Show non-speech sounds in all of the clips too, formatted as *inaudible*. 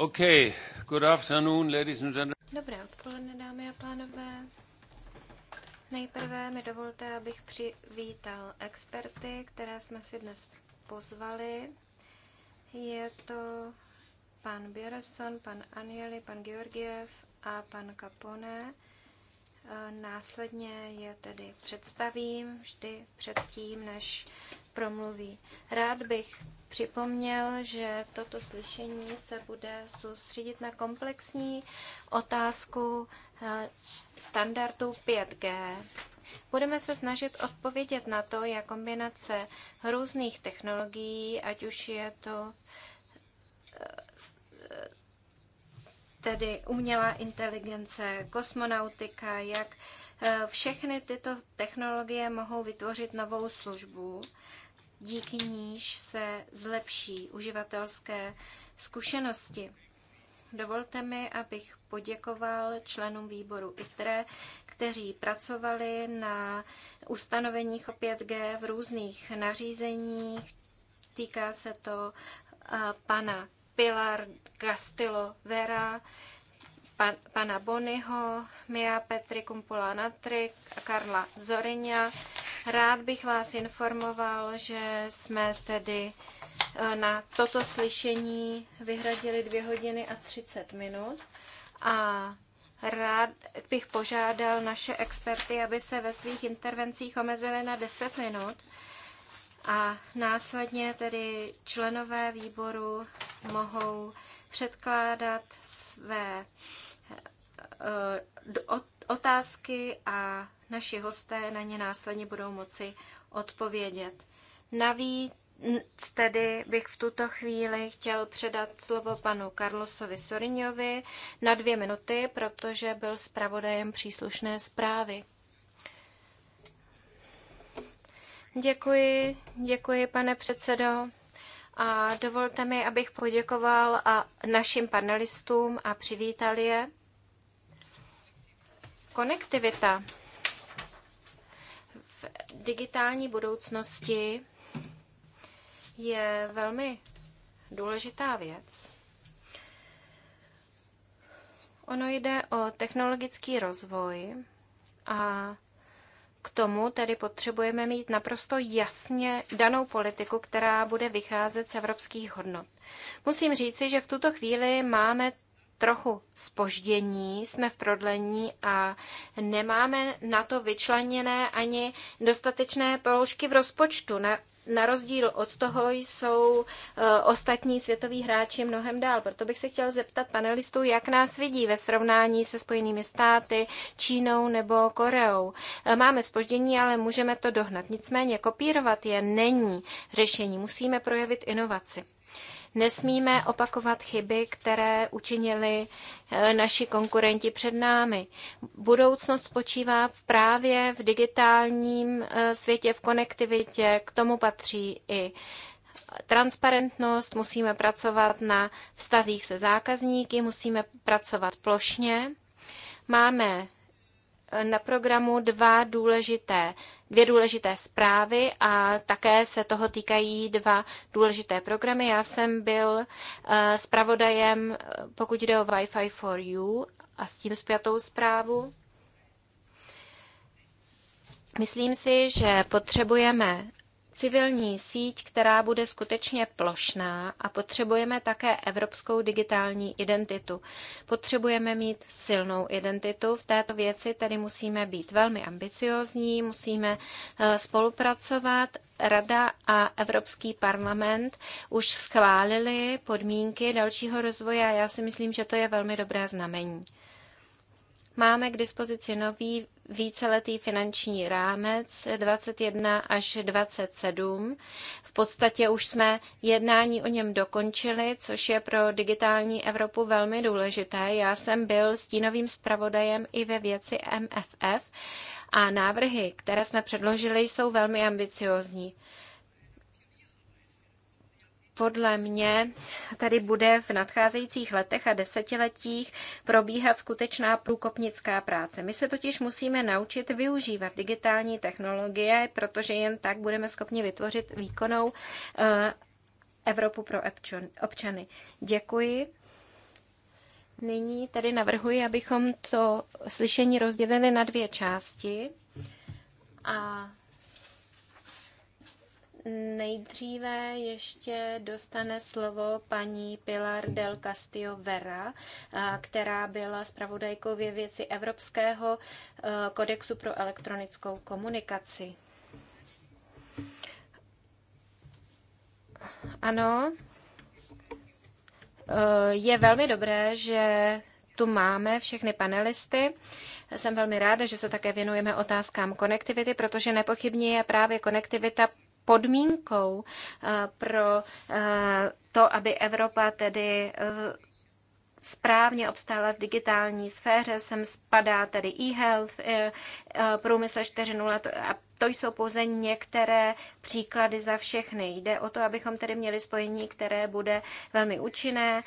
Okay. Good afternoon, ladies and gentlemen. Dobré odpoledne, dámy a pánové. Nejprve mi dovolte, abych přivítal experty, které jsme si dnes pozvali. Je to pan Björson, pan Anjeli, pan Georgiev a pan Capone. Následně je tedy představím vždy předtím, než promluví. Rád bych připomněl, že toto slyšení se bude soustředit na komplexní otázku eh, standardu 5G. Budeme se snažit odpovědět na to, jak kombinace různých technologií, ať už je to eh, eh, tedy umělá inteligence, kosmonautika, jak všechny tyto technologie mohou vytvořit novou službu, díky níž se zlepší uživatelské zkušenosti. Dovolte mi, abych poděkoval členům výboru ITRE, kteří pracovali na ustanoveních o 5G v různých nařízeních. Týká se to eh, pana Pilar Castillo Vera, pan, pana Bonyho, Mia Petri Kumpula Natrik a Karla Zorinia. Rád bych vás informoval, že jsme tedy e, na toto slyšení vyhradili 2 hodiny a 30 minut a rád bych požádal naše experty, aby se ve svých intervencích omezili na 10 minut a následně tedy členové výboru mohou předkládat své Eh, otázky a naši hosté na ně následně budou moci odpovědět. Navíc tedy bych v tuto chvíli chtěl předat slovo panu Carlosovi Soriňovi na dvě minuty, protože byl zpravodajem příslušné zprávy. Děkuji, děkuji pane předsedo. A dovolte mi, abych poděkoval a našim panelistům a přivítal je konektivita v digitální budoucnosti je velmi důležitá věc. Ono jde o technologický rozvoj a k tomu tedy potřebujeme mít naprosto jasně danou politiku, která bude vycházet z evropských hodnot. Musím říci, že v tuto chvíli máme trochu spoždění, jsme v prodlení a nemáme na to vyčleněné ani dostatečné položky v rozpočtu. Na, na rozdíl od toho jsou eh, ostatní světoví hráči mnohem dál. Proto bych se chtěl zeptat panelistů, jak nás vidí ve srovnání se Spojenými státy, Čínou nebo Koreou. Eh, máme spoždění, ale můžeme to dohnat. Nicméně kopírovat je není řešení. Musíme projevit inovaci. Nesmíme opakovat chyby, které učinili eh, naši konkurenti před námi. Budoucnost spočívá právě v digitálním eh, světě, v konektivitě. K tomu patří i transparentnost, musíme pracovat na vztazích se zákazníky, musíme pracovat plošně. Máme na programu dva důležité, dvě důležité zprávy a také se toho týkají dva důležité programy. Já jsem byl eh, zpravodajem, eh, pokud jde o Wi-Fi for You a s tím zpětou zprávu. Myslím si, že potřebujeme civilní síť, která bude skutečně plošná a potřebujeme také evropskou digitální identitu. Potřebujeme mít silnou identitu. V této věci tedy musíme být velmi ambiciozní, musíme eh, spolupracovat Rada a Evropský parlament už schválili podmínky dalšího rozvoje a já si myslím, že to je velmi dobré znamení. Máme k dispozici nový víceletý finanční rámec 21 až 27. V podstatě už jsme jednání o něm dokončili, což je pro digitální Evropu velmi důležité. Já jsem byl stínovým zpravodajem i ve věci MFF a návrhy, které jsme předložili, jsou velmi ambiciozní podle mě tady bude v nadcházejících letech a desetiletích probíhat skutečná průkopnická práce. My se totiž musíme naučit využívat digitální technologie, protože jen tak budeme schopni vytvořit výkonnou eh, Evropu pro občany. Děkuji. Nyní tedy navrhuji, abychom to slyšení rozdělili na dvě části. A Nejdříve ještě dostane slovo paní Pilar del Castillo Vera, která byla zpravodajkou ve věci Evropského e, kodexu pro elektronickou komunikaci. Ano, e, je velmi dobré, že tu máme všechny panelisty. Jsem velmi ráda, že se také věnujeme otázkám konektivity, protože nepochybně je právě konektivita podmínkou eh, pro eh, to, aby Evropa tedy eh, správně obstála v digitální sféře, sem spadá tedy e-health, průmysl 4.0 a to jsou pouze některé příklady za všechny. Jde o to, abychom tedy měli spojení, které bude velmi účinné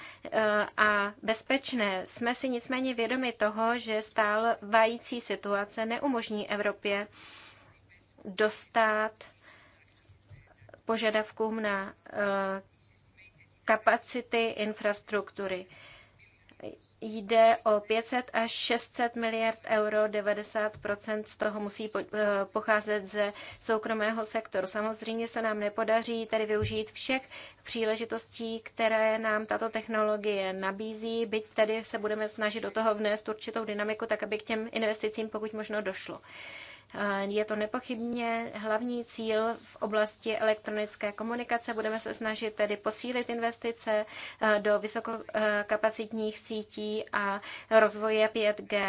a bezpečné. Jsme si nicméně vědomi toho, že stál vající situace neumožní Evropě dostat požadavkům na eh, kapacity infrastruktury. Jde o 500 až 600 miliard euro, 90 z toho musí eh, pocházet ze soukromého sektoru. Samozřejmě se nám nepodaří tedy využít všech příležitostí, které nám tato technologie nabízí, byť tedy se budeme snažit do toho vnést určitou dynamiku, tak aby k těm investicím pokud možno došlo. Eh, je to nepochybně hlavní cíl v oblasti elektronické komunikace. Budeme se snažit tedy posílit investice eh, do vysokokapacitních sítí a rozvoje 5G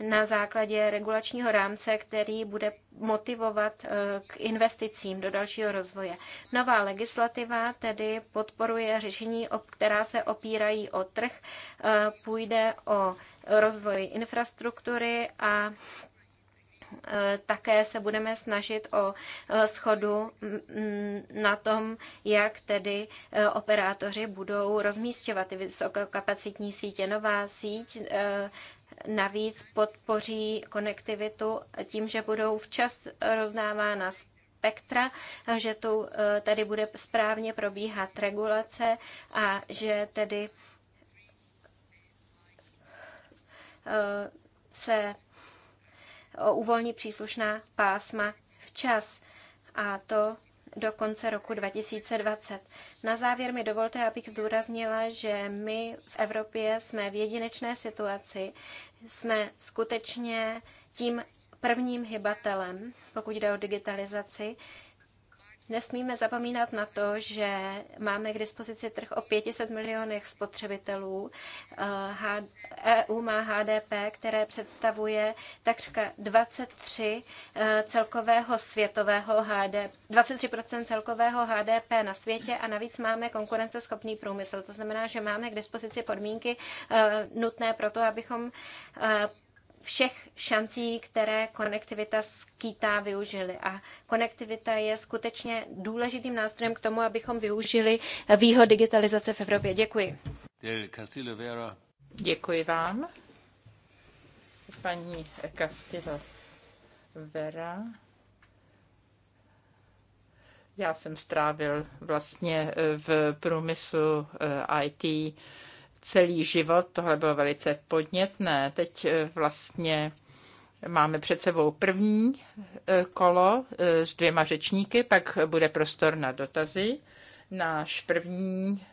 na základě regulačního rámce, který bude motivovat eh, k investicím do dalšího rozvoje. Nová legislativa tedy podporuje řešení, která se opírají o trh. Půjde o rozvoj infrastruktury a Eh, také se budeme snažit o eh, schodu mm, mm, na tom, jak tedy eh, operátoři budou rozmístěvat ty vysokokapacitní sítě. Nová síť navíc podpoří konektivitu tím, že budou včas rozdávána spektra, že tu tady bude správně probíhat regulace a že tedy se uvolní příslušná pásma včas a to do konce roku 2020. Na závěr mi dovolte, abych zdůraznila, že my v Evropě jsme v jedinečné situaci. Jsme skutečně tím prvním hybatelem, pokud jde o digitalizaci. Nesmíme zapomínat na to, že máme k dispozici trh o 500 milionech spotřebitelů. EU eh, e má HDP, které představuje takřka 23 eh, celkového světového HDP, 23 celkového HDP na světě a navíc máme konkurenceschopný průmysl. To znamená, že máme k dispozici podmínky eh, nutné pro to, abychom všech šancí, které konektivita skýtá, využili. A konektivita je skutečně důležitým nástrojem k tomu, abychom využili výhod digitalizace v Evropě. Děkuji. Děkuji vám. Paní Castillo Vera. Já jsem strávil vlastně v průmyslu eh, IT celý život. Tohle bylo velice podnětné. Teď eh, vlastně máme před sebou první eh, kolo eh, s dvěma řečníky, pak bude prostor na dotazy. Náš první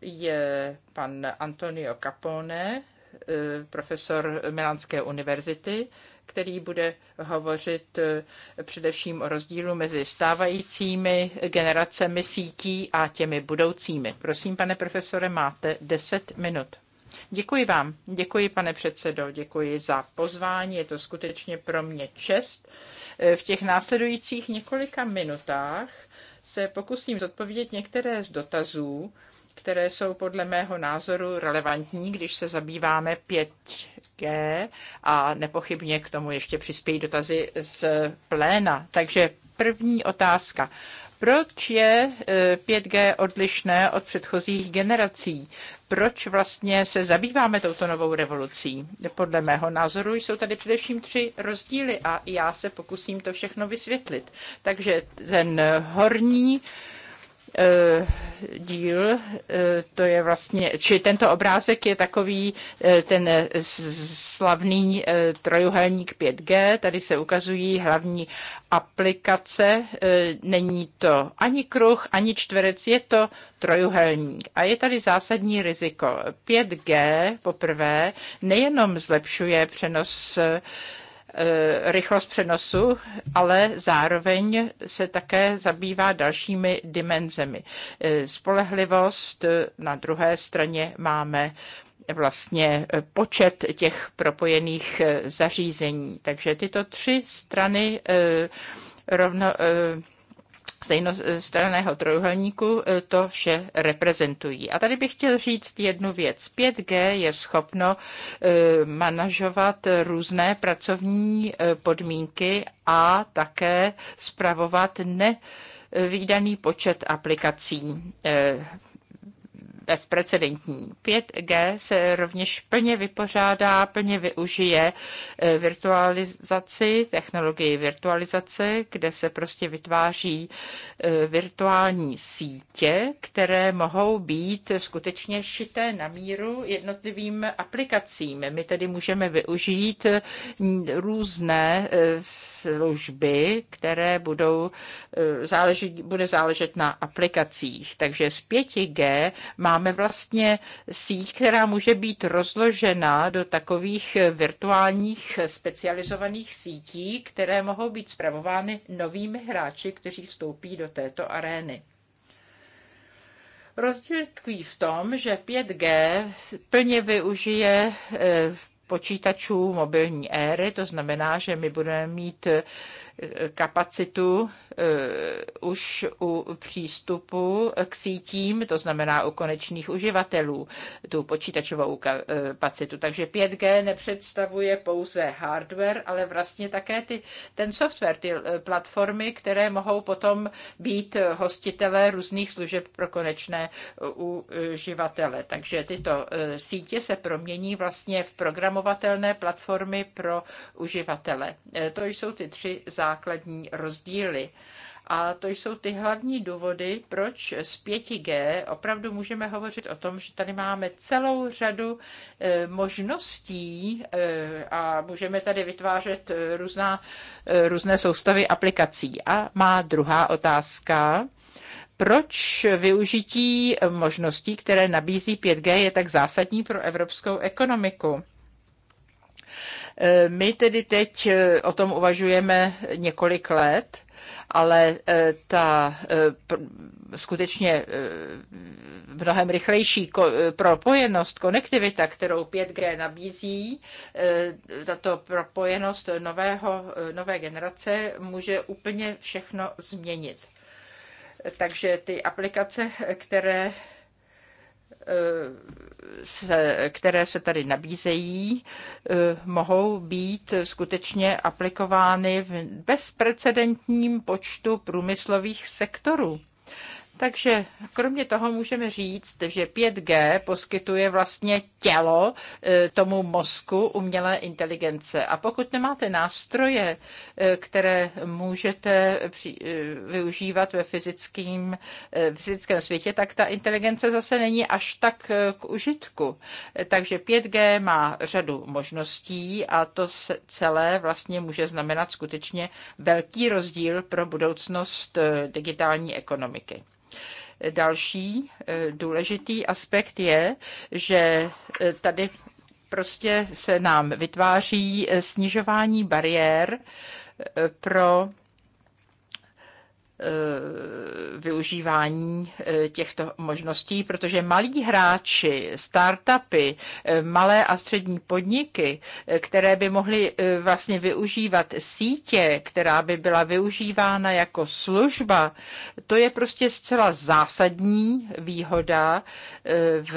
je pan Antonio Capone, profesor Milánské univerzity, který bude hovořit eh, především o rozdílu mezi stávajícími generacemi sítí a těmi budoucími. Prosím, pane profesore, máte 10 minut. Děkuji vám, děkuji pane předsedo, děkuji za pozvání, je to skutečně pro mě čest. Eh, v těch následujících několika minutách se pokusím zodpovědět některé z dotazů, které jsou podle mého názoru relevantní, když se zabýváme 5G a nepochybně k tomu ještě přispějí dotazy z pléna. Takže první otázka. Proč je 5G e, odlišné od předchozích generací? Proč vlastně se zabýváme touto novou revolucí? Podle mého názoru jsou tady především tři rozdíly a já se pokusím to všechno vysvětlit. Takže ten horní Eh, díl, eh, to je vlastně, či tento obrázek je takový eh, ten slavný trojuhelník 5G, tady se ukazují hlavní aplikace, není to ani kruh, ani čtverec, je to trojuhelník. A je tady zásadní riziko. 5G poprvé nejenom zlepšuje přenos Eh, rychlost přenosu, ale zároveň se také zabývá dalšími dimenzemi. Eh, spolehlivost eh, na druhé straně máme vlastně počet těch propojených zařízení. Takže tyto tři strany rovno stejnostraného trojuhelníku e, to vše reprezentují. A tady bych chtěl říct jednu věc. 5G je schopno e, manažovat různé pracovní e, podmínky a také spravovat ne výdaný počet aplikací bezprecedentní. 5G se rovněž plně vypořádá, plně využije eh, virtualizaci, technologii virtualizace, kde se prostě vytváří eh, virtuální sítě, které mohou být skutečně šité na míru jednotlivým aplikacím. My tedy můžeme využít eh, různé služby, které budou záležit bude záležet na aplikacích. Takže z 5G má Máme vlastně síť, která může být rozložena do takových virtuálních specializovaných sítí, které mohou být zpravovány novými hráči, kteří vstoupí do této arény. Rozdíl tkví v tom, že 5G plně využije eh, počítačů mobilní éry, to znamená, že my budeme mít kapacitu eh, už u přístupu k sítím, to znamená u konečných uživatelů, tu počítačovou kapacitu. Takže 5G nepředstavuje pouze hardware, ale vlastně také ty, ten software, ty eh, platformy, které mohou potom být hostitelé různých služeb pro konečné eh, uživatele. Takže tyto sítě se promění vlastně v programovatelné platformy pro uživatele. To jsou ty tři základní základní rozdíly. A to jsou ty hlavní důvody, proč z 5G opravdu můžeme hovořit o tom, že tady máme celou řadu eh, možností eh, a můžeme tady vytvářet eh, různá, různé soustavy aplikací. A má druhá otázka. Proč využití možností, které nabízí 5G, je tak zásadní pro evropskou ekonomiku? Eh, my tedy teď eh, o tom uvažujeme několik let, ale eh, ta skutečně mnohem rychlejší propojenost, konektivita, kterou 5G nabízí, tato propojenost nového, nové generace může úplně všechno změnit. Takže ty aplikace, které se, které se tady nabízejí, eh, mohou být skutečně aplikovány v bezprecedentním počtu průmyslových sektorů. Takže kromě toho můžeme říct, že 5G poskytuje vlastně tělo e, tomu mozku umělé inteligence. A pokud nemáte nástroje, e, které můžete e, využívat ve fyzickém, fyzickém světě, tak ta inteligence zase není až tak k užitku. Takže 5G má řadu možností a to celé vlastně může znamenat skutečně velký rozdíl pro budoucnost digitální ekonomiky. Další eh, důležitý aspekt je, že eh, tady prostě se nám vytváří eh, snižování bariér pro Eh, využívání eh, těchto možností, protože malí hráči, startupy, eh, malé a střední podniky, které by mohly vlastně využívat sítě, která by byla využívána jako služba, to je prostě zcela zásadní výhoda v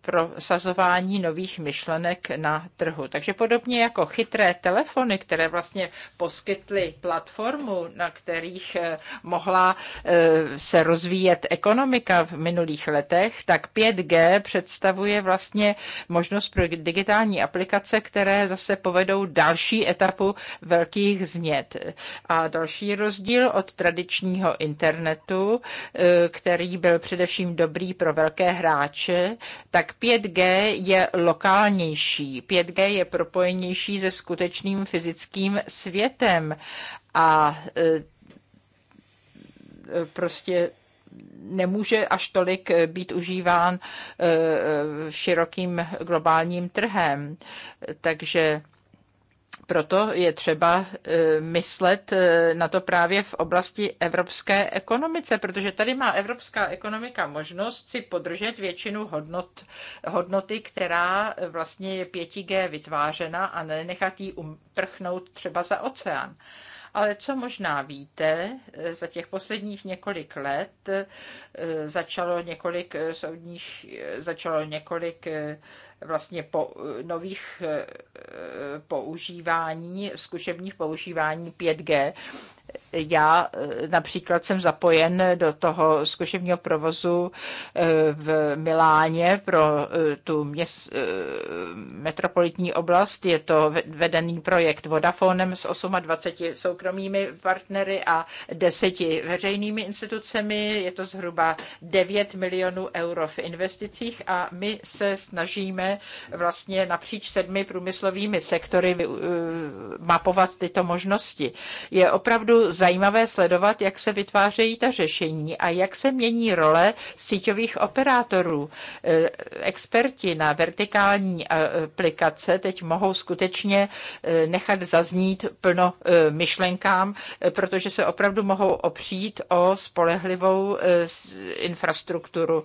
prosazování nových myšlenek na trhu. Takže podobně jako chytré telefony, které vlastně poskytly platformu, na kterých mohla eh, se rozvíjet ekonomika v minulých letech, tak 5G představuje vlastně možnost pro digitální aplikace, které zase povedou další etapu velkých změn. A další rozdíl od tradičního internetu, eh, který byl především dobrý pro velké hráče, tak 5G je lokálnější. 5G je propojenější se skutečným fyzickým světem a eh, prostě nemůže až tolik být užíván eh, širokým globálním trhem. Takže proto je třeba eh, myslet eh, na to právě v oblasti evropské ekonomice, protože tady má evropská ekonomika možnost si podržet většinu hodnot, hodnoty, která vlastně je 5G vytvářena a nenechat ji uprchnout um-, třeba za oceán ale co možná víte, eh, za těch posledních několik let eh, začalo několik eh, soudních, začalo několik vlastně po, nových používání, zkušebních používání 5G já eh, například jsem zapojen do toho zkušebního provozu eh, v Miláně pro eh, tu měs, metropolitní oblast. Je to vedený projekt Vodafonem s 28 soukromými partnery a deseti veřejnými institucemi. Je to zhruba 9 milionů euro v investicích a my se snažíme vlastně napříč sedmi průmyslovými sektory mapovat tyto možnosti. Je opravdu zajímavé sledovat, jak se vytvářejí ta řešení a jak se mění role síťových operátorů. E, experti na vertikální e, aplikace teď mohou skutečně e, nechat zaznít plno myšlenkám, protože se opravdu mohou opřít o spolehlivou infrastrukturu.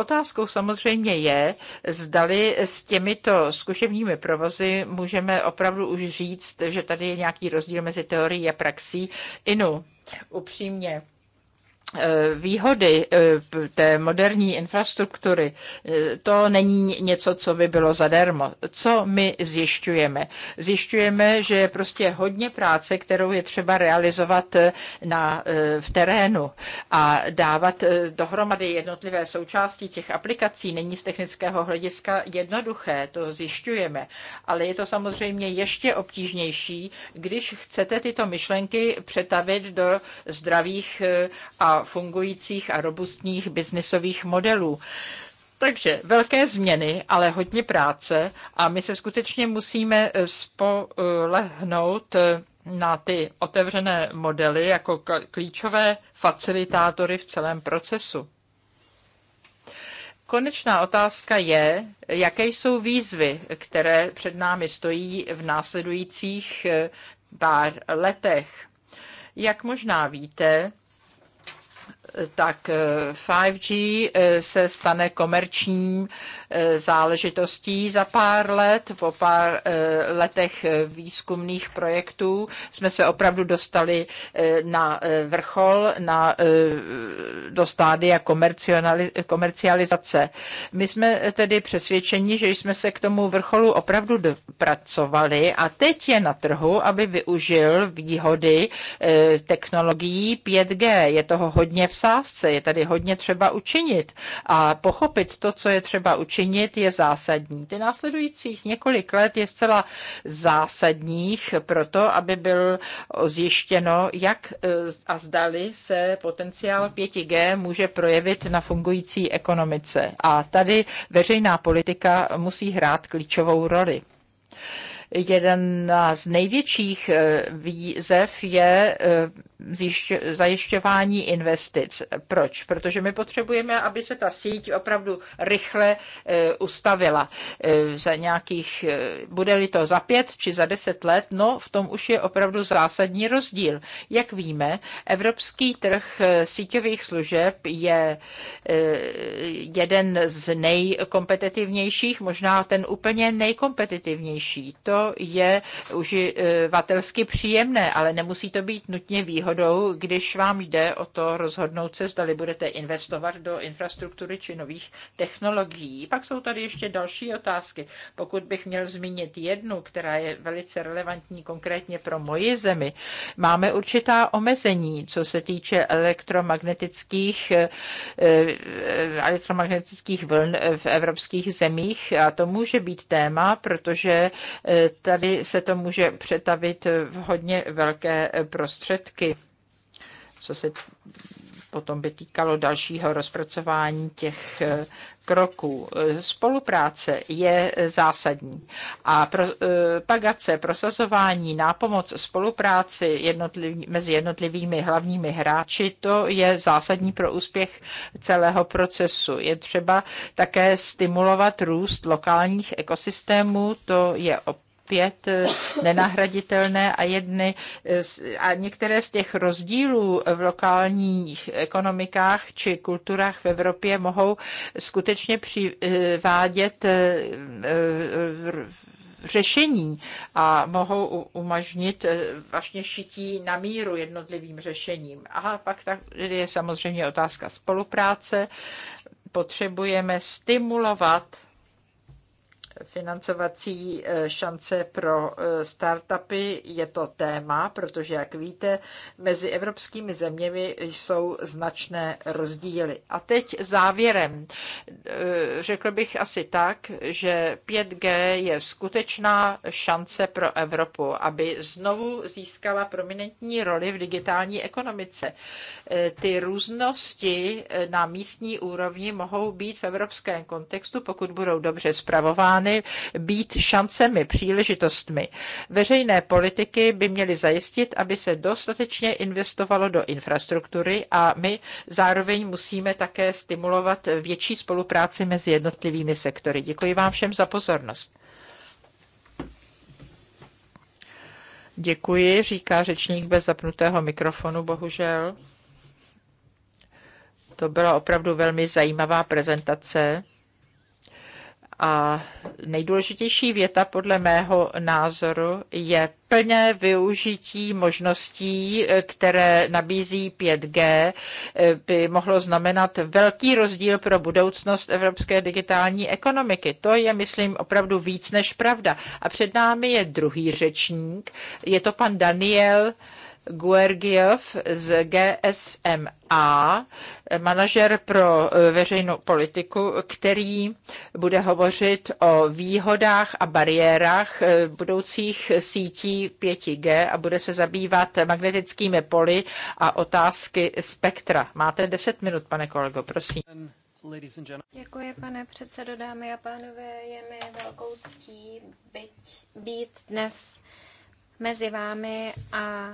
Otázkou samozřejmě je, zdali s těmito zkušebními provozy můžeme opravdu už říct, že tady je nějaký rozdíl mezi teorií a praxí, Inu. Upřímně, Eh, výhody eh, té moderní infrastruktury, eh, to není něco, co by bylo zadarmo. Co my zjišťujeme? Zjišťujeme, že je prostě hodně práce, kterou je třeba realizovat na, v terénu a dávat dohromady jednotlivé součásti těch aplikací není z technického hlediska jednoduché, to zjišťujeme. Ale je to samozřejmě ještě obtížnější, když chcete tyto myšlenky přetavit do zdravých a fungujících a robustních biznisových modelů. Takže velké změny, ale hodně práce a my se skutečně musíme eh, spolehnout eh, na ty otevřené modely jako klíčové facilitátory v celém procesu. Konečná otázka je, jaké jsou výzvy, které před námi stojí v následujících eh, pár letech. Jak možná víte, tak 5G eh, eh, se stane komerčním eh, záležitostí za pár let. Po pár letech výzkumných projektů jsme se opravdu dostali na vrchol, na, do stádia komercializace. My jsme tedy přesvědčeni, že jsme se k tomu vrcholu opravdu dopracovali a teď je na trhu, aby využil výhody technologií 5G. Je toho hodně v sázce. Je tady hodně třeba učinit a pochopit to, co je třeba učinit, je zásadní. Ty následujících několik let je zcela zásadních pro to, aby byl zjištěno, jak e, a zdali se potenciál 5G může projevit na fungující ekonomice. A tady veřejná politika musí hrát klíčovou roli jeden z největších e, výzev je e, zajišťování investic. Proč? Protože my potřebujeme, aby se ta síť opravdu rychle e, ustavila. E, za nějakých, e, bude-li to za pět či za deset let, no v tom už je opravdu zásadní rozdíl. Jak víme, evropský trh síťových služeb je jeden z nejkompetitivnějších, možná ten úplně nejkompetitivnější. To je uživatelsky příjemné, ale nemusí to být nutně výhodné výhodou, když vám jde o to rozhodnout se, zdali budete investovat do infrastruktury či nových technologií. Pak jsou tady ještě další otázky. Pokud bych měl zmínit jednu, která je velice relevantní konkrétně pro moji zemi, máme určitá omezení, co se týče elektromagnetických, eh, eh, elektromagnetických vln v evropských zemích a to může být téma, protože eh, tady se to může přetavit v hodně velké prostředky co se potom by týkalo dalšího rozpracování těch eh, kroků. Eh, spolupráce je zásadní a eh, pagace prosazování, nápomoc spolupráci jednotlivý, mezi jednotlivými hlavními hráči, to je zásadní pro úspěch celého procesu. Je třeba také stimulovat růst lokálních ekosystémů, to je opět pět eh, nenahraditelné a jedny eh, a některé z těch rozdílů v lokálních ekonomikách či kulturách v Evropě mohou skutečně přivádět eh, řešení a mohou umožnit vlastně šití na míru jednotlivým řešením. A pak tak je samozřejmě otázka spolupráce. Potřebujeme stimulovat financovací eh, šance pro eh, startupy je to téma, protože, jak víte, mezi evropskými zeměmi jsou značné rozdíly. A teď závěrem. Eh, řekl bych asi tak, že 5G je skutečná šance pro Evropu, aby znovu získala prominentní roli v digitální ekonomice. Ty různosti na místní úrovni mohou být v evropském kontextu, pokud budou dobře zpravovány, strany být šancemi, příležitostmi. Veřejné politiky by měly zajistit, aby se dostatečně investovalo do infrastruktury a my zároveň musíme také stimulovat větší spolupráci mezi jednotlivými sektory. Děkuji vám všem za pozornost. Děkuji, říká řečník bez zapnutého mikrofonu, bohužel. To byla opravdu velmi zajímavá prezentace. A nejdůležitější věta podle mého názoru je plné využití možností, které nabízí 5G, by mohlo znamenat velký rozdíl pro budoucnost evropské digitální ekonomiky. To je, myslím, opravdu víc než pravda. A před námi je druhý řečník, je to pan Daniel Guergiev z GSMA, manažer pro eh, veřejnou politiku, který bude hovořit o výhodách a bariérách eh, budoucích sítí 5G a bude se zabývat magnetickými poli a otázky spektra. Máte 10 minut, pane kolego, prosím. Děkuji, pane předsedo, dámy a pánové. Je mi velkou ctí byť, být dnes mezi vámi a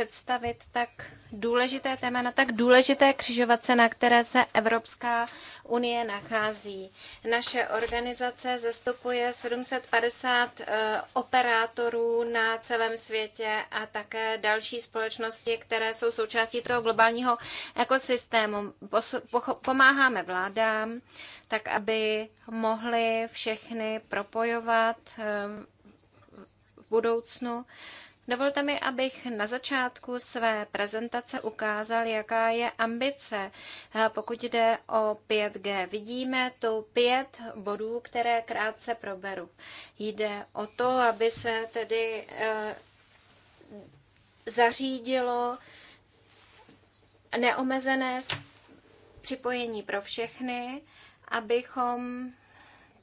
představit tak důležité téma na tak důležité křižovatce, na které se Evropská unie nachází. Naše organizace zastupuje 750 eh, operátorů na celém světě a také další společnosti, které jsou součástí toho globálního ekosystému. Pomáháme vládám, tak aby mohly všechny propojovat eh, v budoucnu. Dovolte mi, abych na začátku své prezentace ukázal, jaká je ambice, pokud jde o 5G. Vidíme tu pět bodů, které krátce proberu. Jde o to, aby se tedy eh, zařídilo neomezené připojení pro všechny, abychom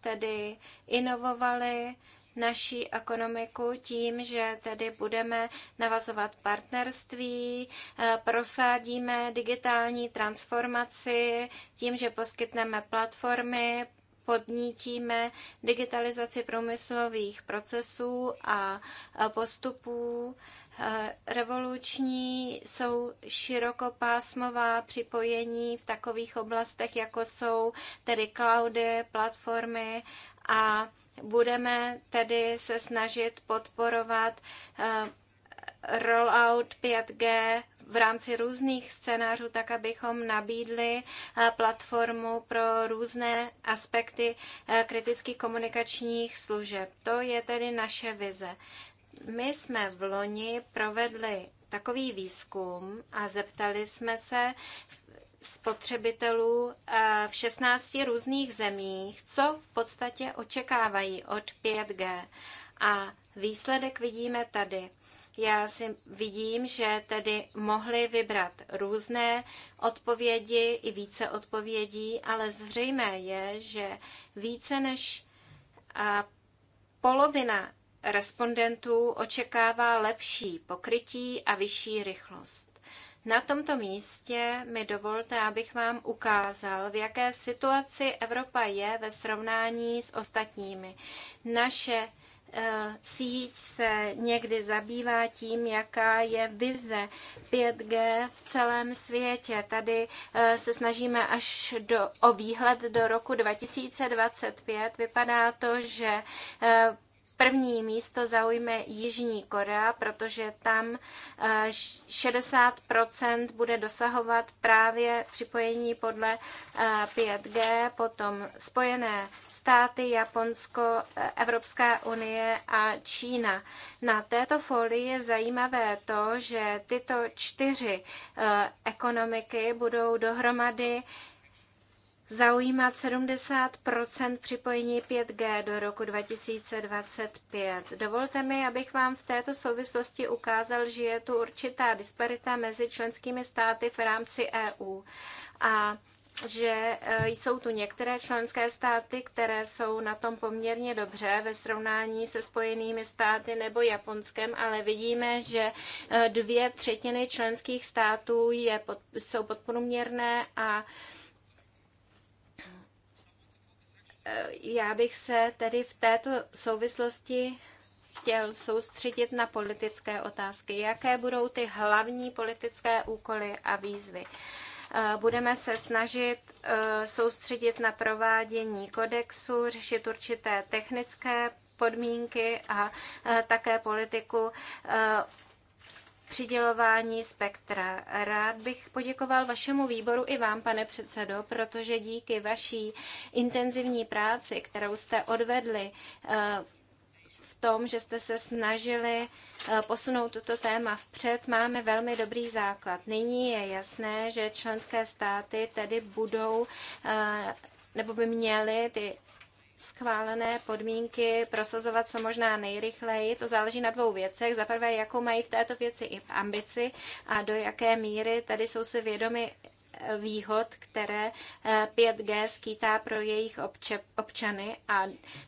tedy inovovali naší ekonomiku tím, že tedy budeme navazovat partnerství, eh, prosádíme digitální transformaci tím, že poskytneme platformy, podnítíme digitalizaci průmyslových procesů a postupů. Eh, revoluční jsou širokopásmová připojení v takových oblastech, jako jsou tedy cloudy, platformy a Budeme tedy se snažit podporovat eh, rollout 5G v rámci různých scénářů, tak abychom nabídli eh, platformu pro různé aspekty eh, kritických komunikačních služeb. To je tedy naše vize. My jsme v loni provedli takový výzkum a zeptali jsme se spotřebitelů eh, v 16 různých zemích, co v podstatě očekávají od 5G. A výsledek vidíme tady. Já si vidím, že tedy mohli vybrat různé odpovědi i více odpovědí, ale zřejmé je, že více než eh, polovina respondentů očekává lepší pokrytí a vyšší rychlost. Na tomto místě mi dovolte, abych vám ukázal, v jaké situaci Evropa je ve srovnání s ostatními. Naše eh, síť se někdy zabývá tím, jaká je vize 5G v celém světě. Tady eh, se snažíme až do, o výhled do roku 2025. Vypadá to, že eh, První místo zaujme Jižní Korea, protože tam 60 eh, bude dosahovat právě připojení podle 5G, eh, potom Spojené státy, Japonsko, eh, Evropská unie a Čína. Na této folii je zajímavé to, že tyto čtyři ekonomiky budou dohromady zaujímat 70 připojení 5G do roku 2025. Dovolte mi, abych vám v této souvislosti ukázal, že je tu určitá disparita mezi členskými státy v rámci EU. A že eh, jsou tu některé členské státy, které jsou na tom poměrně dobře ve srovnání se Spojenými státy nebo Japonskem, ale vidíme, že eh, dvě třetiny členských států je pod, jsou podprůměrné a Eh, já bych se tedy v této souvislosti chtěl soustředit na politické otázky. Jaké budou ty hlavní politické úkoly a výzvy? Eh, budeme se snažit eh, soustředit na provádění kodexu, řešit určité technické podmínky a také politiku přidělování spektra. Rád bych poděkoval vašemu výboru i vám, pane předsedo, protože díky vaší intenzivní práci, kterou jste odvedli eh, v tom, že jste se snažili eh, posunout toto téma vpřed, máme velmi dobrý základ. Nyní je jasné, že členské státy tedy budou eh, nebo by měly ty schválené podmínky prosazovat co možná nejrychleji. To záleží na dvou věcech. Za prvé, jakou mají v této věci i v ambici a do jaké míry tady jsou si vědomi eh, výhod, které 5G eh, skýtá pro jejich obče, občany. A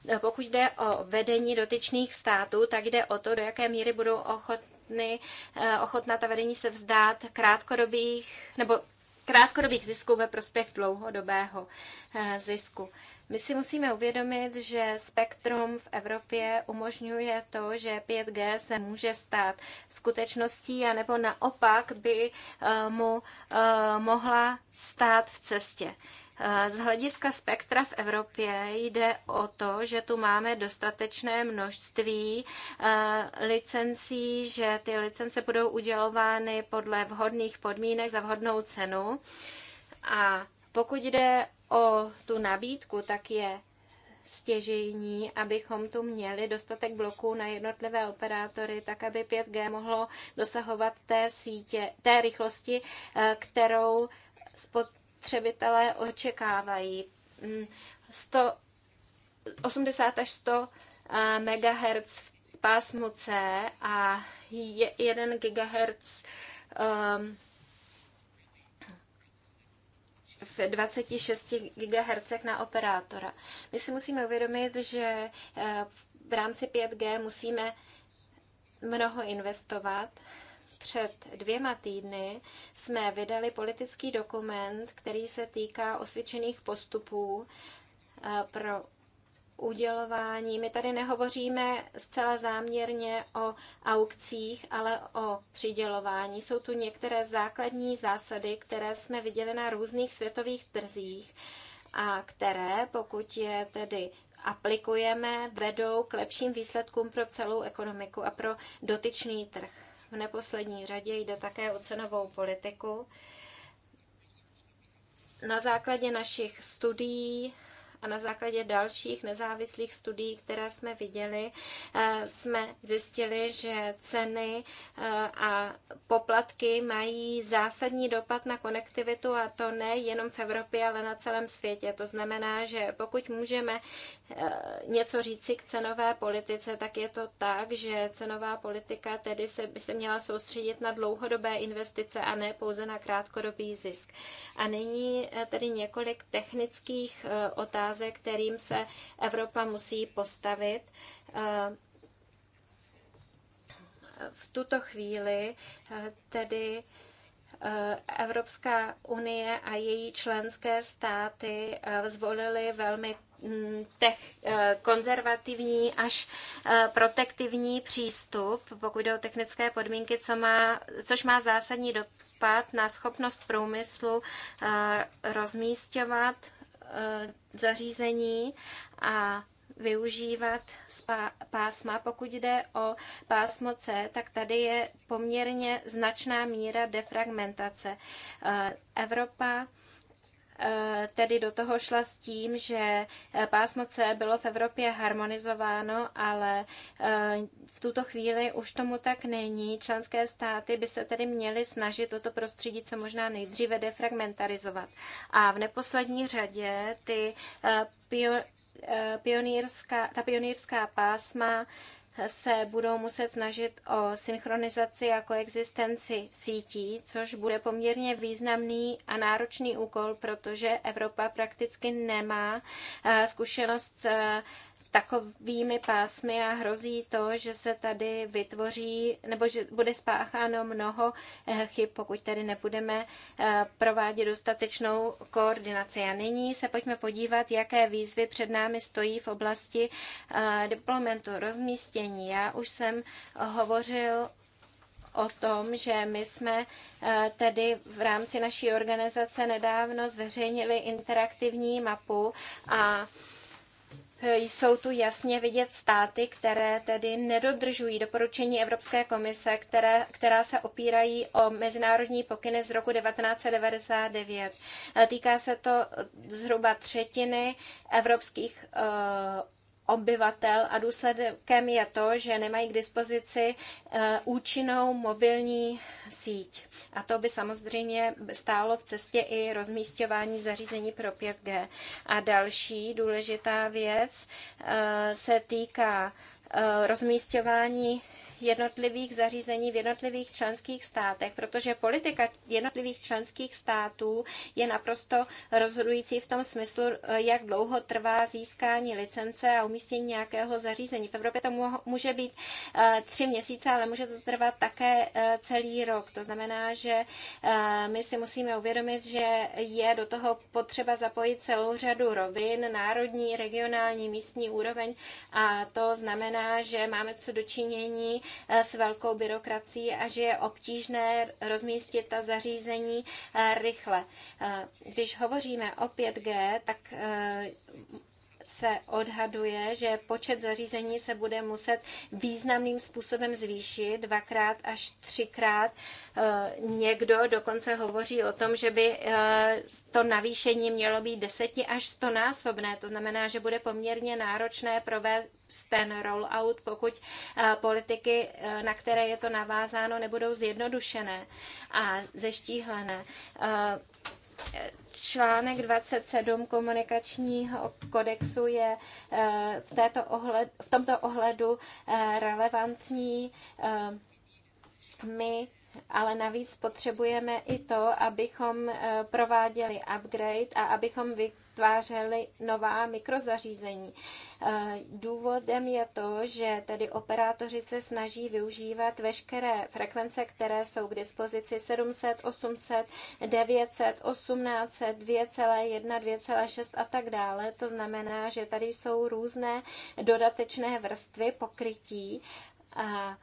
eh, pokud jde o vedení dotyčných států, tak jde o to, do jaké míry budou ochotny, ochotná ta vedení se vzdát krátkodobých nebo krátkodobých zisků ve prospěch dlouhodobého zisku. My si musíme uvědomit, že spektrum v Evropě umožňuje to, že 5G se může stát skutečností, anebo naopak by eh, mu eh, mohla stát v cestě. Eh, z hlediska spektra v Evropě jde o to, že tu máme dostatečné množství licencí, že ty licence budou udělovány podle vhodných podmínek za vhodnou cenu. A pokud jde o tu nabídku, tak je stěžejní, abychom tu měli dostatek bloků na jednotlivé operátory, tak aby 5G mohlo dosahovat té, sítě, té rychlosti, eh, kterou spotřebitelé očekávají. 100, mm, 80 až 100 eh, MHz v pásmu C a 1 GHz um, v 26 GHz na operátora. My si musíme uvědomit, že eh, v rámci 5G musíme mnoho investovat. Před dvěma týdny jsme vydali politický dokument, který se týká osvědčených postupů eh, pro udělování. My tady nehovoříme zcela záměrně o aukcích, ale o přidělování. Jsou tu některé základní zásady, které jsme viděli na různých světových trzích a které, pokud je tedy aplikujeme, vedou k lepším výsledkům pro celou ekonomiku a pro dotyčný trh. V neposlední řadě jde také o cenovou politiku. Na základě našich studií a na základě dalších nezávislých studií, které jsme viděli, eh, jsme zjistili, že ceny eh, a poplatky mají zásadní dopad na konektivitu a to ne jenom v Evropě, ale na celém světě. To znamená, že pokud můžeme eh, něco říci k cenové politice, tak je to tak, že cenová politika tedy se, by se měla soustředit na dlouhodobé investice a ne pouze na krátkodobý zisk. A nyní tedy několik technických otázek fáze, kterým se Evropa musí postavit eh, v tuto chvíli eh, tedy eh, Evropská unie a její členské státy zvolily velmi hm, tech, konzervativní až protektivní přístup, pokud jde o technické podmínky, co má, což má zásadní dopad na schopnost průmyslu rozmístěvat Eh, zařízení a využívat pásma. Pokud jde o pásmo C, tak tady je poměrně značná míra defragmentace. Eh, Evropa Eh, tedy do toho šla s tím, že eh, pásmo C bylo v Evropě harmonizováno, ale eh, v tuto chvíli už tomu tak není. Členské státy by se tedy měly snažit toto prostředí co možná nejdříve defragmentarizovat. A v neposlední řadě ty pionýrská, ta pionýrská pásma se budou muset snažit o synchronizaci a koexistenci sítí, což bude poměrně významný a náročný úkol, protože Evropa prakticky nemá eh, zkušenost s takovými pásmy a hrozí to, že se tady vytvoří nebo že bude spácháno mnoho eh, chyb, pokud tady nebudeme eh, provádět dostatečnou koordinaci. A nyní se pojďme podívat, jaké výzvy před námi stojí v oblasti eh, diplomentu, rozmístění. Já už jsem hovořil o tom, že my jsme tedy v rámci naší organizace nedávno zveřejnili interaktivní mapu a jsou tu jasně vidět státy, které tedy nedodržují doporučení Evropské komise, které, která se opírají o mezinárodní pokyny z roku 1999. Týká se to zhruba třetiny evropských eh, obyvatel a důsledkem je to, že nemají k dispozici eh, účinnou mobilní síť. A to by samozřejmě stálo v cestě i rozmístěvání zařízení pro 5G. A další důležitá věc eh, se týká eh, rozmístěvání jednotlivých zařízení v jednotlivých členských státech, protože politika jednotlivých členských států je naprosto rozhodující v tom smyslu, eh, jak dlouho trvá získání licence a umístění nějakého zařízení. V Evropě to může být eh, tři měsíce, ale může to trvat také eh, celý rok. To znamená, že my si musíme uvědomit, že je do toho potřeba zapojit celou řadu rovin, národní, regionální, místní úroveň a to znamená, že máme co dočinění Eh, s velkou byrokracií a že je obtížné rozmístit ta zařízení eh, rychle. Eh, když hovoříme o 5G, tak se odhaduje, že počet zařízení se bude muset významným způsobem zvýšit, dvakrát až třikrát. Eh, někdo dokonce hovoří o tom, že by eh, to navýšení mělo být deseti až stonásobné. To znamená, že bude poměrně náročné provést ten rollout, pokud eh, politiky, na které je to navázáno, nebudou zjednodušené a zeštíhlené článek 27 komunikačního kodexu je eh, v, této ohled, v tomto ohledu eh, relevantní. Eh, my ale navíc potřebujeme i to, abychom prováděli upgrade a abychom vy, vytvářely nová mikrozařízení. Eh, důvodem je to, že tedy operátoři se snaží využívat veškeré frekvence, které jsou k dispozici 700, 800, 900, 1800, 2,1, 2,6 a tak dále. To znamená, že tady jsou různé dodatečné vrstvy pokrytí a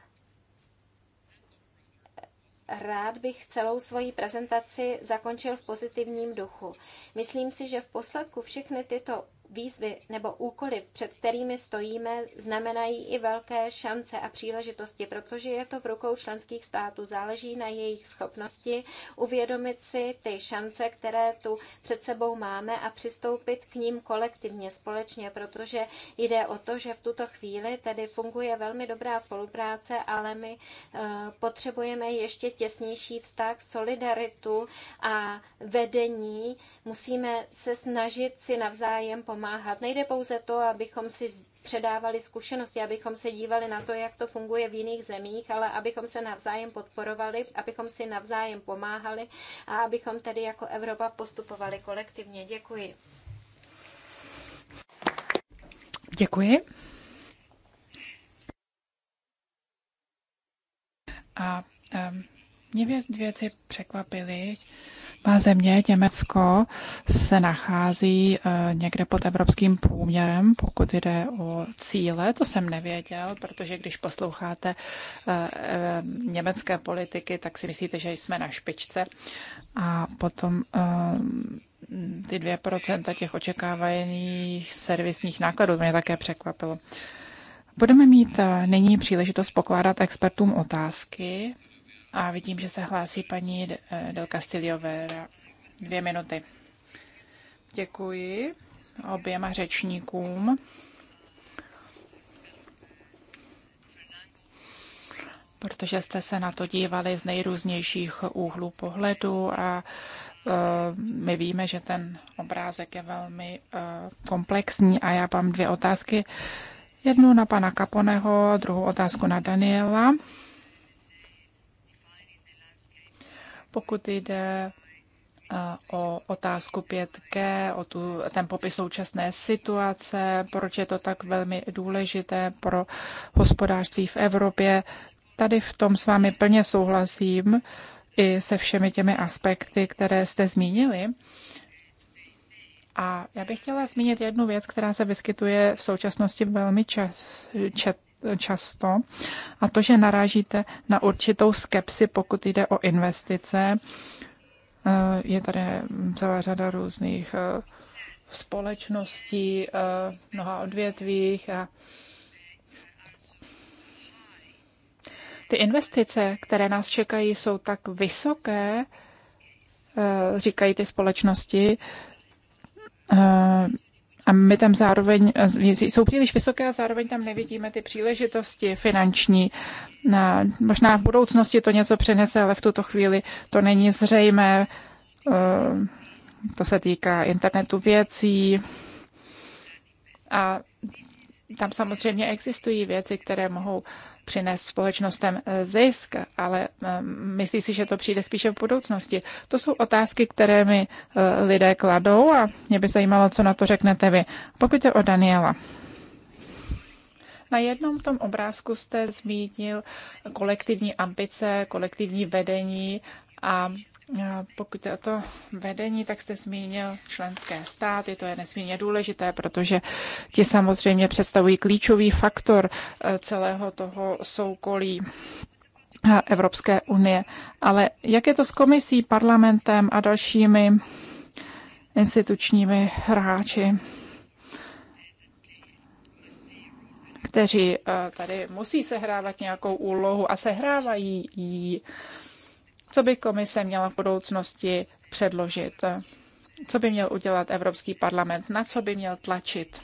rád bych celou svoji prezentaci zakončil v pozitivním duchu. Myslím si, že v posledku všechny tyto výzvy nebo úkoly, před kterými stojíme, znamenají i velké šance a příležitosti, protože je to v rukou členských států. Záleží na jejich schopnosti uvědomit si ty šance, které tu před sebou máme a přistoupit k ním kolektivně, společně, protože jde o to, že v tuto chvíli tedy funguje velmi dobrá spolupráce, ale my eh, potřebujeme ještě těsnější vztah, solidaritu a vedení. Musíme se snažit si navzájem pomáhat pomáhat. Nejde pouze to, abychom si předávali zkušenosti, abychom se dívali na to, jak to funguje v jiných zemích, ale abychom se navzájem podporovali, abychom si navzájem pomáhali a abychom tedy jako Evropa postupovali kolektivně. Děkuji. Děkuji. A um, mě dvě věci překvapily. Má země, Německo, se nachází eh, někde pod evropským průměrem, pokud jde o cíle. To jsem nevěděl, protože když posloucháte eh, eh, německé politiky, tak si myslíte, že jsme na špičce. A potom ty 2% těch očekávaných servisních nákladů mě také překvapilo. Budeme mít nyní příležitost pokládat expertům otázky. A vidím, že se hlásí paní eh, Del Castillo Vera. Dvě minuty. Děkuji oběma řečníkům. protože jste se na to dívali z nejrůznějších úhlů pohledu a eh, my víme, že ten obrázek je velmi eh, komplexní a já mám dvě otázky. Jednu na pana Kaponeho, druhou otázku na Daniela. Pokud jde eh, o otázku 5G, o tu, ten popis současné situace, proč je to tak velmi důležité pro hospodářství v Evropě. Tady v tom s vámi plně souhlasím i se všemi těmi aspekty, které jste zmínili. A já bych chtěla zmínit jednu věc, která se vyskytuje v současnosti velmi čas, čet, často a to, že narážíte na určitou skepsi, pokud jde o investice. Eh, je tady celá řada různých eh, společností, eh, mnoha odvětvích a ty investice, které nás čekají, jsou tak vysoké, říkají ty společnosti, a my tam zároveň, eh, jsou příliš vysoké a zároveň tam nevidíme ty příležitosti finanční. Na, možná v budoucnosti to něco přinese, ale v tuto chvíli to není zřejmé. Eh, to se týká internetu věcí. A tam samozřejmě existují věci, které mohou přinést společnostem eh, zisk, ale eh, myslí si, že to přijde spíše v budoucnosti. To jsou otázky, které mi eh, lidé kladou a mě by zajímalo, co na to řeknete vy. Pokud je o Daniela. Na jednom tom obrázku jste zmínil kolektivní ambice, kolektivní vedení a pokud je o to vedení, tak jste zmínil členské státy, to je nesmírně důležité, protože ti samozřejmě představují klíčový faktor eh, celého toho soukolí eh, Evropské unie. Ale jak je to s komisí, parlamentem a dalšími institučními hráči, kteří eh, tady musí sehrávat nějakou úlohu a sehrávají ji? Co by komise měla v budoucnosti předložit? Co by měl udělat Evropský parlament? Na co by měl tlačit?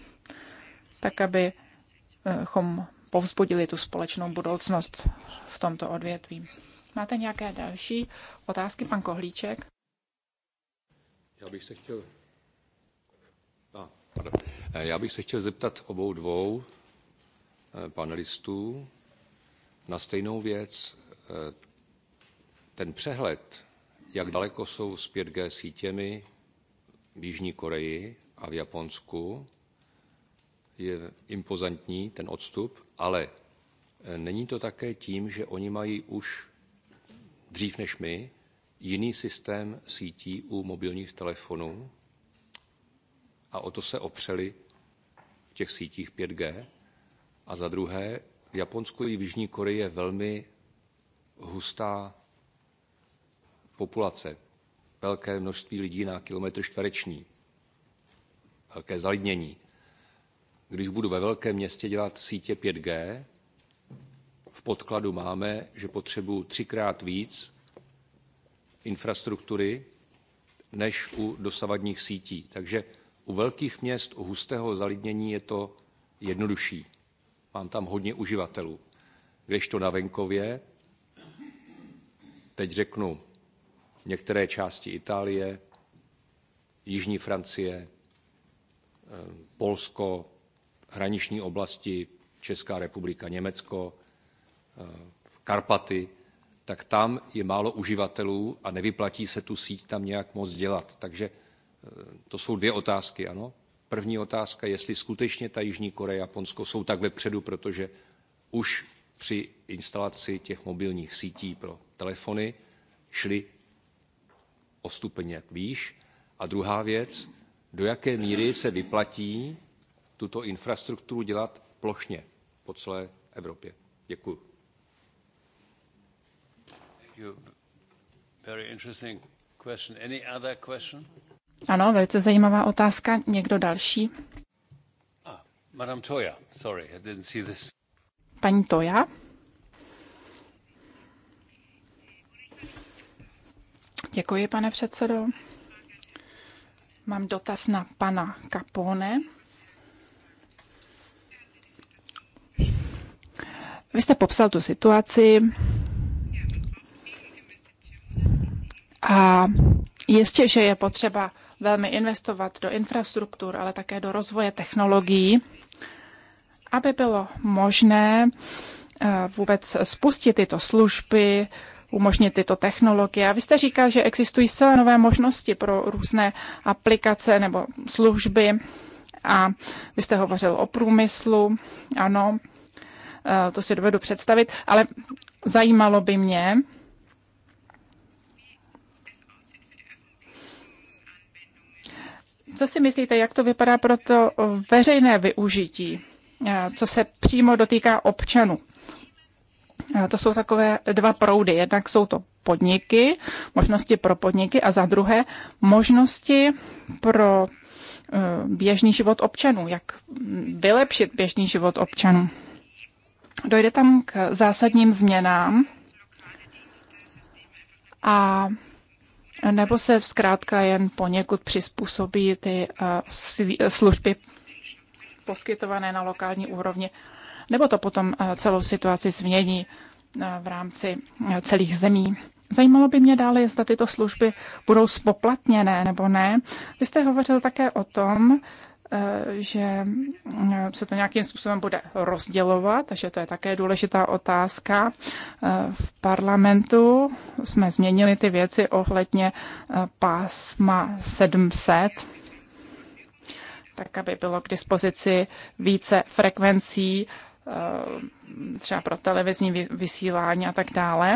Tak, abychom povzbudili tu společnou budoucnost v tomto odvětví. Máte nějaké další otázky, pan Kohlíček? Já bych se chtěl... Já bych se chtěl zeptat obou dvou eh, panelistů na stejnou věc. Eh, ten přehled, jak daleko jsou s 5G sítěmi v Jižní Koreji a v Japonsku, je impozantní, ten odstup, ale e, není to také tím, že oni mají už dřív než my jiný systém sítí u mobilních telefonů a o to se opřeli v těch sítích 5G. A za druhé, v Japonsku i v Jižní Koreji je velmi hustá populace, velké množství lidí na kilometr čtvereční, velké zalidnění. Když budu ve velkém městě dělat sítě 5G, v podkladu máme, že potřebuji třikrát víc infrastruktury než u dosavadních sítí. Takže u velkých měst, u hustého zalidnění je to jednodušší. Mám tam hodně uživatelů. Když to na venkově, teď řeknu některé části Itálie, jižní Francie, eh, Polsko, hraniční oblasti Česká republika, Německo, eh, Karpaty, tak tam je málo uživatelů a nevyplatí se tu síť tam nějak moc dělat. Takže eh, to jsou dvě otázky, ano. První otázka, jestli skutečně ta Jižní Korea a Japonsko jsou tak vepředu, protože už při instalaci těch mobilních sítí pro telefony šli o stupeň jak výš? A druhá věc, do jaké míry se vyplatí tuto infrastrukturu dělat plošně po celé Evropě? Děkuji. Ano, velice zajímavá otázka. Někdo další? Ah, Madame Toya, sorry, I didn't see this. Paní Toja? Děkuji, pane předsedo. Mám dotaz na pana Capone. Vy jste popsal tu situaci a jistě, že je potřeba velmi investovat do infrastruktur, ale také do rozvoje technologií, aby bylo možné eh, vůbec spustit tyto služby, umožnit tyto technologie. A vy jste říkal, že existují celé nové možnosti pro různé aplikace nebo služby. A vy jste hovořil o průmyslu, ano, e, to si dovedu představit, ale zajímalo by mě, Co si myslíte, jak to vypadá pro to veřejné využití, e, co se přímo dotýká občanů? To jsou takové dva proudy. Jednak jsou to podniky, možnosti pro podniky a za druhé možnosti pro e, běžný život občanů, jak vylepšit běžný život občanů. Dojde tam k zásadním změnám a nebo se zkrátka jen poněkud přizpůsobí ty e, služby poskytované na lokální úrovni nebo to potom eh, celou situaci změní eh, v rámci eh, celých zemí. Zajímalo by mě dále, jestli tyto služby budou spoplatněné nebo ne. Vy jste hovořil také o tom, že se to nějakým způsobem bude rozdělovat, takže to je také důležitá otázka. V parlamentu jsme změnili ty věci ohledně pásma 700, tak aby bylo k dispozici více frekvencí Eh, třeba pro televizní vysílání a tak dále.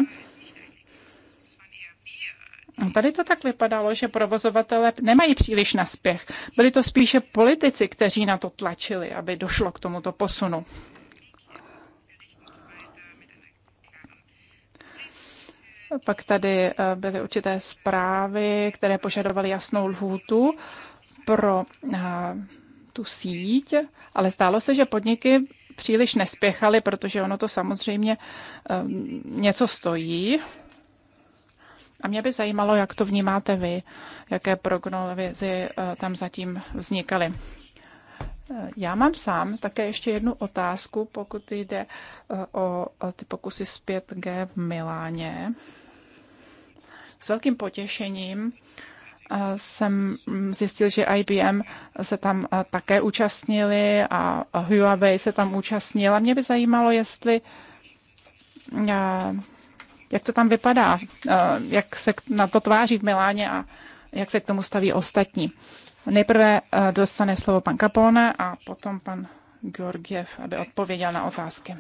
Tady to tak vypadalo, že provozovatele nemají příliš na spěch. Byli to spíše politici, kteří na to tlačili, aby došlo k tomuto posunu. Pak tady eh, byly určité zprávy, které požadovaly jasnou lhůtu pro eh, tu síť, ale stálo se, že podniky příliš nespěchali, protože ono to samozřejmě něco stojí. A mě by zajímalo, jak to vnímáte vy, jaké prognózy eh, tam zatím vznikaly. Eh, já mám sám také ještě jednu otázku, pokud jde eh, o ty pokusy z 5G v Miláně. S velkým potěšením jsem mm, zjistil, že IBM se tam také účastnili a Huawei se tam účastnila. Mě by zajímalo, jestli jak to tam vypadá, jak se na to tváří v Miláně a jak se k tomu staví ostatní. Nejprve dostane slovo pan Capone a potom pan Georgiev, aby odpověděl na otázky.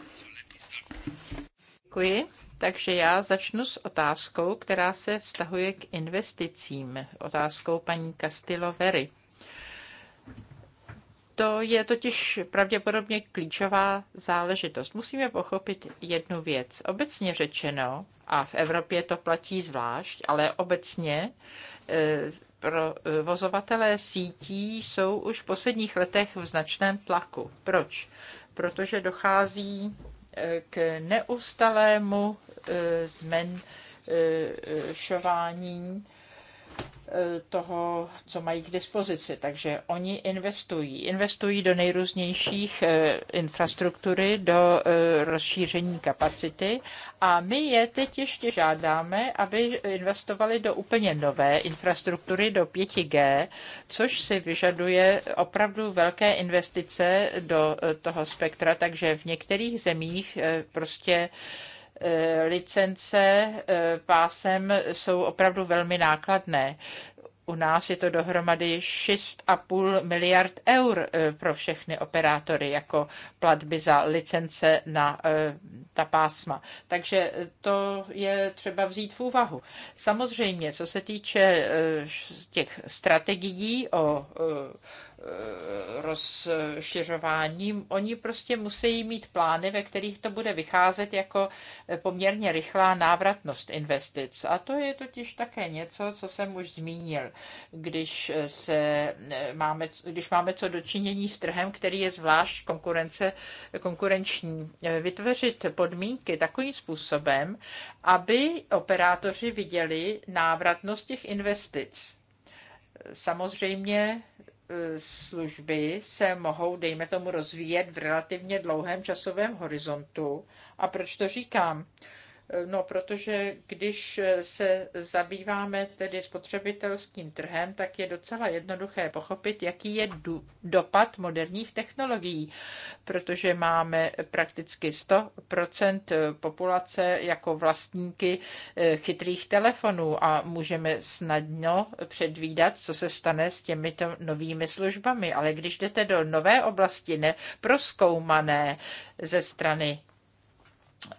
Děkuji. Takže já začnu s otázkou, která se vztahuje k investicím. Otázkou paní Castillo Very. To je totiž pravděpodobně klíčová záležitost. Musíme pochopit jednu věc. Obecně řečeno, a v Evropě to platí zvlášť, ale obecně eh, eh, vozovatelé sítí jsou už v posledních letech v značném tlaku. Proč? Protože dochází eh, k neustalému Eh, zmenšování eh, toho, co mají k dispozici. Takže oni investují. Investují do nejrůznějších eh, infrastruktury, do rozšíření kapacity a my je teď ještě žádáme, aby investovali do úplně nové infrastruktury, do 5G, což si vyžaduje opravdu velké investice do toho spektra, takže v některých zemích prostě Eh, licence eh, pásem jsou opravdu velmi nákladné. U nás je to dohromady 6,5 miliard eur eh, pro všechny operátory jako platby za licence na ta pásma. Takže to je třeba vzít v úvahu. Samozřejmě, co se týče těch strategií o Eh, rozšiřováním. Oni prostě musí mít plány, ve kterých to bude vycházet jako poměrně rychlá návratnost investic. A to je totiž také něco, co jsem už zmínil. Když, se eh, máme, když máme co dočinění s trhem, který je zvlášť konkurence, konkurenční, eh, vytvořit podmínky takovým způsobem, aby operátoři viděli návratnost těch investic. Samozřejmě služby se mohou, dejme tomu, rozvíjet v relativně dlouhém časovém horizontu. A proč to říkám? No, protože když se zabýváme tedy spotřebitelským trhem, tak je docela jednoduché pochopit, jaký je dopad moderních technologií, protože máme prakticky 100% populace jako vlastníky eh, chytrých telefonů a můžeme snadno předvídat, co se stane s těmito novými službami. Ale když jdete do nové oblasti neproskoumané ze strany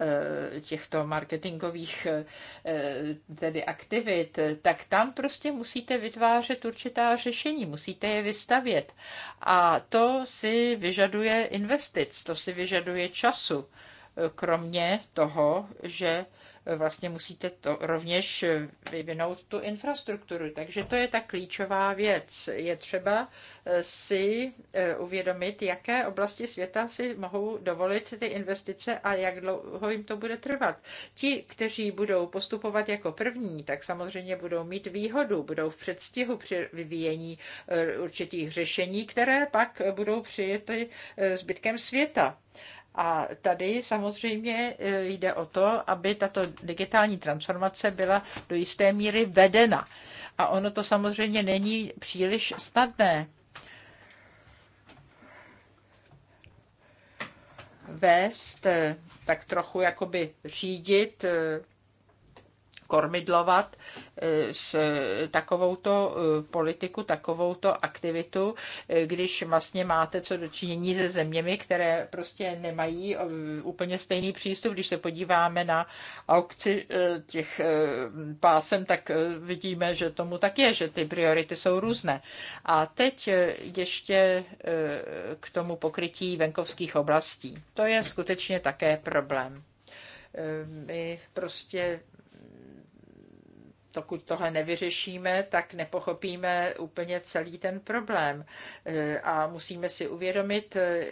Eh, těchto marketingových eh, tedy aktivit, tak tam prostě musíte vytvářet určitá řešení, musíte je vystavět. A to si vyžaduje investic, to si vyžaduje času, eh, kromě toho, že vlastně musíte to rovněž vyvinout tu infrastrukturu. Takže to je ta klíčová věc. Je třeba eh, si eh, uvědomit, jaké oblasti světa si mohou dovolit ty investice a jak dlouho jim to bude trvat. Ti, kteří budou postupovat jako první, tak samozřejmě budou mít výhodu, budou v předstihu při vyvíjení eh, určitých řešení, které pak budou přijety zbytkem světa. A tady samozřejmě e, jde o to, aby tato digitální transformace byla do jisté míry vedena. A ono to samozřejmě není příliš snadné. Vést, e, tak trochu jakoby řídit e, kormidlovat eh, s eh, takovouto eh, politiku, takovouto aktivitu, když vlastně máte co dočinění se zeměmi, které prostě nemají úplně stejný přístup. Když se podíváme na aukci těch pásem, tak vidíme, že tomu tak je, že ty priority jsou různé. A teď ještě k tomu pokrytí venkovských oblastí. To je skutečně také problém my prostě Dokud tohle nevyřešíme, tak nepochopíme úplně celý ten problém. Eh, a musíme si uvědomit, eh,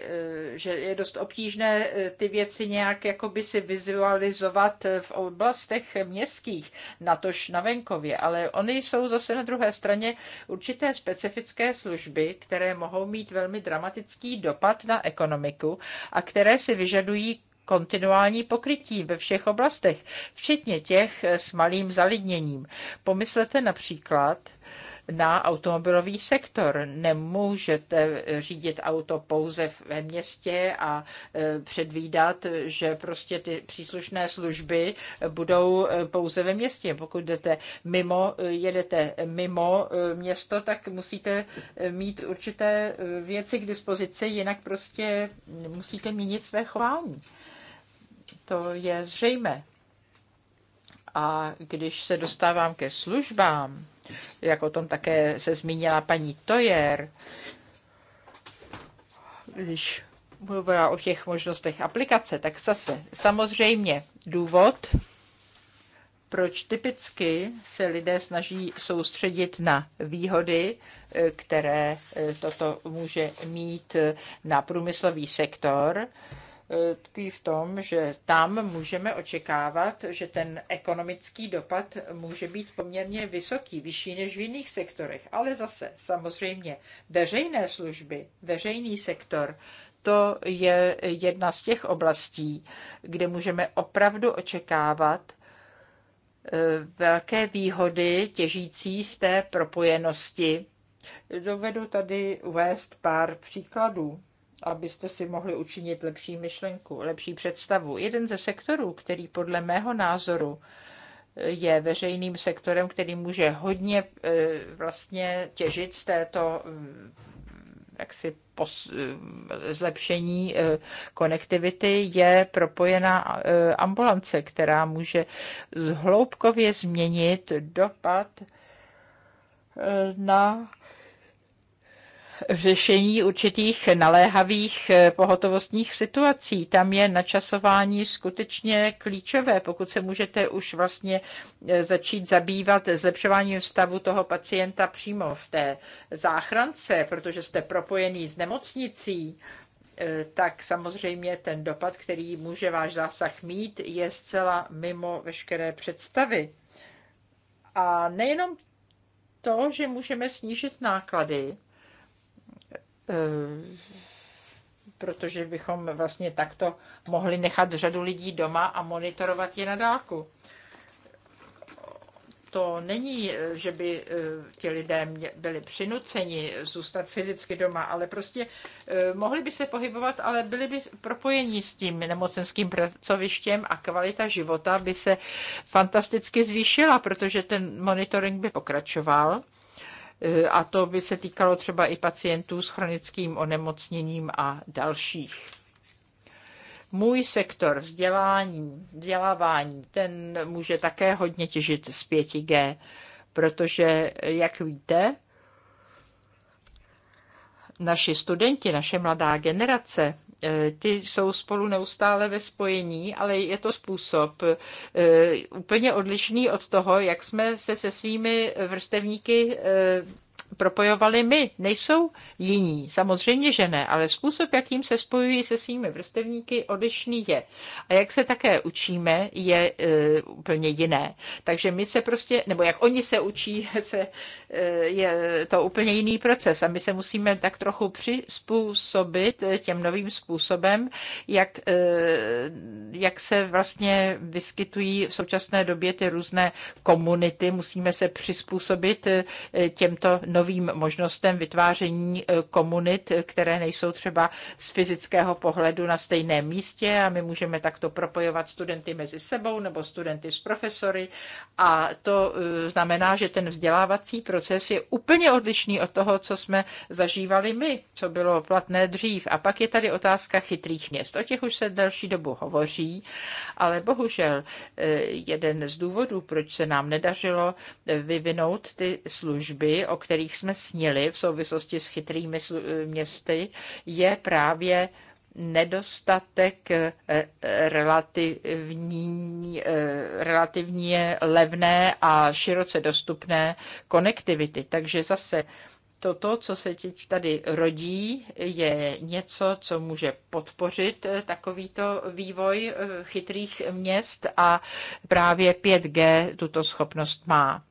že je dost obtížné eh, ty věci nějak jakoby si vizualizovat v oblastech městských, natož na venkově. Ale oni jsou zase na druhé straně určité specifické služby, které mohou mít velmi dramatický dopad na ekonomiku a které si vyžadují kontinuální pokrytí ve všech oblastech, včetně těch s malým zalidněním. Pomyslete například na automobilový sektor. Nemůžete řídit auto pouze ve městě a e, předvídat, že prostě ty příslušné služby budou e, pouze ve městě. Pokud jdete mimo, e, jedete mimo město, tak musíte mít určité věci k dispozici, jinak prostě musíte měnit své chování. To je zřejmé. A když se dostávám ke službám, jak o tom také se zmínila paní Tojer, když mluvila o těch možnostech aplikace, tak zase samozřejmě důvod, proč typicky se lidé snaží soustředit na výhody, které toto může mít na průmyslový sektor, tkví v tom, že tam můžeme očekávat, že ten ekonomický dopad může být poměrně vysoký, vyšší než v jiných sektorech. Ale zase, samozřejmě, veřejné služby, veřejný sektor, to je jedna z těch oblastí, kde můžeme opravdu očekávat eh, velké výhody těžící z té propojenosti. Dovedu tady uvést pár příkladů abyste si mohli učinit lepší myšlenku, lepší představu. Jeden ze sektorů, který podle mého názoru je veřejným sektorem, který může hodně eh, vlastně těžit z této mm, jaksi pos, eh, zlepšení eh, konektivity je propojená ambulance, která může zhloubkově změnit dopad na v řešení určitých naléhavých eh, pohotovostních situací. Tam je načasování skutečně klíčové, pokud se můžete už vlastně eh, začít zabývat zlepšováním stavu toho pacienta přímo v té záchrance, protože jste propojený s nemocnicí, eh, tak samozřejmě ten dopad, který může váš zásah mít, je zcela mimo veškeré představy. A nejenom to, že můžeme snížit náklady, Eh, protože bychom vlastně takto mohli nechat řadu lidí doma a monitorovat je na dálku. To není, eh, že by eh, ti lidé byli přinuceni zůstat fyzicky doma, ale prostě mohli by se pohybovat, ale byli by propojeni s tím nemocenským pracovištěm a kvalita života by se fantasticky zvýšila, protože ten monitoring by pokračoval Eh, a to by se týkalo třeba i pacientů s chronickým onemocněním a dalších. Můj sektor vzdělání, vzdělávání, ten může také hodně těžit z 5G, protože, eh, jak víte, naši studenti, naše mladá generace E, ty jsou spolu neustále ve spojení, ale je to způsob e, úplně odlišný od toho, jak jsme se se svými vrstevníky e, propojovali my, nejsou jiní. Samozřejmě, že ne, ale způsob, jakým se spojují se svými vrstevníky, odlišný je. A jak se také učíme, je e, úplně jiné. Takže my se prostě, nebo jak oni se učí, *laughs* se, e, je to úplně jiný proces. A my se musíme tak trochu přizpůsobit e, těm novým způsobem, jak, e, jak se vlastně vyskytují v současné době ty různé komunity. Musíme se přizpůsobit e, těmto novým novým možnostem vytváření e, komunit, které nejsou třeba z fyzického pohledu na stejném místě a my můžeme takto propojovat studenty mezi sebou nebo studenty s profesory a to e, znamená, že ten vzdělávací proces je úplně odlišný od toho, co jsme zažívali my, co bylo platné dřív. A pak je tady otázka chytrých měst. O těch už se další dobu hovoří, ale bohužel e, jeden z důvodů, proč se nám nedařilo vyvinout ty služby, o kterých kterých jsme snili v souvislosti s chytrými městy, je právě nedostatek eh, eh, relativní, eh, relativně levné a široce dostupné konektivity. Takže zase toto, co se teď tady rodí, je něco, co může podpořit takovýto vývoj chytrých měst a právě 5G tuto schopnost má.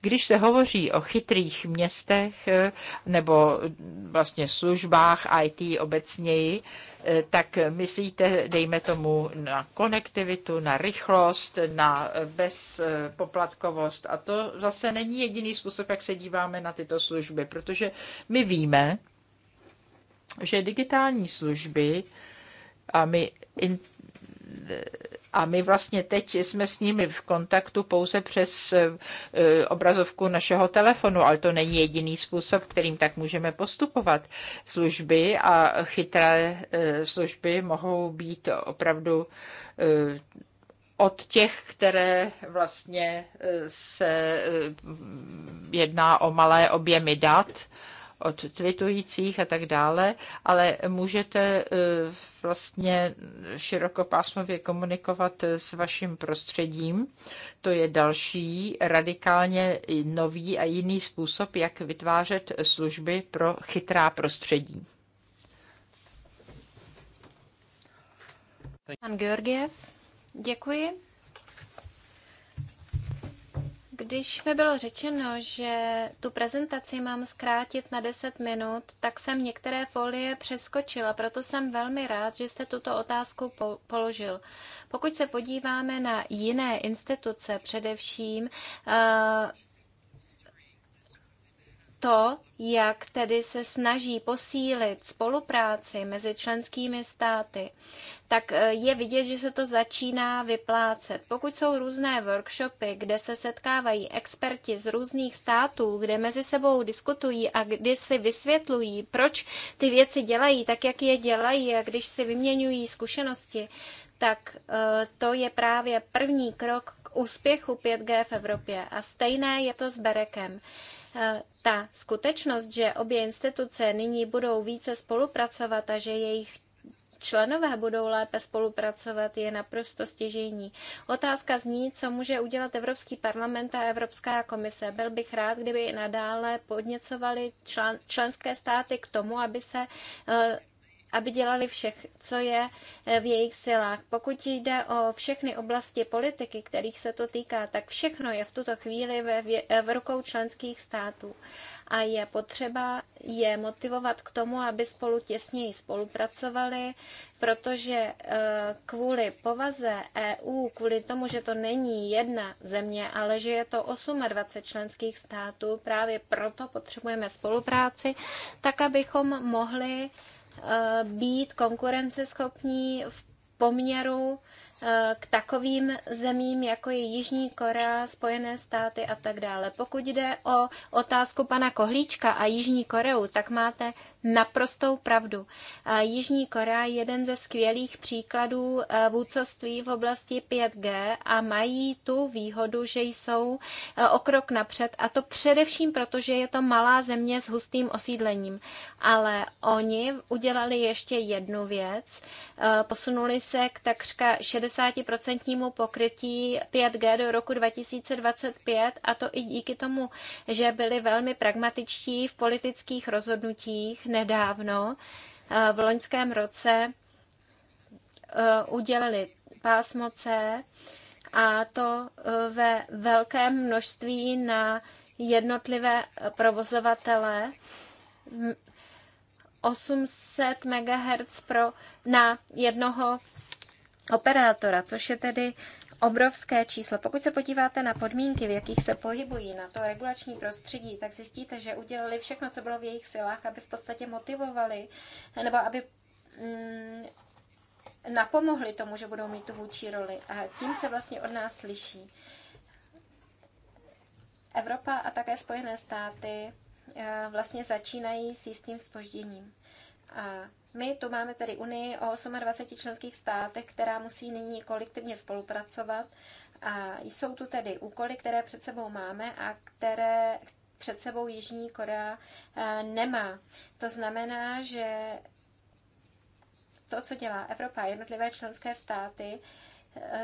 Když se hovoří o chytrých městech eh, nebo vlastně službách IT obecněji, eh, tak myslíte, dejme tomu, na konektivitu, na rychlost, na bezpoplatkovost. Eh, a to zase není jediný způsob, jak se díváme na tyto služby, protože my víme, že digitální služby a my in, a my vlastně teď jsme s nimi v kontaktu pouze přes e, e, obrazovku našeho telefonu, ale to není jediný způsob, kterým tak můžeme postupovat. Služby a chytré e, služby mohou být opravdu od těch, které vlastně se jedná o malé objemy dat, od tweetujících a tak dále, ale můžete eh, vlastně širokopásmově komunikovat s vaším prostředím. To je další radikálně nový a jiný způsob, jak vytvářet služby pro chytrá prostředí. Pan Georgiev, děkuji. Když mi bylo řečeno, že tu prezentaci mám zkrátit na 10 minut, tak jsem některé folie přeskočila, proto jsem velmi rád, že jste tuto otázku po- položil. Pokud se podíváme na jiné instituce, především eh, to, jak tedy se snaží posílit spolupráci mezi členskými státy, tak e, je vidět, že se to začíná vyplácet. Pokud jsou různé workshopy, kde se setkávají experti z různých států, kde mezi sebou diskutují a kdy si vysvětlují, proč ty věci dělají tak, jak je dělají a když si vyměňují zkušenosti, tak e, to je právě první krok k úspěchu 5G v Evropě. A stejné je to s Berekem. Eh, ta skutečnost, že obě instituce nyní budou více spolupracovat a že jejich členové budou lépe spolupracovat, je naprosto stěžejní. Otázka zní, co může udělat Evropský parlament a Evropská komise. Byl bych rád, kdyby i nadále podněcovali člen, členské státy k tomu, aby se eh, aby dělali vše, co je eh, v jejich silách. Pokud jde o všechny oblasti politiky, kterých se to týká, tak všechno je v tuto chvíli ve, eh, v rukou členských států. A je potřeba je motivovat k tomu, aby spolu těsněji spolupracovali, protože eh, kvůli povaze EU, kvůli tomu, že to není jedna země, ale že je to 28 členských států, právě proto potřebujeme spolupráci, tak abychom mohli Eh, být konkurenceschopní v poměru eh, k takovým zemím, jako je Jižní Korea, Spojené státy a tak dále. Pokud jde o otázku pana Kohlíčka a Jižní Koreu, tak máte naprostou pravdu. Jižní Korea je jeden ze skvělých příkladů e, vůdcovství v oblasti 5G a mají tu výhodu, že jsou e, o krok napřed a to především proto, že je to malá země s hustým osídlením. Ale oni udělali ještě jednu věc, e, posunuli se k takřka 60% pokrytí 5G do roku 2025 a to i díky tomu, že byli velmi pragmatičtí v politických rozhodnutích, nedávno eh, v loňském roce eh, udělili pásmo C a to eh, ve velkém množství na jednotlivé provozovatele 800 MHz pro, na jednoho operátora, což je tedy obrovské číslo. Pokud se podíváte na podmínky, v jakých se pohybují na to regulační prostředí, tak zjistíte, že udělali všechno, co bylo v jejich silách, aby v podstatě motivovali nebo aby mm, napomohli tomu, že budou mít tu vůči roli. A tím se vlastně od nás slyší. Evropa a také Spojené státy eh, vlastně začínají s jistým spožděním. A my tu máme tedy Unii o 28 členských státech, která musí nyní kolektivně spolupracovat. A jsou tu tedy úkoly, které před sebou máme a které před sebou Jižní Korea eh, nemá. To znamená, že to, co dělá Evropa a jednotlivé členské státy,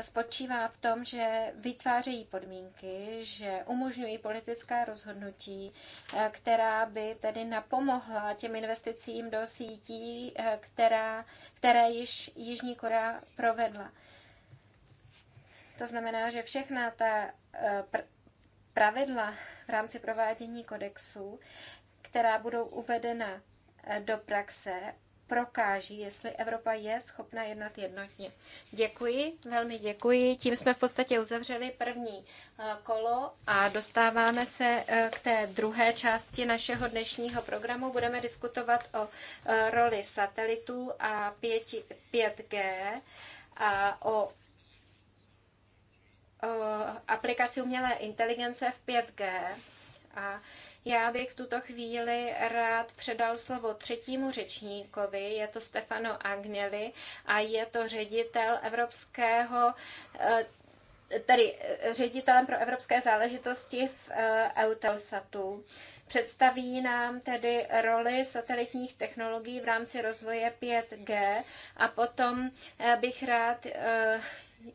spočívá v tom, že vytvářejí podmínky, že umožňují politická rozhodnutí, eh, která by tedy napomohla těm investicím do sítí, eh, která, které již Jižní Korea provedla. To znamená, že všechna ta eh, pravidla v rámci provádění kodexu, která budou uvedena do praxe, prokáží, jestli Evropa je schopna jednat jednotně. Děkuji, velmi děkuji. Tím jsme v podstatě uzavřeli první eh, kolo a dostáváme se eh, k té druhé části našeho dnešního programu. Budeme diskutovat o eh, roli satelitů a 5, 5G a o aplikaci umělé inteligence v 5G a já bych v tuto chvíli rád předal slovo třetímu řečníkovi, je to Stefano Agnelli a je to ředitel Evropského eh, tedy eh, ředitelem pro evropské záležitosti v eh, Eutelsatu. Představí nám tedy roli satelitních technologií v rámci rozvoje 5G a potom bych rád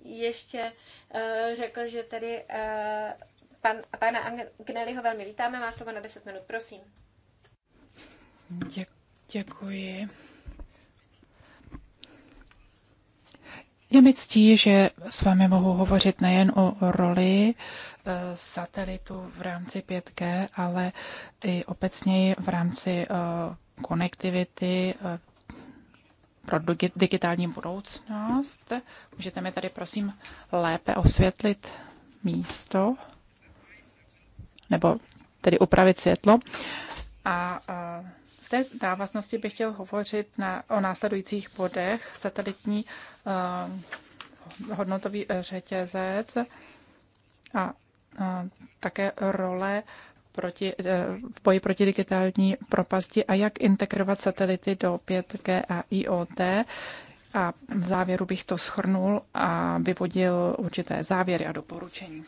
ještě řekl, že tedy Pan, pana Agneliho velmi vítáme, má slovo na 10 minut, prosím. Děk, děkuji. Je mi ctí, že s vámi mohu hovořit nejen o roli eh, satelitu v rámci 5G, ale i obecněji v rámci eh, konektivity eh, pro digitální budoucnost. Můžete mi tady prosím lépe osvětlit místo? nebo tedy upravit světlo. A v té návaznosti bych chtěl hovořit na, o následujících bodech satelitní eh, hodnotový řetězec a také role proti, eh, v boji proti digitální propasti a jak integrovat satelity do 5G a IoT. A v závěru bych to schrnul a vyvodil určité závěry a doporučení.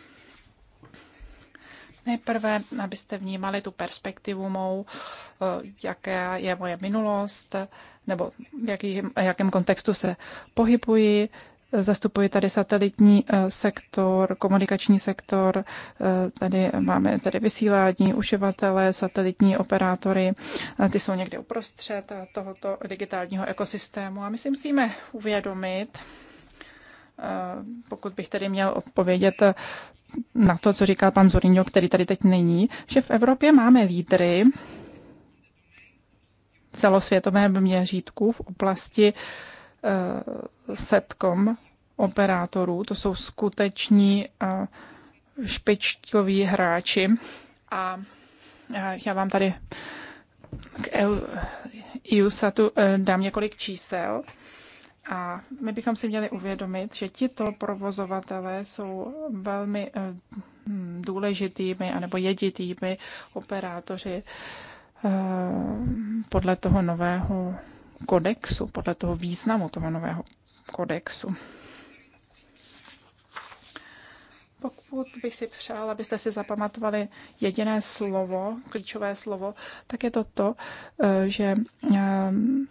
Nejprve, abyste vnímali tu perspektivu mou, eh, jaká je moje minulost, nebo v jaký, jakém kontextu se pohybuji. Zastupuji tady satelitní eh, sektor, komunikační sektor, eh, tady máme tady vysílání, uživatele, satelitní operátory, ty jsou někde uprostřed tohoto digitálního ekosystému a my si musíme uvědomit, pokud bych tedy měl odpovědět na to, co říkal pan Zorinho, který tady teď není, že v Evropě máme lídry celosvětové měřítku v oblasti uh, setkom operátorů. To jsou skuteční uh, špičkoví hráči. A uh, já vám tady k EU, EUSATu uh, dám několik čísel. A my bychom si měli uvědomit, že tito provozovatelé jsou velmi eh, hm, důležitými anebo jeditými operátoři eh, podle toho nového kodexu, podle toho významu toho nového kodexu. Pokud bych si přál, abyste si zapamatovali jediné slovo, klíčové slovo, tak je to to, eh, že eh,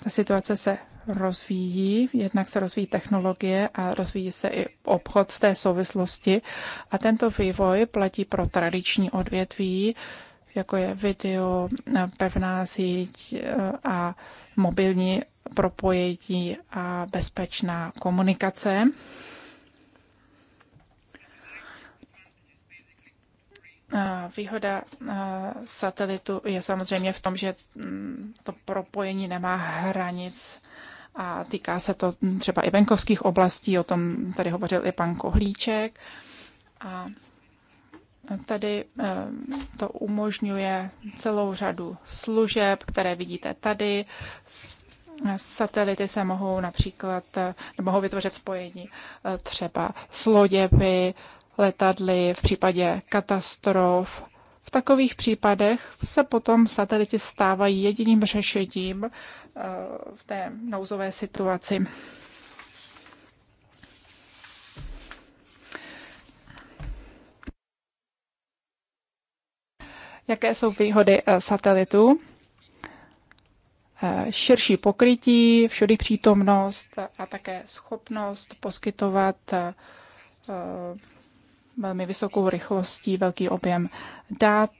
ta situace se rozvíjí, jednak se rozvíjí technologie a rozvíjí se i obchod v té souvislosti. A tento vývoj platí pro tradiční odvětví, jako je video, pevná síť eh, a mobilní propojení a bezpečná komunikace. Výhoda satelitu je samozřejmě v tom, že mm, to propojení nemá hranic a týká se to třeba i venkovských oblastí, o tom tady hovořil i pan Kohlíček. A tady e, to umožňuje celou řadu služeb, které vidíte tady. Satelity se mohou například, e, mohou vytvořit spojení e, třeba s loděmi, letadly v případě katastrof. V takových případech se potom satelity stávají jediným řešením eh, v té nouzové situaci. Jaké jsou výhody eh, satelitu? Eh, širší pokrytí, všudy přítomnost a také schopnost poskytovat velmi vysokou rychlostí, velký objem dat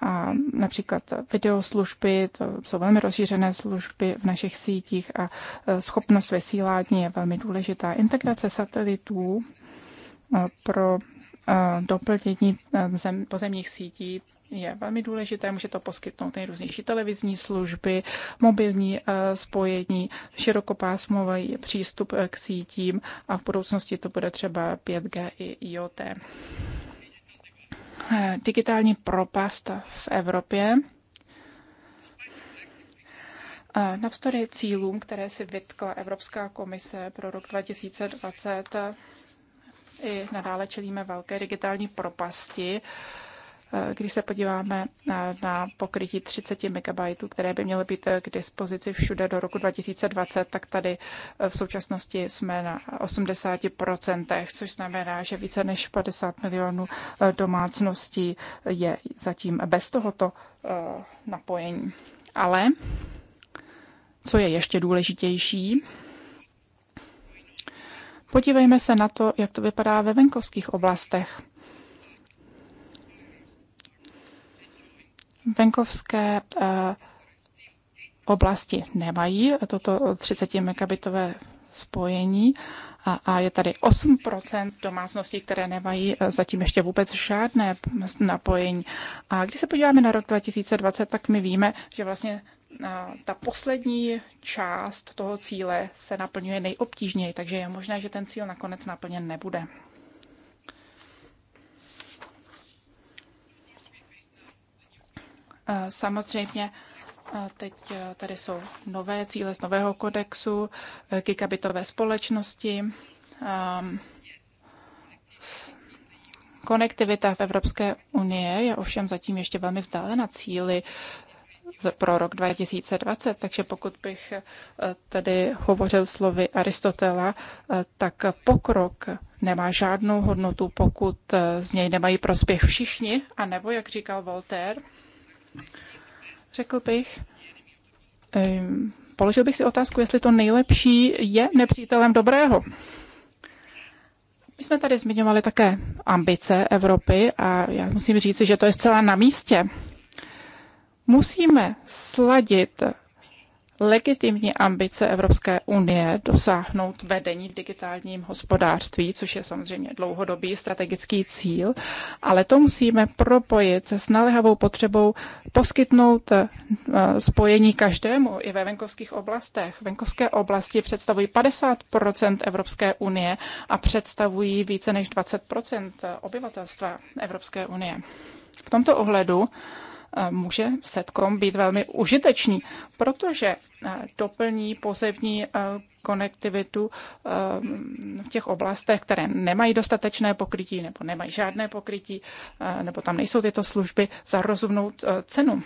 a například videoslužby, to jsou velmi rozšířené služby v našich sítích a e, schopnost vysílání je velmi důležitá. Integrace satelitů e, pro e, doplnění pozemních sítí, je velmi důležité, může to poskytnout nejrůznější televizní služby, mobilní eh, spojení, širokopásmový přístup eh, k sítím a v budoucnosti to bude třeba 5G i IoT. Eh, digitální propast v Evropě. Navzdory cílům, které si vytkla Evropská komise pro rok 2020, i nadále čelíme velké digitální propasti když se podíváme na, pokrytí 30 MB, které by měly být k dispozici všude do roku 2020, tak tady eh, v současnosti jsme na 80%, což znamená, že více než 50 milionů eh, domácností je zatím bez tohoto eh, napojení. Ale co je ještě důležitější, podívejme se na to, jak to vypadá ve venkovských oblastech. venkovské eh, oblasti nemají toto 30 megabitové spojení a, a je tady 8% domácností, které nemají eh, zatím ještě vůbec žádné napojení. A když se podíváme na rok 2020, tak my víme, že vlastně eh, ta poslední část toho cíle se naplňuje nejobtížněji, takže je možné, že ten cíl nakonec naplněn nebude. Eh, samozřejmě eh, teď eh, tady jsou nové cíle z nového kodexu, kikabitové společnosti, ehm, Konektivita v Evropské unie je ovšem zatím ještě velmi vzdálena cíly pro rok 2020, takže pokud bych tedy hovořil slovy Aristotela, tak pokrok nemá žádnou hodnotu, pokud z něj nemají prospěch všichni, anebo, jak říkal Voltaire, Řekl bych, položil bych si otázku, jestli to nejlepší je nepřítelem dobrého. My jsme tady zmiňovali také ambice Evropy a já musím říci, že to je zcela na místě. Musíme sladit legitimní ambice Evropské unie dosáhnout vedení v digitálním hospodářství, což je samozřejmě dlouhodobý strategický cíl, ale to musíme propojit s naléhavou potřebou poskytnout eh, spojení každému i ve venkovských oblastech. Venkovské oblasti představují 50 Evropské unie a představují více než 20 obyvatelstva Evropské unie. V tomto ohledu Eh, může setkom být velmi užitečný, protože eh, doplní pozemní eh, konektivitu v těch oblastech, které nemají dostatečné pokrytí nebo nemají žádné pokrytí, nebo tam nejsou tyto služby za rozumnou cenu.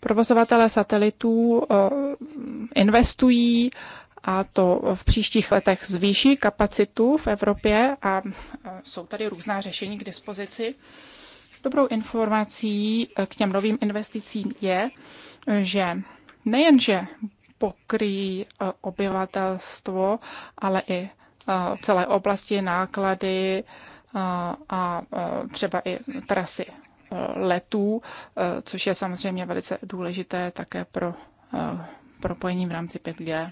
Provozovatelé satelitů investují a to v příštích letech zvýší kapacitu v Evropě a e, jsou tady různá řešení k dispozici. Dobrou informací e, k těm novým investicím je, že nejenže pokryjí e, obyvatelstvo, ale i celé oblasti, náklady a třeba i trasy letů, což je samozřejmě velice důležité také pro propojení v rámci 5G.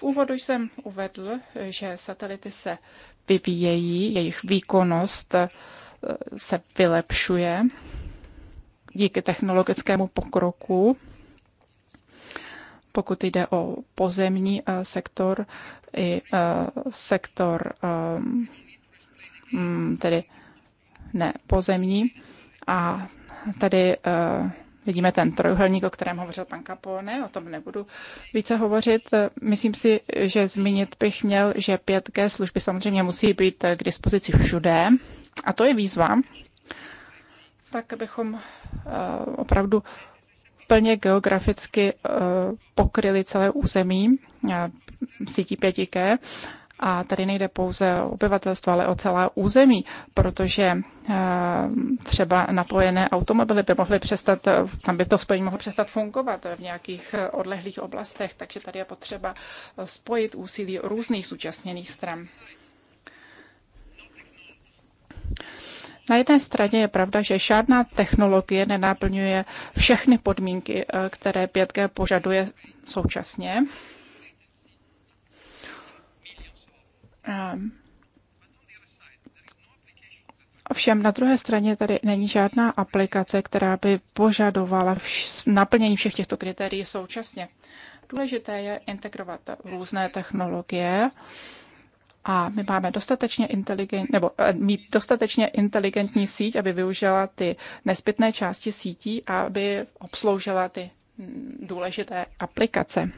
V úvodu jsem uvedl, že satelity se vyvíjejí, jejich výkonnost eh, se vylepšuje díky technologickému pokroku. Pokud jde o pozemní eh, sektor i eh, sektor mm, tedy nepozemní a tady Vidíme ten trojuhelník, o kterém hovořil pan Capone, o tom nebudu více hovořit. Myslím si, že zmínit bych měl, že 5G služby samozřejmě musí být k dispozici všude. A to je výzva, tak abychom eh, opravdu plně geograficky eh, pokryli celé území eh, sítí 5G. A tady nejde pouze o obyvatelstvo, ale o celá území, protože eh, třeba napojené automobily by mohly přestat, tam by to spojení mohlo přestat fungovat v nějakých eh, odlehlých oblastech, takže tady je potřeba eh, spojit úsilí různých zúčastněných stran. Na jedné straně je pravda, že žádná technologie nenáplňuje všechny podmínky, které 5G požaduje současně. Ehm, ovšem na druhé straně tady není žádná aplikace, která by požadovala vš- naplnění všech těchto kritérií současně. Důležité je integrovat různé technologie a my máme dostatečně inteligent, nebo eh, mít dostatečně inteligentní síť, aby využila ty nezbytné části sítí a aby obsloužila ty důležité aplikace.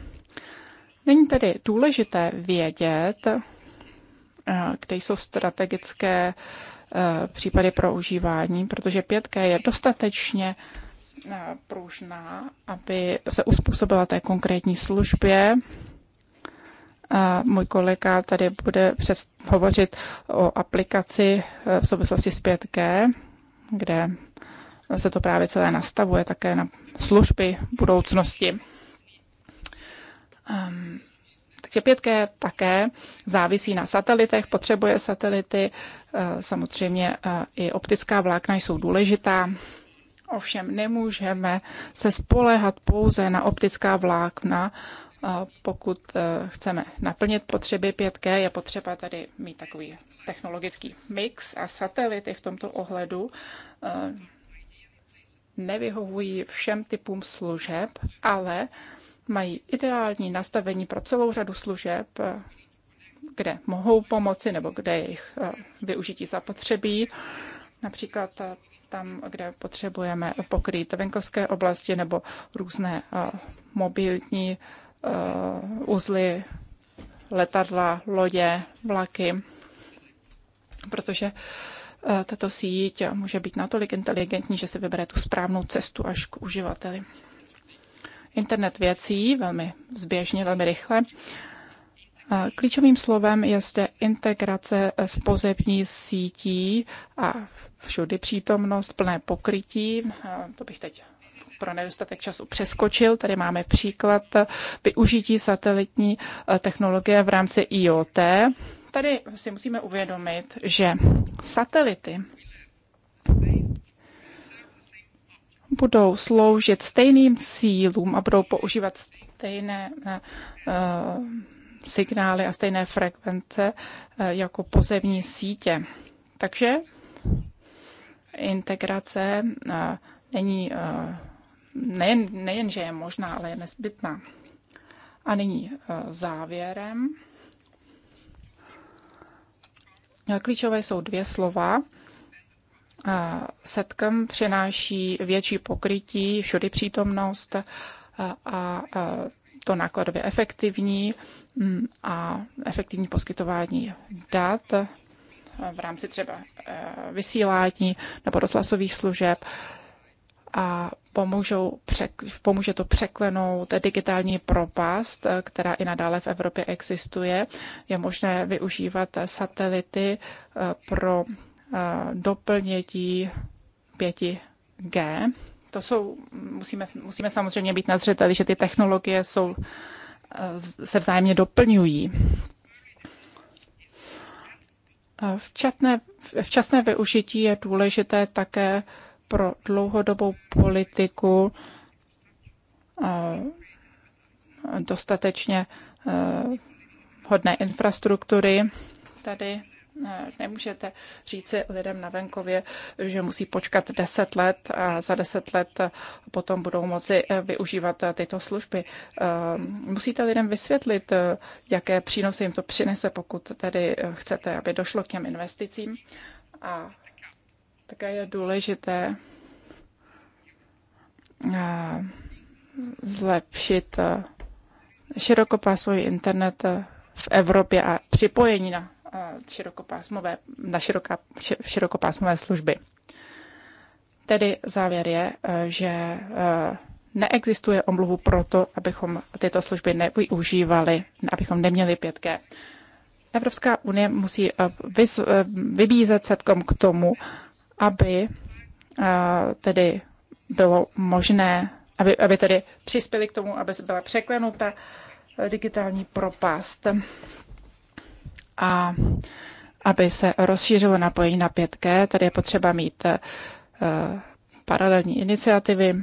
Není tedy důležité vědět, Eh, kde jsou strategické eh, případy pro užívání, protože 5G je dostatečně eh, pružná, aby se uspůsobila té konkrétní službě. A můj kolega tady bude přes, hovořit o aplikaci v souvislosti s 5G, kde se to právě celé nastavuje také na služby budoucnosti. Um, 5G také závisí na satelitech, potřebuje satelity, eh, samozřejmě eh, i optická vlákna jsou důležitá. Ovšem nemůžeme se spolehat pouze na optická vlákna, eh, pokud chceme naplnit potřeby 5G, je potřeba tady mít takový technologický mix a satelity v tomto ohledu nevyhovují všem typům služeb, ale mají ideální nastavení pro celou řadu služeb, kde mohou pomoci nebo kde jejich eh, využití zapotřebí. Například eh, tam, kde potřebujeme pokrýt venkovské oblasti nebo různé eh, mobilní uzly, letadla, lodě, vlaky, protože tato síť může být natolik inteligentní, že si vybere tu správnou cestu až k uživateli internet věcí velmi zběžně, velmi rychle. Klíčovým slovem je zde integrace s pozemní sítí a všudy přítomnost, plné pokrytí. To bych teď pro nedostatek času přeskočil. Tady máme příklad využití satelitní eh, technologie v rámci IoT. Tady si musíme uvědomit, že satelity budou sloužit stejným sílům a budou používat stejné uh, signály a stejné frekvence uh, jako pozemní sítě. Takže integrace uh, není uh, nejen, nejen, že je možná, ale je nezbytná. A nyní uh, závěrem. Klíčové jsou dvě slova setkem přináší větší pokrytí, všudy přítomnost a to nákladově efektivní mm, a efektivní poskytování dat v rámci třeba e, vysílání nebo rozhlasových služeb a pomůžou, pomůže to překlenout digitální propast, e, která i nadále v Evropě existuje. Je možné využívat satelity e, pro Eh, doplnění 5G. To jsou, musíme, musíme samozřejmě být na zřeteli, že ty technologie jsou, eh, se vzájemně doplňují. Eh, Včatné, včasné využití je důležité také pro dlouhodobou politiku dostatečně hodné infrastruktury. Tady Nemůžete říci lidem na venkově, že musí počkat 10 let a za 10 let potom budou moci eh, využívat eh, tyto služby. Eh, musíte lidem vysvětlit, jaké přínosy jim to přinese, pokud tedy chcete, aby došlo k těm investicím. A také je důležité zlepšit širokopásový internet v Evropě a připojení na Eh, širokopásmové, na široká, širokopásmové služby. Tedy závěr je, eh, že eh, neexistuje omluvu pro to, abychom tyto služby nevyužívali, abychom neměli 5G. Evropská unie musí vybízet setkom k tomu, aby tedy bylo možné, aby, aby tedy přispěli k tomu, aby byla překlenuta digitální propast a aby se rozšířilo napojení na 5G, tady je potřeba mít eh, paralelní iniciativy.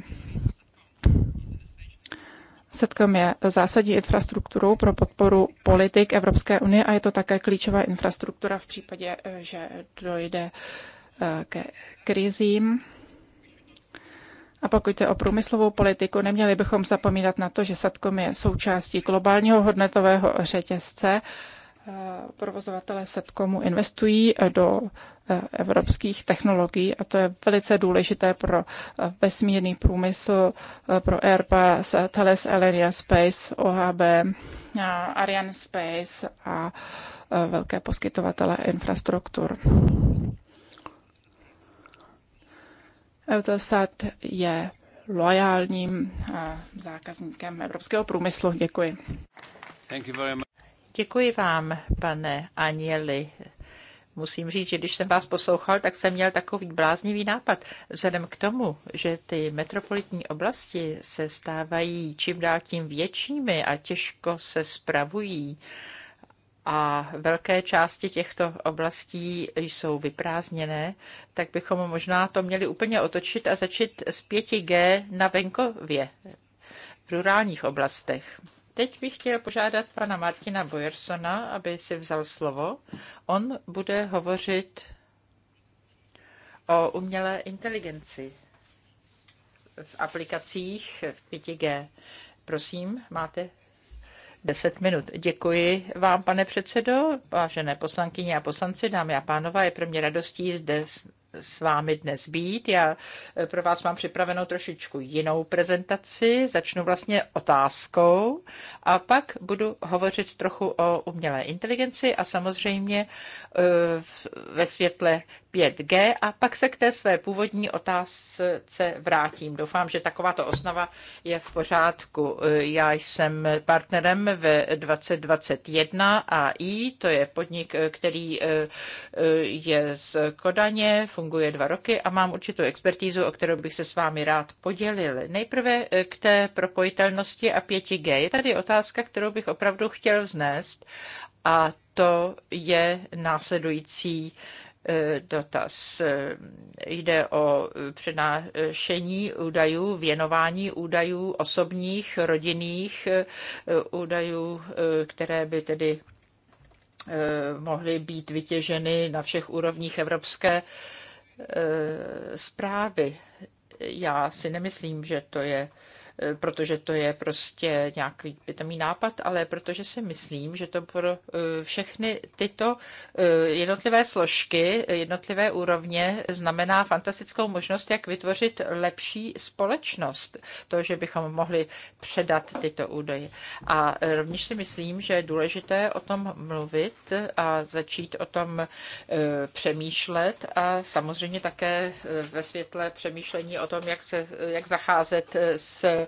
Setkom je zásadní infrastrukturou pro podporu politik Evropské unie a je to také klíčová infrastruktura v případě, eh, že dojde eh, ke krizím. A pokud jde o průmyslovou politiku, neměli bychom zapomínat na to, že Satkom je součástí globálního hodnotového řetězce provozovatele setkomu investují do eh, evropských technologií a to je velice důležité pro eh, vesmírný průmysl, eh, pro Airbus, Thales Alenia Space, OHB, Ariane Space a velké poskytovatele infrastruktur. Eutelsat je loajálním zákazníkem evropského průmyslu. Děkuji. Děkuji vám, pane Anieli. Musím říct, že když jsem vás poslouchal, tak jsem měl takový bláznivý nápad. Vzhledem k tomu, že ty metropolitní oblasti se stávají čím dál tím většími a těžko se spravují, a velké části těchto oblastí jsou vyprázdněné, tak bychom možná to měli úplně otočit a začít z 5G na venkově, v rurálních oblastech. Teď bych chtěl požádat pana Martina Bojersona, aby si vzal slovo. On bude hovořit o umělé inteligenci v aplikacích v 5G. Prosím, máte 10 minut. Děkuji vám, pane předsedo, vážené poslankyně a poslanci, dámy a pánové. Je pro mě radostí zde s vámi dnes být. Já eh, pro vás mám připravenou trošičku jinou prezentaci. Začnu vlastně otázkou a pak budu hovořit trochu o umělé inteligenci a samozřejmě eh, ve světle 5G a pak se k té své původní otázce vrátím. Doufám, že takováto osnova je v pořádku. Já jsem partnerem v 2021 AI, to je podnik, který eh, eh, je z Kodaně, funguje dva roky a mám určitou expertízu, o kterou bych se s vámi rád podělil. Nejprve eh, k té propojitelnosti a 5G. Je tady otázka, kterou bych opravdu chtěl vznést a to je následující E, dotaz. E, jde o přenášení údajů, věnování údajů osobních, rodinných e, údajů, které by tedy mohly být vytěženy na všech úrovních evropské zprávy. Já si nemyslím, že to je protože to je prostě nějaký pitomý nápad, ale protože si myslím, že to pro eh, všechny tyto eh, jednotlivé složky, jednotlivé úrovně znamená fantastickou možnost, jak vytvořit lepší společnost. To, že bychom mohli předat tyto údaje. A eh, rovněž si myslím, že je důležité o tom mluvit a začít o tom přemýšlet a samozřejmě také ve světle přemýšlení o tom, jak, se, jak zacházet s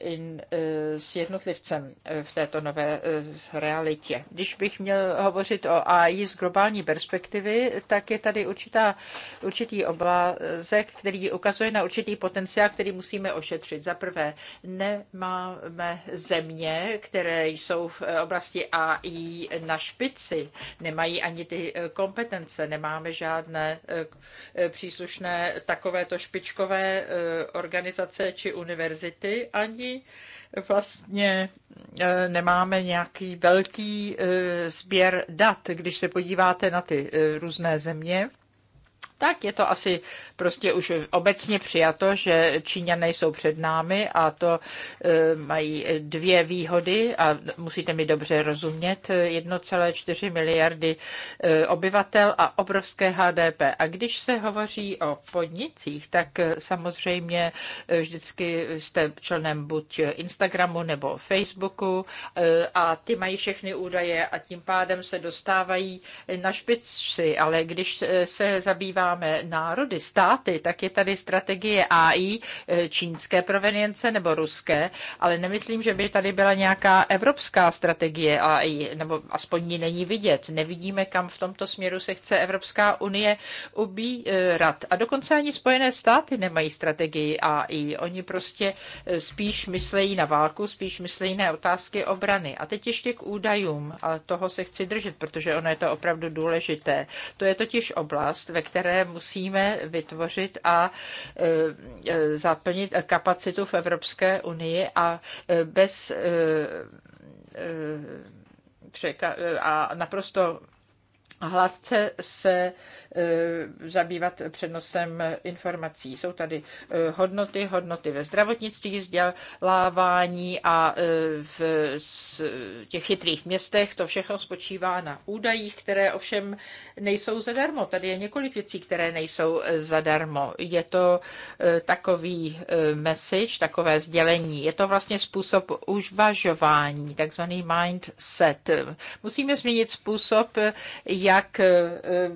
in, eh, s jednotlivcem eh, v této nové eh, realitě. Když bych měl hovořit o AI z globální perspektivy, tak je tady určitá, určitý oblázek, který ukazuje na určitý potenciál, který musíme ošetřit. Za prvé, nemáme země, které jsou v oblasti AI na špici, nemají ani ty kompetence, nemáme žádné příslušné takovéto špičkové organizace či univerzity, ani energií. Vlastně e, nemáme nějaký velký e, sběr dat, když se podíváte na ty e, různé země tak je to asi prostě už obecně přijato, že Číňané jsou před námi a to e, mají dvě výhody a musíte mi dobře rozumět, 1,4 miliardy e, obyvatel a obrovské HDP. A když se hovoří o podnicích, tak e, samozřejmě vždycky jste členem buď Instagramu nebo Facebooku a ty mají všechny údaje a tím pádem se dostávají na špici, ale když se zabývá porovnáme národy, státy, tak je tady strategie AI eh, čínské provenience nebo ruské, ale nemyslím, že by tady byla nějaká evropská strategie AI, nebo aspoň ji není vidět. Nevidíme, kam v tomto směru se chce Evropská unie ubírat. A dokonce ani Spojené státy nemají strategii AI. Oni prostě eh, spíš myslejí na válku, spíš myslejí na otázky obrany. A teď ještě k údajům. A toho se chci držet, protože ono je to opravdu důležité. To je totiž oblast, ve které které musíme vytvořit a e, e, zaplnit kapacitu v Evropské unii a e, bez a naprosto hladce se Eh, zabývat přenosem informací. Jsou tady eh, hodnoty, hodnoty ve zdravotnictví, vzdělávání a eh, v těch chytrých městech. To všechno spočívá na údajích, které ovšem nejsou zadarmo. Tady je několik věcí, které nejsou zadarmo. Je to takový message, takové sdělení. Je to vlastně způsob užvažování, takzvaný mindset. Musíme změnit způsob, jak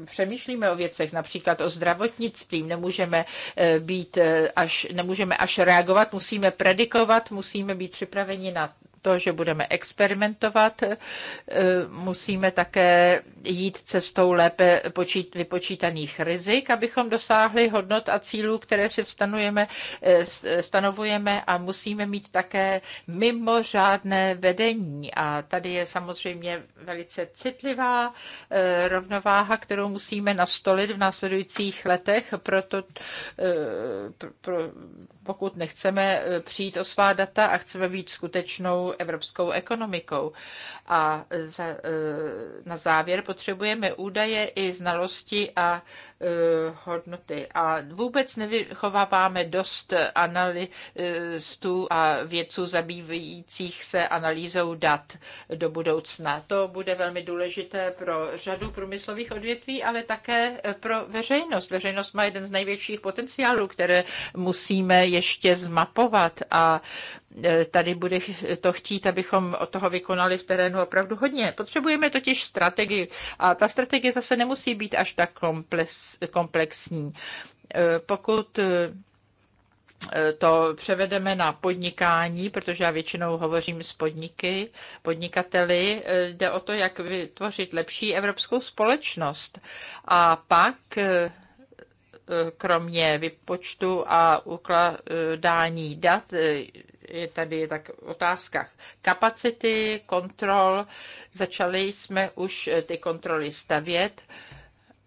přemýšlíme o věcech, například o zdravotnictví. Nemůžeme eh, být eh, až, nemůžeme až reagovat, musíme predikovat, musíme být připraveni na to, že budeme experimentovat, e, musíme také jít cestou lépe vypočítaných rizik, abychom dosáhli hodnot a cílů, které si e, e, stanovujeme a musíme mít také mimořádné vedení. A tady je samozřejmě velice citlivá rovnováha, kterou musíme nastolit v následujících letech, proto pro, pokud nechceme přijít o svá data a chceme být skutečnou evropskou ekonomikou. A za, eh, na závěr potřebujeme údaje i znalosti a eh, hodnoty. A vůbec nevychováváme dost analystů a vědců zabývajících se analýzou dat do budoucna. To bude velmi důležité pro řadu průmyslových odvětví, ale také pro veřejnost. Veřejnost má jeden z největších potenciálů, které musíme ještě zmapovat a E, tady bude to chtít, abychom od toho vykonali v terénu opravdu hodně. Potřebujeme totiž strategii a ta strategie zase nemusí být až tak komplexní. E, pokud e, to převedeme na podnikání, protože já většinou hovořím s podniky, podnikateli. Jde o to, jak vytvořit lepší evropskou společnost. A pak kromě vypočtu a ukládání dat je tady tak otázkách kapacity, kontrol. Začali jsme už ty kontroly stavět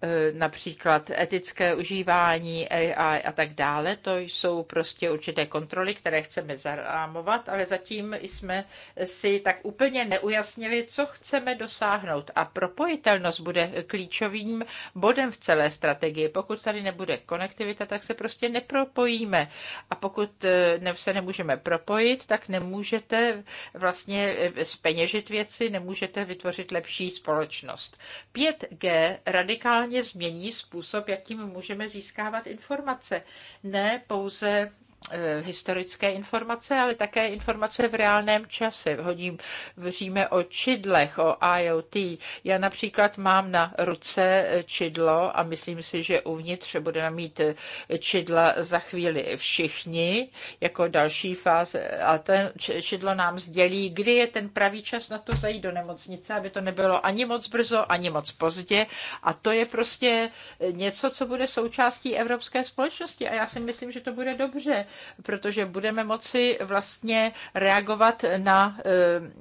Eh, například etické užívání AI a tak dále. To jsou prostě určité kontroly, které chceme zarámovat, ale zatím jsme si tak úplně neujasnili, co chceme dosáhnout. A propojitelnost bude klíčovým bodem v celé strategii. Pokud tady nebude konektivita, tak se prostě nepropojíme. A pokud eh, se nemůžeme propojit, tak nemůžete vlastně speněžit eh, věci, nemůžete vytvořit lepší společnost. 5G radikálně úplně změní způsob, jakým můžeme získávat informace. Ne pouze Eh, historické informace, ale také informace v reálném čase. Hodím, vříme o čidlech, o IoT. Já například mám na ruce eh, čidlo a myslím si, že uvnitř budeme mít eh, čidla za chvíli všichni, jako další fáze. A ten čidlo nám sdělí, kdy je ten pravý čas na to zajít do nemocnice, aby to nebylo ani moc brzo, ani moc pozdě. A to je prostě něco, co bude součástí evropské společnosti. A já si myslím, že to bude dobře protože budeme moci vlastně reagovat na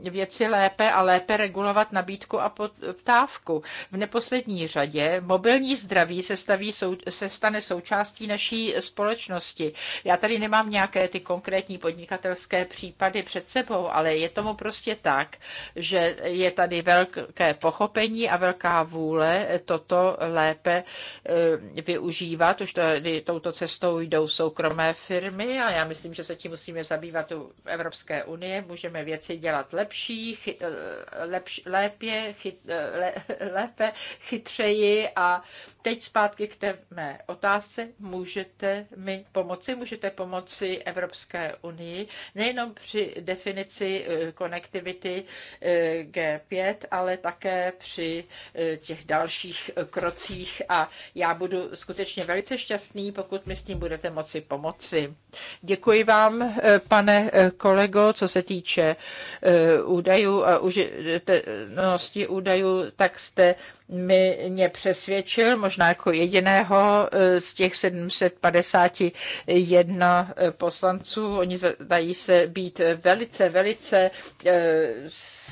eh, věci lépe a lépe regulovat nabídku a poptávku. V neposlední řadě mobilní zdraví se, staví, se stane součástí naší společnosti. Já tady nemám nějaké ty konkrétní podnikatelské případy před sebou, ale je tomu prostě tak, že je tady velké pochopení a velká vůle toto lépe eh, využívat. Už tady touto cestou jdou soukromé firmy, sami a já myslím, že se tím musíme zabývat u Evropské unie. Můžeme věci dělat lepší, chy, eh, lepš, lépě, chyt, eh, le, *laughs* lépe, chytřeji a teď zpátky k té mé otázce. Můžete mi pomoci? Můžete pomoci Evropské unii nejenom při definici eh, konektivity G5, ale také při těch dalších krocích a já budu skutečně velice šťastný, pokud mi s tím budete moci pomoci. Děkuji vám, eh, pane eh, kolego, co se týče eh, údajů a užitelnosti údajů, tak jste mi, mě přesvědčil, možná jako jediného z těch 751 poslanců. Oni dají se být velice, velice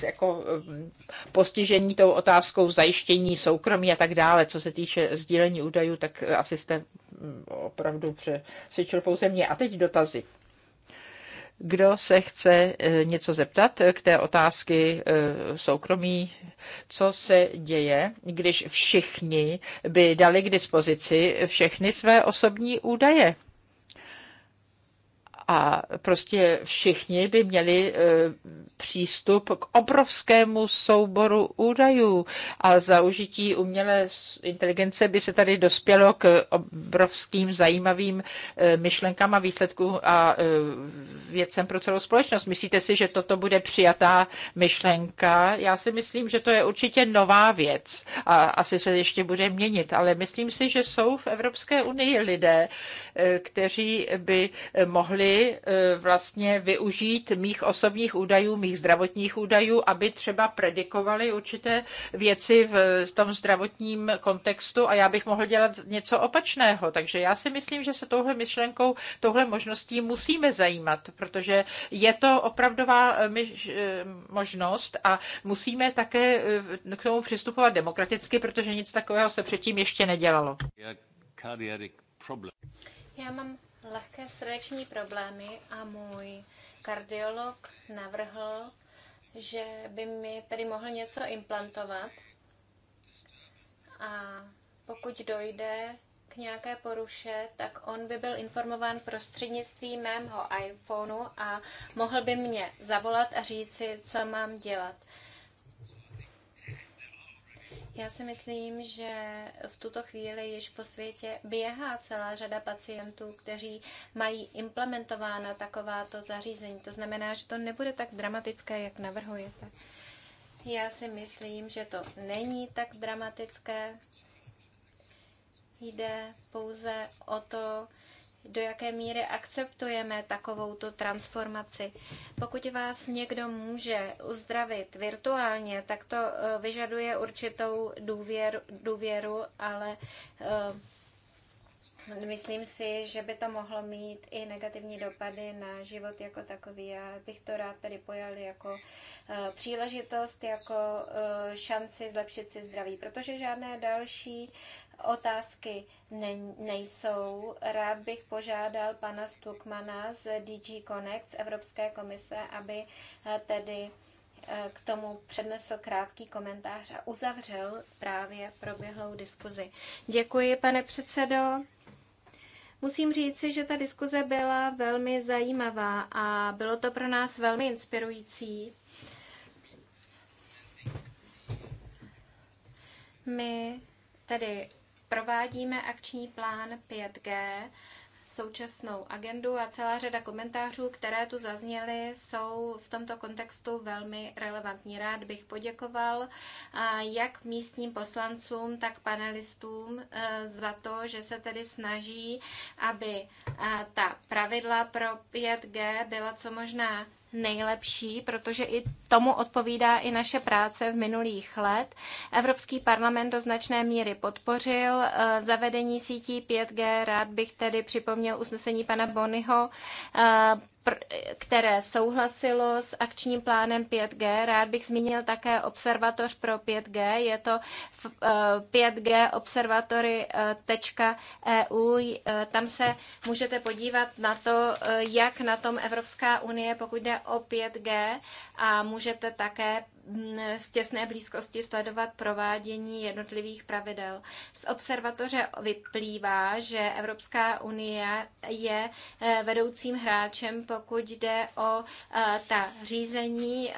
jako mm, postižení tou otázkou zajištění soukromí a tak dále. Co se týče sdílení údajů, tak asi jste opravdu přesvědčil pouze mě. A teď dotazy. Kdo se chce eh, něco zeptat k té otázky eh, soukromí, co se děje, když všichni by dali k dispozici všechny své osobní údaje? A prostě všichni by měli e, přístup k obrovskému souboru údajů a za užití umělé inteligence by se tady dospělo k obrovským zajímavým e, myšlenkám a výsledkům a e, věcem pro celou společnost. Myslíte si, že toto bude přijatá myšlenka? Já si myslím, že to je určitě nová věc a asi se ještě bude měnit, ale myslím si, že jsou v Evropské unii lidé, kteří by mohli Eh, vlastně využít mých osobních údajů, mých zdravotních údajů, aby třeba predikovali určité věci v tom zdravotním kontextu a já bych mohl dělat něco opačného. Takže já si myslím, že se touhle myšlenkou, touhle možností musíme zajímat, protože je to opravdová eh, eh, možnost a musíme také k tomu přistupovat demokraticky, protože nic takového se předtím ještě nedělalo. Já mám lehké srdeční problémy a můj kardiolog navrhl, že by mi tady mohl něco implantovat a pokud dojde k nějaké poruše, tak on by byl informován prostřednictvím mého iPhoneu a mohl by mě zavolat a říci, co mám dělat. Já si myslím, že v tuto chvíli již po světě běhá celá řada pacientů, kteří mají implementována takováto zařízení. To znamená, že to nebude tak dramatické, jak navrhujete. Já si myslím, že to není tak dramatické. Jde pouze o to, do jaké míry akceptujeme takovouto transformaci. Pokud vás někdo může uzdravit virtuálně, tak to eh, vyžaduje určitou důvěru, důvěru ale eh, myslím si, že by to mohlo mít i negativní dopady na život jako takový. Já bych to rád tady pojal jako eh, příležitost, jako šanci zlepšit si zdraví, protože žádné další otázky ne, nejsou. Rád bych požádal pana Stukmana z DG Connect z Evropské komise, aby eh, tedy eh, k tomu přednesl krátký komentář a uzavřel právě proběhlou diskuzi. Děkuji, pane předsedo. Musím říci, že ta diskuze byla velmi zajímavá a bylo to pro nás velmi inspirující. My tedy provádíme akční plán 5G, současnou agendu a celá řada komentářů, které tu zazněly, jsou v tomto kontextu velmi relevantní. Rád bych poděkoval jak místním poslancům, tak panelistům e, za to, že se tedy snaží, aby e, ta pravidla pro 5G byla co možná nejlepší, protože i tomu odpovídá i naše práce v minulých let. Evropský parlament do značné míry podpořil eh, zavedení sítí 5G. Rád bych tedy připomněl usnesení pana Bonyho eh, které souhlasilo s akčním plánem 5G. Rád bych zmínil také observatoř pro 5G. Je to 5G eh, observatory.eu. Eh, e eh, tam se můžete podívat na to, jak na tom Evropská unie, pokud jde o 5G a můžete také z těsné blízkosti sledovat provádění jednotlivých pravidel. Z observatoře vyplývá, že Evropská unie je eh, vedoucím hráčem, pokud jde o eh, ta řízení eh,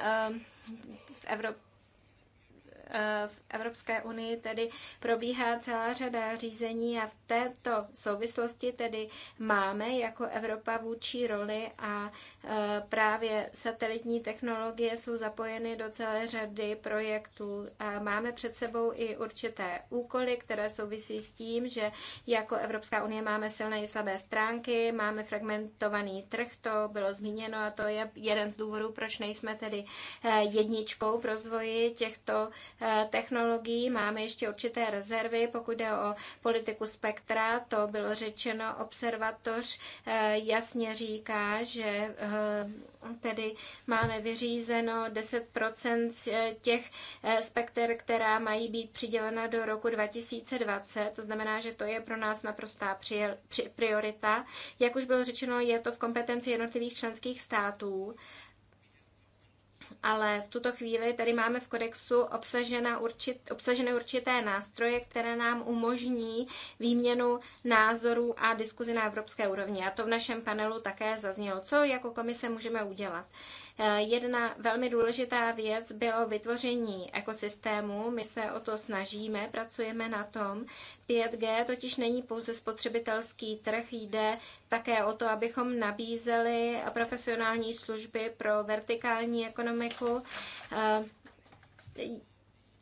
v Evropě Eh, v Evropské unii tedy probíhá celá řada řízení a v této souvislosti tedy máme jako Evropa vůči roli a eh, právě satelitní technologie jsou zapojeny do celé řady projektů. A máme před sebou i určité úkoly, které souvisí s tím, že jako Evropská unie máme silné i slabé stránky, máme fragmentovaný trh, to bylo zmíněno a to je jeden z důvodů, proč nejsme tedy eh, jedničkou v rozvoji těchto Eh, technologií. Máme ještě určité rezervy, pokud jde o politiku spektra, to bylo řečeno, observatoř eh, jasně říká, že eh, tedy máme vyřízeno 10% těch spekter, která mají být přidělena do roku 2020. To znamená, že to je pro nás naprostá priorita. Jak už bylo řečeno, je to v kompetenci jednotlivých členských států ale v tuto chvíli tady máme v kodexu obsažena určit, obsažené určité nástroje, které nám umožní výměnu názorů a diskuzi na evropské úrovni. A to v našem panelu také zaznělo. Co jako komise můžeme udělat? Eh, jedna velmi důležitá věc bylo vytvoření ekosystému. My se o to snažíme, pracujeme na tom. 5G totiž není pouze spotřebitelský trh, jde také o to, abychom nabízeli profesionální služby pro vertikální ekonomiku eh,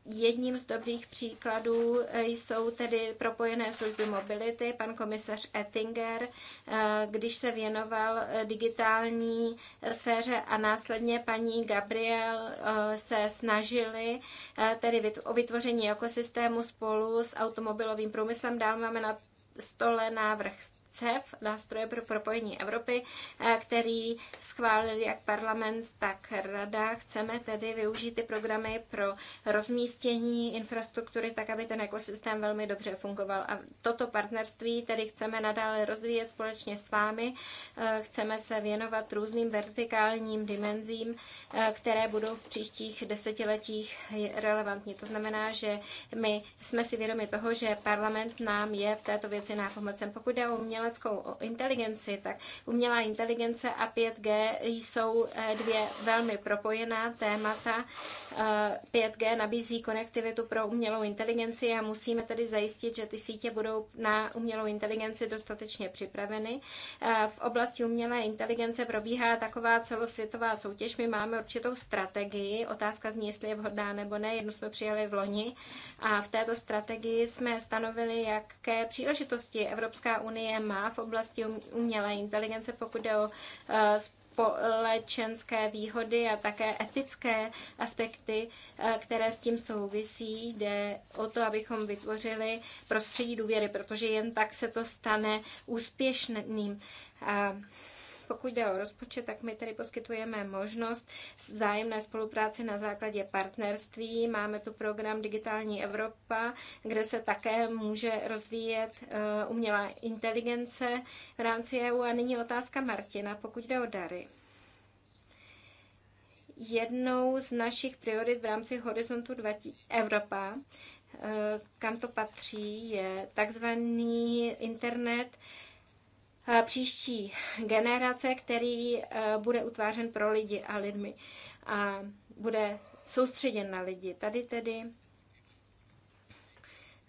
Jedním z dobrých příkladů eh, jsou tedy propojené služby mobility. Pan komisař Ettinger, eh, když se věnoval eh, digitální sféře a následně paní Gabriel se snažili tedy o vytvoření ekosystému spolu s automobilovým průmyslem. Dál máme na stole návrh CEF, nástroje pro propojení Evropy, eh, který schválil jak parlament, tak rada. Chceme tedy využít ty programy pro rozmístění infrastruktury tak, aby ten ekosystém velmi dobře fungoval. A toto partnerství tedy chceme nadále rozvíjet společně s vámi. Eh, chceme se věnovat různým vertikálním dimenzím, eh, které budou v příštích desetiletích relevantní. To znamená, že my jsme si vědomi toho, že parlament nám je v této věci nápomocen. Pokud jde o uměleckou inteligenci, tak umělá inteligence a 5G jsou eh, dvě velmi propojená témata. 5G eh, nabízí konektivitu pro umělou inteligenci a musíme tedy zajistit, že ty sítě budou na umělou inteligenci dostatečně připraveny. Eh, v oblasti umělé inteligence probíhá taková celosvětová soutěž. My máme určitou strategii. Otázka zní, jestli je vhodná nebo ne. Jednu jsme přijali v loni a v této strategii jsme stanovili, jaké příležitosti Evropská unie má má v oblasti um, umělé inteligence, pokud jde o eh, společenské výhody a také etické aspekty, eh, které s tím souvisí. Jde o to, abychom vytvořili prostředí důvěry, protože jen tak se to stane úspěšným pokud jde o rozpočet, tak my tady poskytujeme možnost zájemné spolupráce na základě partnerství. Máme tu program Digitální Evropa, kde se také může rozvíjet eh, umělá inteligence v rámci EU. A nyní otázka Martina, pokud jde o dary. Jednou z našich priorit v rámci Horizontu 20, Evropa, eh, kam to patří, je takzvaný internet příští generace, který eh, bude utvářen pro lidi a lidmi a bude soustředěn na lidi. Tady tedy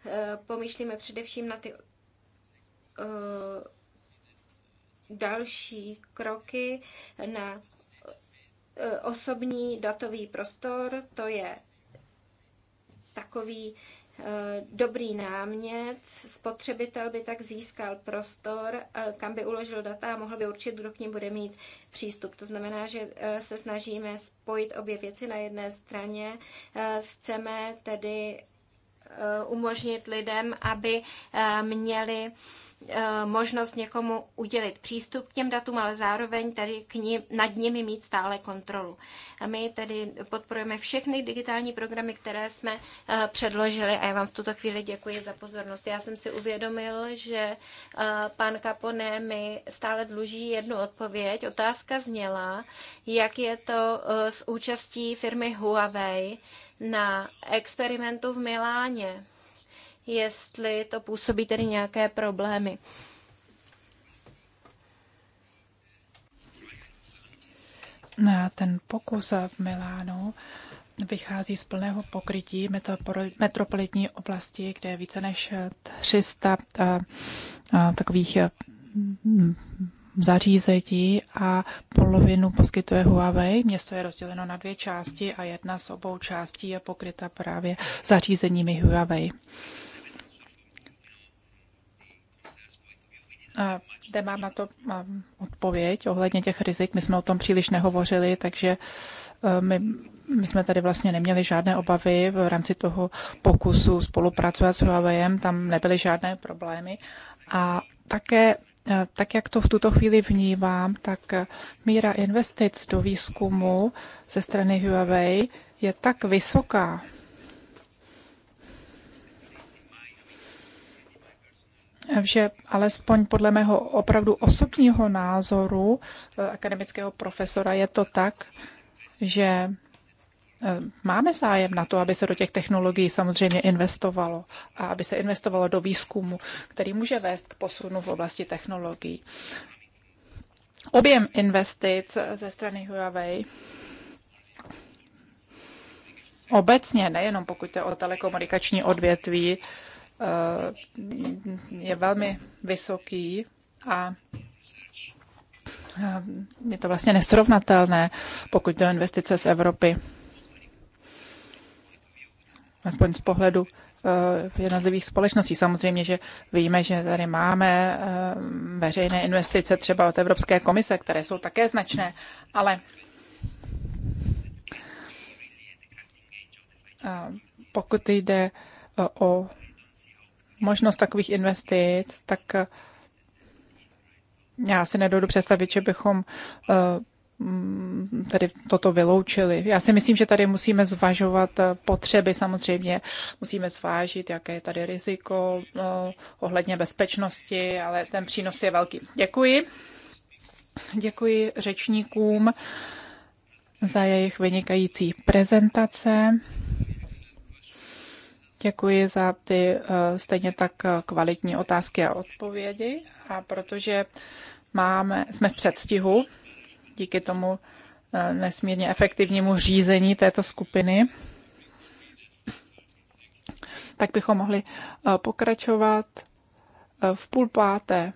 eh, pomýšlíme především na ty eh, další kroky, na osobní datový prostor, to je takový Eh, dobrý námět, spotřebitel by tak získal prostor, eh, kam by uložil data a mohl by určit, kdo k ním bude mít přístup. To znamená, že eh, se snažíme spojit obě věci na jedné straně. Chceme tedy umožnit lidem, aby měli Eh, možnost někomu udělit přístup k těm datům, ale zároveň tady k ní, nad nimi mít stále kontrolu. A my tedy podporujeme všechny digitální programy, které jsme eh, předložili a já vám v tuto chvíli děkuji za pozornost. Já jsem si uvědomil, že eh, pan Capone mi stále dluží jednu odpověď. Otázka zněla, jak je to s účastí firmy Huawei na experimentu v Miláně jestli to působí tedy nějaké problémy. Na Ten pokus v Milánu vychází z plného pokrytí metropolitní oblasti, kde je více než 300 eh, eh, takových eh, zařízení a polovinu poskytuje Huawei. Město je rozděleno na dvě části a jedna z obou částí je pokryta právě zařízeními Huawei. Kde mám na to odpověď ohledně těch rizik. My jsme o tom příliš nehovořili, takže e, my, my jsme tady vlastně neměli žádné obavy v rámci toho pokusu spolupracovat s Huawei, tam nebyly žádné problémy. A také, e, tak jak to v tuto chvíli vnímám, tak míra investic do výzkumu ze strany Huawei je tak vysoká, že alespoň podle mého opravdu osobního názoru eh, akademického profesora je to tak, že eh, máme zájem na to, aby se do těch technologií samozřejmě investovalo a aby se investovalo do výzkumu, který může vést k posunu v oblasti technologií. Objem investic ze strany Huawei obecně, nejenom pokud je o telekomunikační odvětví, Eh, je velmi vysoký a eh, je to vlastně nesrovnatelné, pokud do investice z Evropy. Aspoň z pohledu eh, jednotlivých společností. Samozřejmě, že víme, že tady máme veřejné investice třeba od Evropské komise, které jsou také značné, ale pokud jde o možnost takových investic, tak eh, já si nedodu představit, že bychom eh, mm, tady toto vyloučili. Já si myslím, že tady musíme zvažovat eh, potřeby samozřejmě, musíme zvážit, jaké je tady riziko ohledně bezpečnosti, ale ten přínos je velký. Děkuji. Děkuji řečníkům za jejich vynikající prezentace. Děkuji za ty eh, stejně tak eh, kvalitní otázky a odpovědi. A protože máme, jsme v předstihu, díky tomu eh, nesmírně efektivnímu řízení této skupiny, tak bychom mohli pokračovat v půl páté.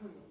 Hmm.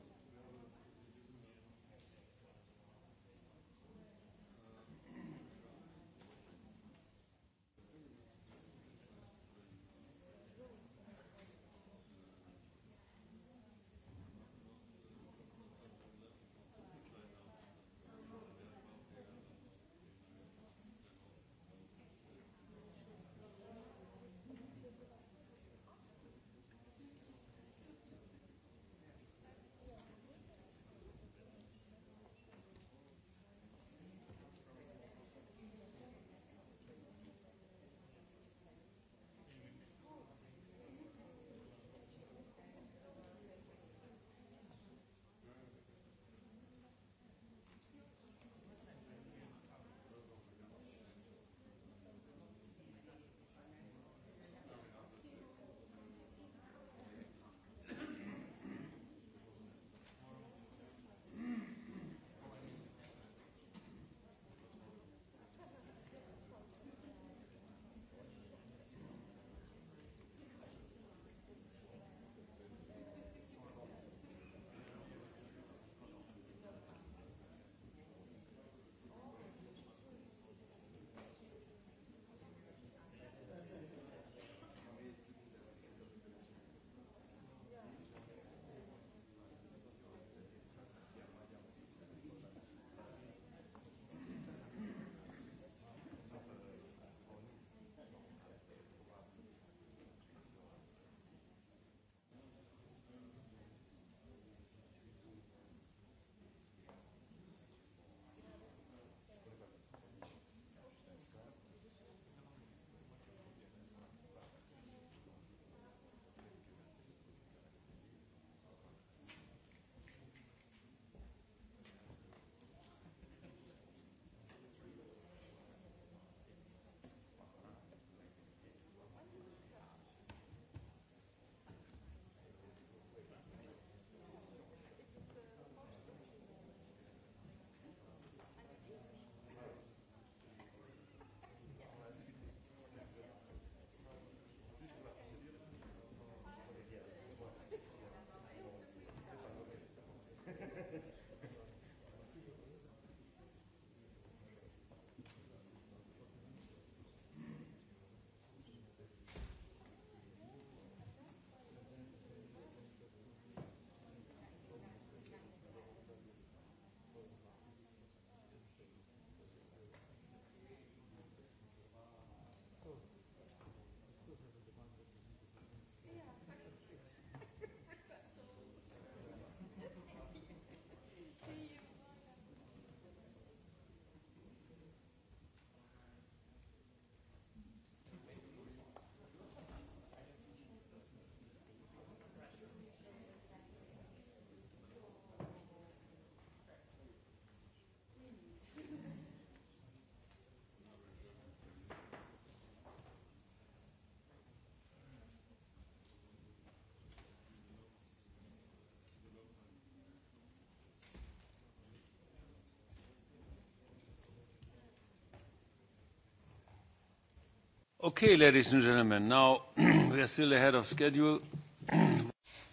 Okay, ladies and gentlemen, now *clears throat* we are still ahead of schedule.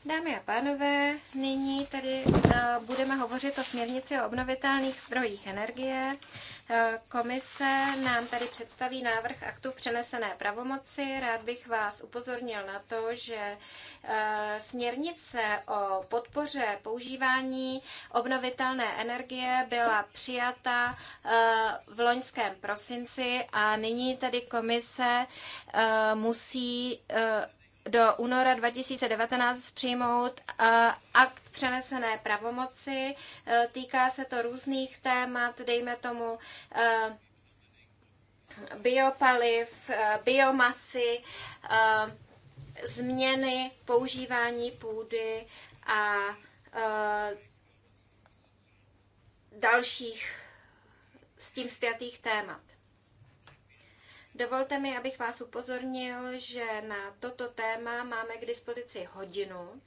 Dámy a pánové, nyní tedy eh, budeme hovořit o směrnici o obnovitelných zdrojích energie. Eh, komise nám tady představí návrh aktu přenesené pravomoci. Rád bych vás upozornil na to, že eh, směrnice o podpoře používání obnovitelné energie byla přijata v loňském prosinci a nyní tedy komise musí do února 2019 přijmout akt přenesené pravomoci. E, týká se to různých témat, dejme tomu e, biopaliv, e, biomasy, změny používání půdy a dalších s tím zpětých témat. Dovolte mi, abych vás upozornil, že na toto téma máme k dispozici hodinu.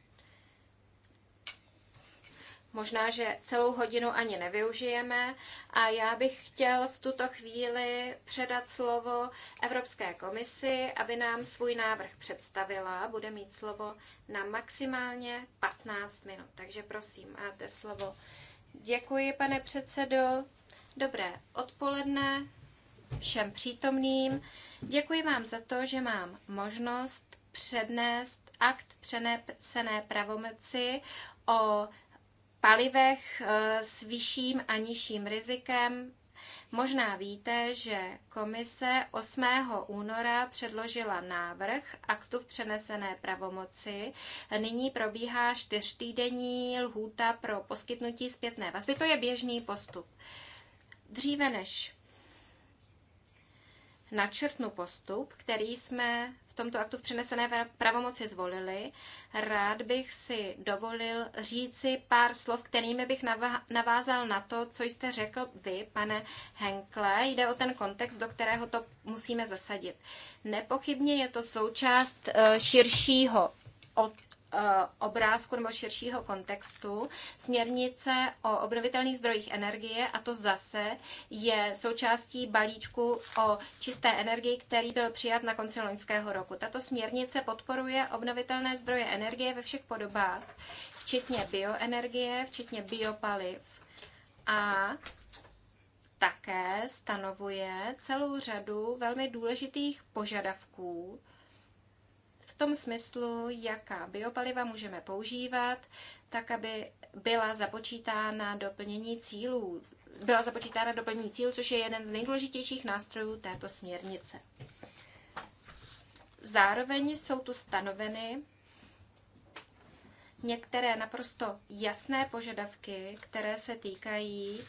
Možná, že celou hodinu ani nevyužijeme. A já bych chtěl v tuto chvíli předat slovo Evropské komisi, aby nám svůj návrh představila. Bude mít slovo na maximálně 15 minut. Takže prosím, máte slovo. Děkuji, pane předsedo. Dobré odpoledne, všem přítomným. Děkuji vám za to, že mám možnost přednést akt přenesené pravomoci o palivech eh, s vyšším a nižším rizikem. Možná víte, že komise 8. února předložila návrh aktu v přenesené pravomoci. Nyní probíhá čtyřtýdenní lhůta pro poskytnutí zpětné vazby. To je běžný postup. Dříve než načrtnu postup, který jsme v tomto aktu v přenesené pravomoci zvolili, rád bych si dovolil říci pár slov, kterými bych navázal na to, co jste řekl vy, pane Henkle. Jde o ten kontext, do kterého to musíme zasadit. Nepochybně je to součást eh, širšího Eh, obrázku nebo širšího kontextu. Směrnice o obnovitelných zdrojích energie a to zase je součástí balíčku o čisté energii, který byl přijat na konci loňského roku. Tato směrnice podporuje obnovitelné zdroje energie ve všech podobách, včetně bioenergie, včetně biopaliv a také stanovuje celou řadu velmi důležitých požadavků, tom smyslu, jaká biopaliva můžeme používat, tak aby byla započítána doplnění cílů. Byla započítána doplnění cílů, což je jeden z nejdůležitějších nástrojů této směrnice. Zároveň jsou tu stanoveny některé naprosto jasné požadavky, které se týkají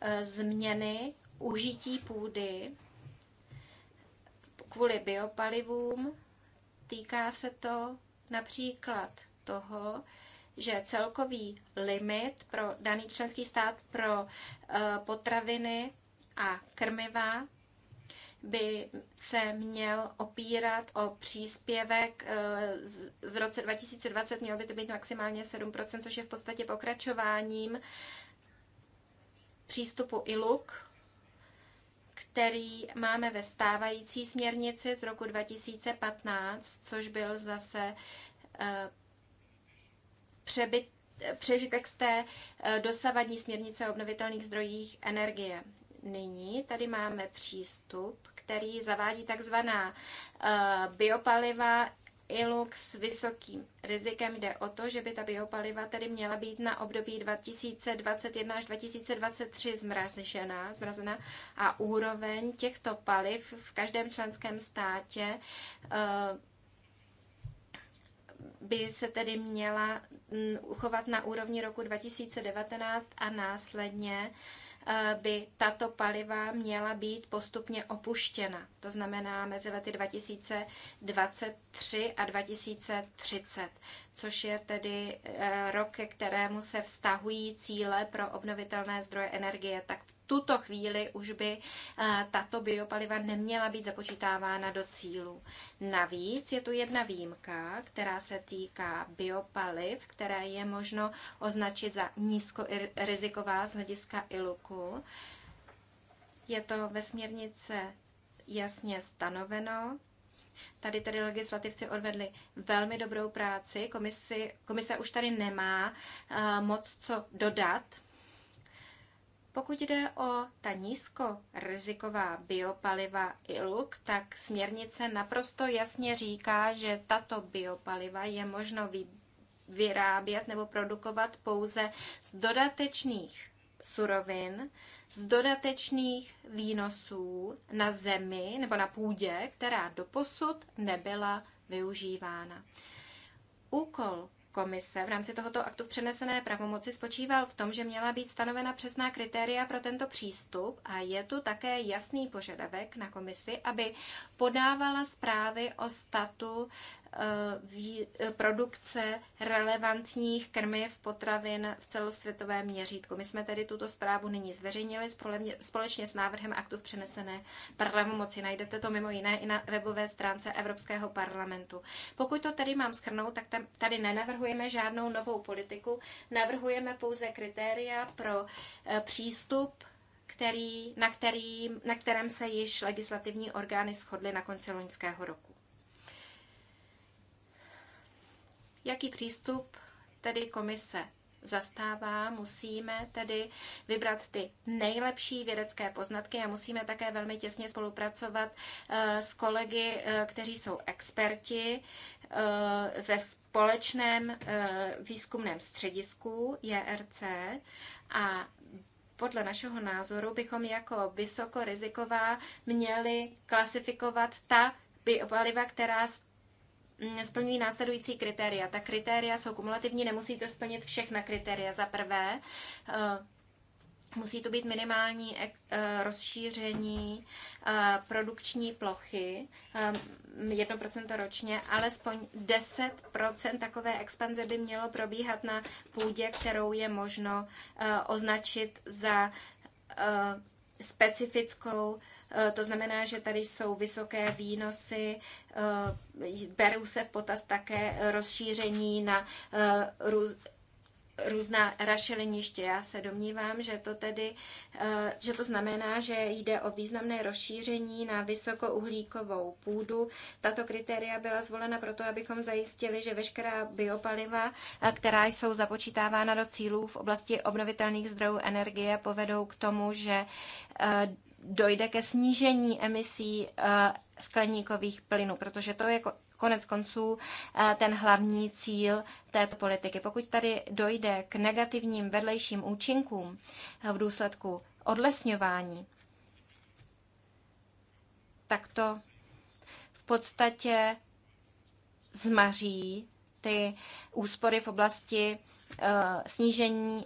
e, změny užití půdy kvůli biopalivům Týká se to například toho, že celkový limit pro daný členský stát pro eh, potraviny a krmiva by se měl opírat o příspěvek eh, v roce 2020, mělo by to být maximálně 7%, což je v podstatě pokračováním přístupu ILUK který máme ve stávající směrnici z roku 2015, což byl zase eh, přebyt, přežitek z té eh, dosavadní směrnice o obnovitelných zdrojích energie. Nyní tady máme přístup, který zavádí takzvaná eh, biopaliva Ilux s vysokým rizikem jde o to, že by ta biopaliva tedy měla být na období 2021 až 2023 zmražená, zmrazená a úroveň těchto paliv v každém členském státě eh, by se tedy měla mm, uchovat na úrovni roku 2019 a následně Eh, by tato paliva měla být postupně opuštěna. To znamená mezi lety 2023 a 2030, což je tedy eh, rok, ke kterému se vztahují cíle pro obnovitelné zdroje energie. Tak v tuto chvíli už by eh, tato biopaliva neměla být započítávána do cílu. Navíc je tu jedna výjimka, která se týká biopaliv, které je možno označit za nízkoriziková z hlediska ILUKu. Je to ve směrnice jasně stanoveno, Tady tedy legislativci odvedli velmi dobrou práci. Komisi, komise už tady nemá uh, moc co dodat. Pokud jde o ta nízkoriziková biopaliva ILUK, tak směrnice naprosto jasně říká, že tato biopaliva je možno vyrábět nebo produkovat pouze z dodatečných surovin, z dodatečných výnosů na zemi nebo na půdě, která doposud nebyla využívána. Úkol komise v rámci tohoto aktu v přenesené pravomoci spočíval v tom, že měla být stanovena přesná kritéria pro tento přístup a je tu také jasný požadavek na komisi, aby podávala zprávy o statu Eh, eh, produkce relevantních krmiv potravin v celosvětovém měřítku. My jsme tedy tuto zprávu nyní zveřejnili společně s návrhem aktu v přenesené pravomoci. Najdete to mimo jiné i na webové stránce Evropského parlamentu. Pokud to tedy mám schrnout, tak tady nenavrhujeme žádnou novou politiku, navrhujeme pouze kritéria pro eh, přístup který, na, který, na kterém se již legislativní orgány shodly na konci loňského roku. Jaký přístup tedy komise zastává, musíme tedy vybrat ty nejlepší vědecké poznatky a musíme také velmi těsně spolupracovat eh, s kolegy, eh, kteří jsou experti eh, ve společném výzkumném středisku JRC a podle našeho názoru bychom jako vysokoriziková měli klasifikovat ta paliva, která Mm, splňují následující kritéria. Ta kritéria jsou kumulativní, nemusíte splnit všechna kritéria. Za prvé, eh, musí to být minimální eh, rozšíření eh, produkční plochy, 1% ročně, alespoň 10% takové expanze by mělo probíhat na půdě, kterou je možno označit za specifickou, eh, to znamená, že tady jsou vysoké výnosy, eh, berou se v potaz také rozšíření na eh, různá rašeliniště. Já se domnívám, že to tedy, eh, že to znamená, že jde o významné rozšíření na vysokouhlíkovou půdu. Tato kritéria byla zvolena proto, abychom zajistili, že veškerá biopaliva, eh, která jsou započítávána do cílů v oblasti obnovitelných zdrojů energie, povedou k tomu, že eh, dojde ke snížení emisí skleníkových plynů, protože to je konec konců eh, ten hlavní cíl této politiky. Pokud tady dojde k negativním vedlejším účinkům eh, v důsledku odlesňování, tak to v podstatě zmaří ty úspory v oblasti eh, snížení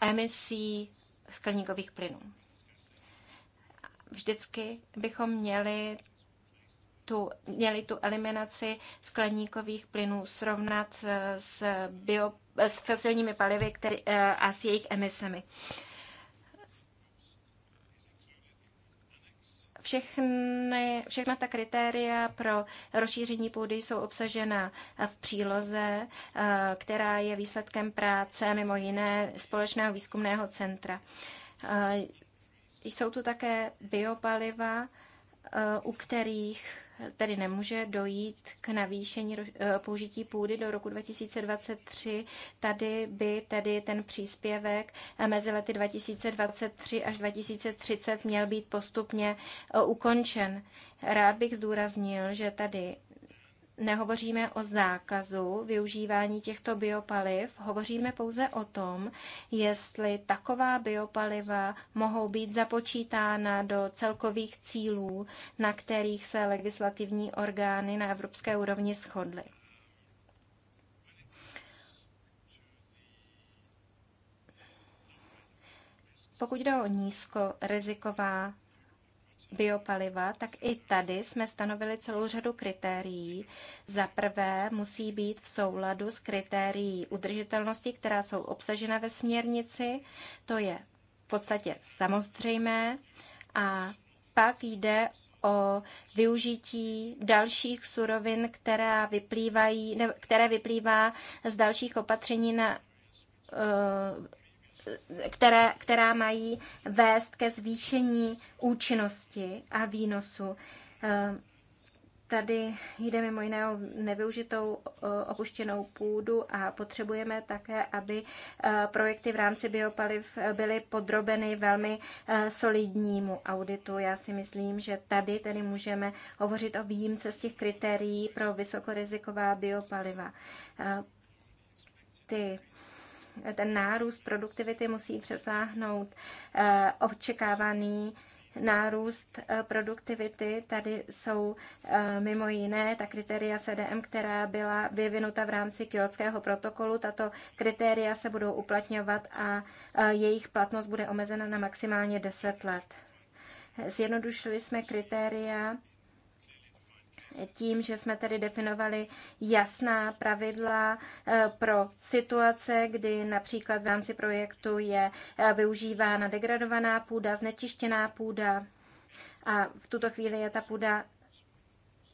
emisí skleníkových plynů. Vždycky bychom měli tu, měli tu eliminaci skleníkových plynů srovnat s, bio, s fosilními palivy který, eh, a s jejich emisemi. Všechny, všechna ta kritéria pro rozšíření půdy jsou obsažena v příloze, eh, která je výsledkem práce mimo jiné společného výzkumného centra. Eh, jsou tu také biopaliva, u kterých tedy nemůže dojít k navýšení eh, použití půdy do roku 2023. Tady by tedy ten příspěvek eh, mezi lety 2023 až 2030 měl být postupně eh, ukončen. Rád bych zdůraznil, že tady nehovoříme o zákazu využívání těchto biopaliv, hovoříme pouze o tom, jestli taková biopaliva mohou být započítána do celkových cílů, na kterých se legislativní orgány na evropské úrovni shodly. Pokud jde o nízko riziková biopaliva, tak i tady jsme stanovili celou řadu kritérií. Za prvé musí být v souladu s kritérií udržitelnosti, která jsou obsažena ve směrnici. To je v podstatě samozřejmé. A pak jde o využití dalších surovin, která vyplývají, ne, které vyplývá z dalších opatření na které, která mají vést ke zvýšení účinnosti a výnosu. Ehm, tady jde mimo jiné o nevyužitou e, opuštěnou půdu a potřebujeme také, aby e, projekty v rámci biopaliv byly podrobeny velmi e, solidnímu auditu. Já si myslím, že tady tedy můžeme hovořit o výjimce z těch kritérií pro vysokoriziková biopaliva. Ty ten nárůst produktivity musí přesáhnout eh, očekávaný nárůst eh, produktivity. Tady jsou eh, mimo jiné ta kritéria CDM, která byla vyvinuta v rámci Kyotského protokolu. Tato kritéria se budou uplatňovat a jejich platnost bude omezena na maximálně 10 let. Zjednodušili jsme kritéria tím, že jsme tedy definovali jasná pravidla eh, pro situace, kdy například v rámci projektu je eh, využívána degradovaná půda, znečištěná půda, a v tuto chvíli je ta půda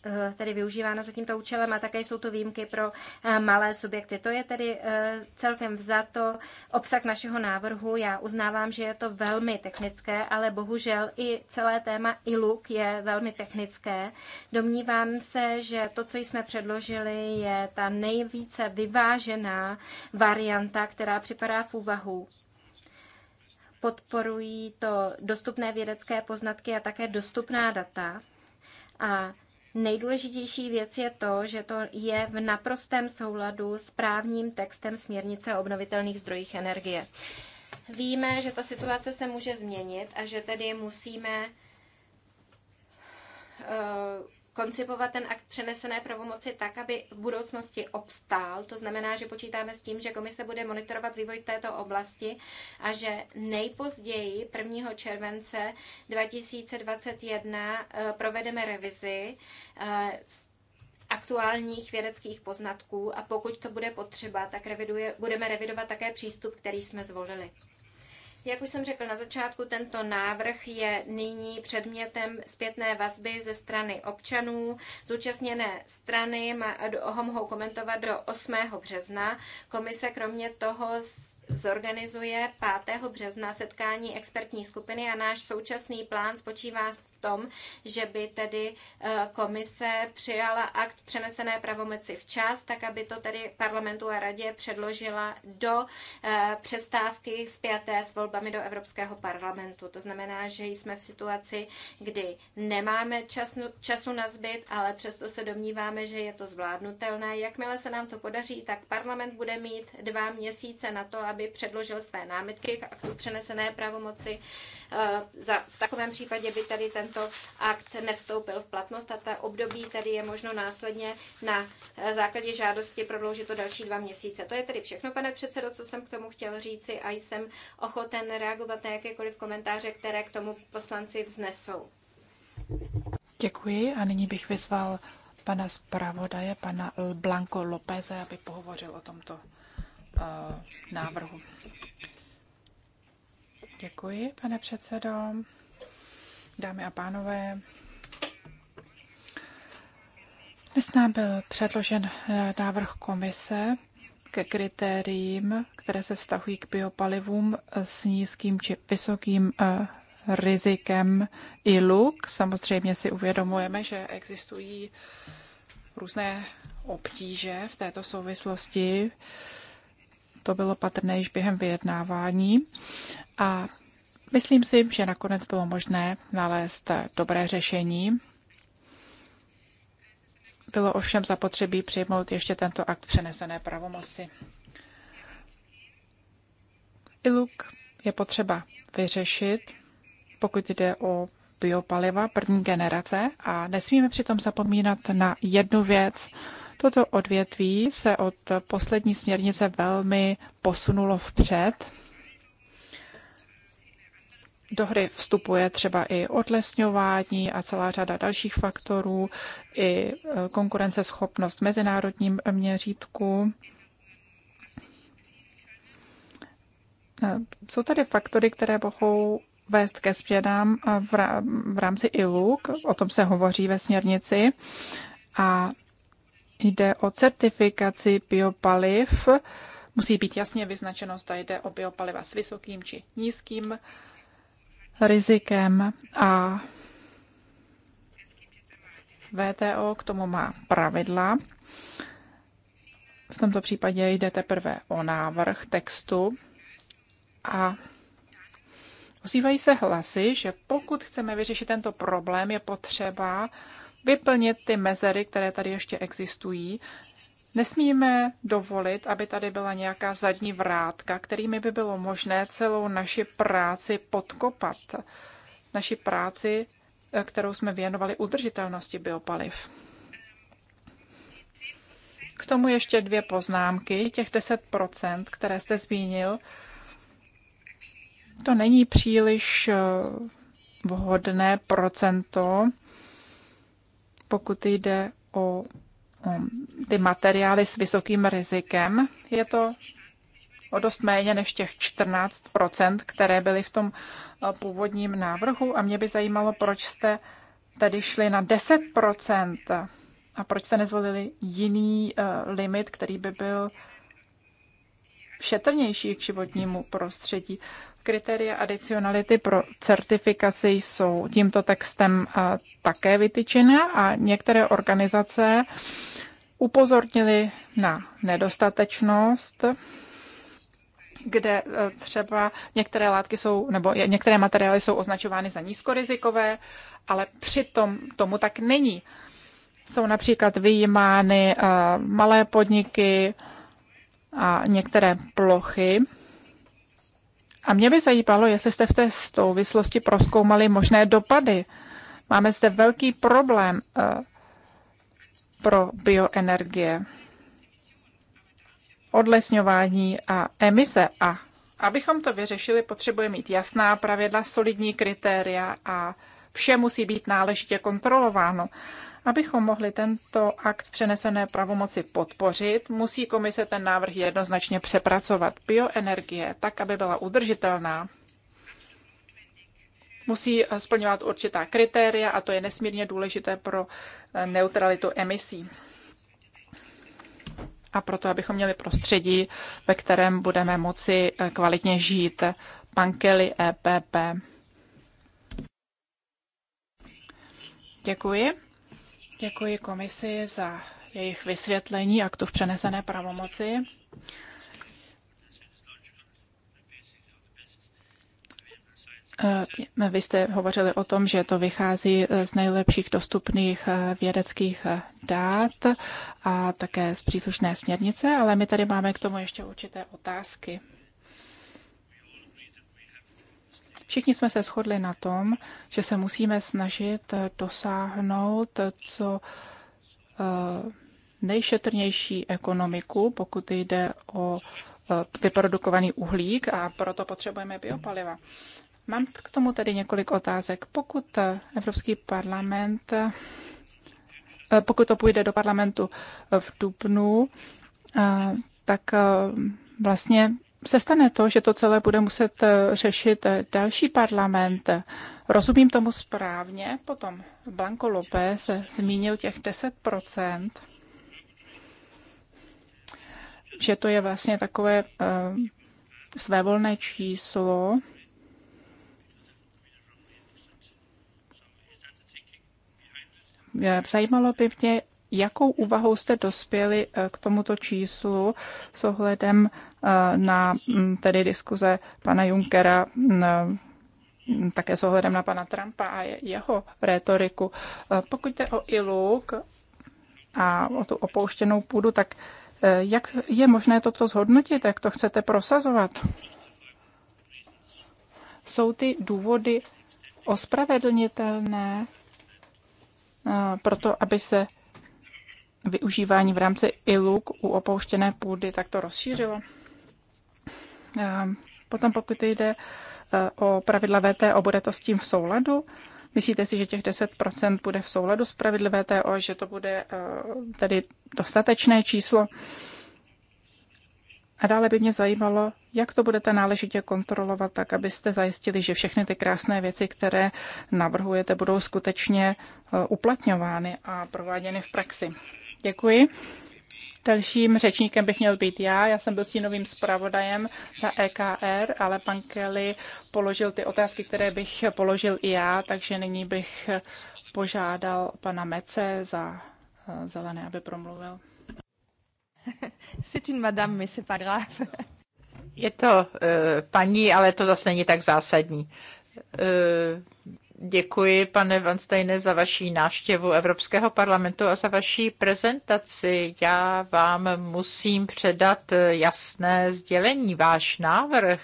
Eh, tedy využívána za tímto účelem a také jsou to výjimky pro eh, malé subjekty. To je tedy eh, celkem vzato obsah našeho návrhu. Já uznávám, že je to velmi technické, ale bohužel i celé téma ILUK je velmi technické. Domnívám se, že to, co jsme předložili, je ta nejvíce vyvážená varianta, která připadá v úvahu podporují to dostupné vědecké poznatky a také dostupná data. A Nejdůležitější věc je to, že to je v naprostém souladu s právním textem směrnice o obnovitelných zdrojích energie. Víme, že ta situace se může změnit a že tedy musíme uh, koncipovat ten akt přenesené pravomoci tak, aby v budoucnosti obstál. To znamená, že počítáme s tím, že komise bude monitorovat vývoj v této oblasti a že nejpozději 1. července 2021 eh, provedeme revizi eh, aktuálních vědeckých poznatků a pokud to bude potřeba, tak reviduje, budeme revidovat také přístup, který jsme zvolili. Jak už jsem řekl na začátku, tento návrh je nyní předmětem zpětné vazby ze strany občanů. Zúčastněné strany ho mohou komentovat do 8. března. Komise kromě toho zorganizuje 5. března setkání expertní skupiny a náš současný plán spočívá v tom, že by tedy eh, komise přijala akt přenesené pravomoci včas, tak aby to tedy parlamentu a radě předložila do eh, přestávky zpěté s volbami do Evropského parlamentu. To znamená, že jsme v situaci, kdy nemáme čas, času na zbyt, ale přesto se domníváme, že je to zvládnutelné. Jakmile se nám to podaří, tak parlament bude mít dva měsíce na to, aby aby předložil své námitky k aktu přenesené pravomoci. Eh, v takovém případě by tady tento akt nevstoupil v platnost a ta období tady je možno následně na eh, základě žádosti prodloužit o další dva měsíce. To je tedy všechno, pane předsedo, co jsem k tomu chtěl říci a jsem ochoten reagovat na jakékoliv komentáře, které k tomu poslanci vznesou. Děkuji a nyní bych vyzval pana zpravodaje, pana Blanco Lópeze, aby pohovořil o tomto Eh, návrhu. Děkuji, pane předsedo. Dámy a pánové, dnes nám byl předložen eh, návrh komise ke kritériím, které se vztahují k biopalivům eh, s nízkým či vysokým rizikem luk. Samozřejmě si uvědomujeme, že existují různé obtíže v této souvislosti to bylo patrné již během vyjednávání a myslím si, že nakonec bylo možné nalézt dobré řešení. Bylo ovšem zapotřebí přijmout ještě tento akt přenesené pravomoci. ILUK je potřeba vyřešit, pokud jde o biopaliva první generace a nesmíme přitom zapomínat na jednu věc, Toto odvětví se od poslední směrnice velmi posunulo vpřed. Do hry vstupuje třeba i odlesňování a celá řada dalších faktorů, i e, konkurenceschopnost v mezinárodním měřítku. E, jsou tady faktory, které mohou vést ke změnám v rámci ILUK, o tom se hovoří ve směrnici, a jde o certifikaci biopaliv, musí být jasně vyznačeno, zda jde o biopaliva s vysokým či nízkým rizikem a VTO k tomu má pravidla. V tomto případě jde teprve o návrh textu a ozývají se hlasy, že pokud chceme vyřešit tento problém, je potřeba vyplnit ty mezery, které tady ještě existují. Nesmíme dovolit, aby tady byla nějaká zadní vrátka, kterými by bylo možné celou naši práci podkopat. Naši práci, eh, kterou jsme věnovali udržitelnosti biopaliv. K tomu ještě dvě poznámky. Těch 10%, které jste zmínil, to není příliš eh, vhodné procento pokud jde o ty materiály s vysokým rizikem, je to o dost méně než těch 14 které byly v tom e, původním návrhu. A mě by zajímalo, proč jste tedy šli na 10 a proč jste nezvolili jiný e, limit, který by byl šetrnější k životnímu prostředí. Kritéria adicionality pro certifikaci jsou tímto textem eh, také vytyčena a některé organizace upozornili na nedostatečnost, kde eh, třeba některé látky jsou, nebo některé materiály jsou označovány za nízkorizikové, ale přitom tomu tak není. Jsou například vyjímány eh, malé podniky a některé plochy a mě by zajímalo, jestli jste v té souvislosti proskoumali možné dopady. Máme zde velký problém eh, pro bioenergie, odlesňování a emise. A abychom to vyřešili, potřebujeme mít jasná pravidla, solidní kritéria a vše musí být náležitě kontrolováno. Abychom mohli tento akt přenesené pravomoci podpořit, musí komise ten návrh jednoznačně přepracovat. Bioenergie tak, aby byla udržitelná, musí splňovat určitá kritéria a to je nesmírně důležité pro eh, neutralitu emisí. A proto, abychom měli prostředí, ve kterém budeme moci eh, kvalitně žít. Pankely EPP. Děkuji. Děkuji komisi za jejich vysvětlení aktu v přenesené pravomoci. Eh, vy jste hovořili o tom, že to vychází z nejlepších dostupných eh, vědeckých eh, dát a také z příslušné směrnice, ale my tady máme k tomu ještě určité otázky. Všichni jsme se shodli na tom, že se musíme snažit eh, dosáhnout eh, co eh, nejšetrnější ekonomiku, pokud jde o vyprodukovaný uhlík a proto potřebujeme biopaliva. Mám k tomu tedy několik otázek. Pokud Evropský parlament, pokud to půjde do parlamentu v Dubnu, tak vlastně se stane to, že to celé bude muset eh, řešit eh, další parlament. Rozumím tomu správně. Potom Blanco López zmínil těch 10 že to je vlastně takové uh, svévolné číslo. Zajímalo by mě, Jakou úvahou jste dospěli eh, k tomuto číslu s ohledem eh, na mm, tedy diskuze pana Junkera mm, eh, také s ohledem na pana Trumpa a jeho retoriku. Pokud jde o ILUK a o tu opouštěnou půdu, tak jak je možné toto zhodnotit, jak to chcete prosazovat? Jsou ty důvody ospravedlnitelné proto, aby se využívání v rámci iluk u opouštěné půdy takto rozšířilo. Potom pokud jde e, o pravidla VTO, bude to s tím v souladu? Myslíte si, že těch 10% bude v souladu s pravidly VTO, že to bude e, tedy dostatečné číslo? A dále by mě zajímalo, jak to budete náležitě kontrolovat, tak abyste zajistili, že všechny ty krásné věci, které navrhujete, budou skutečně e, uplatňovány a prováděny v praxi. Děkuji. Dalším řečníkem bych měl být já. Já jsem byl novým zpravodajem za EKR, ale pan Kelly položil ty otázky, které bych položil i já, takže nyní bych požádal pana Mece za eh, zelené, aby promluvil. *laughs* Je to uh, paní, ale to zase není tak zásadní. Uh, Děkuji, pane Vanstejne, za vaši návštěvu Evropského parlamentu a za vaší prezentaci. Já vám musím předat jasné sdělení. Váš návrh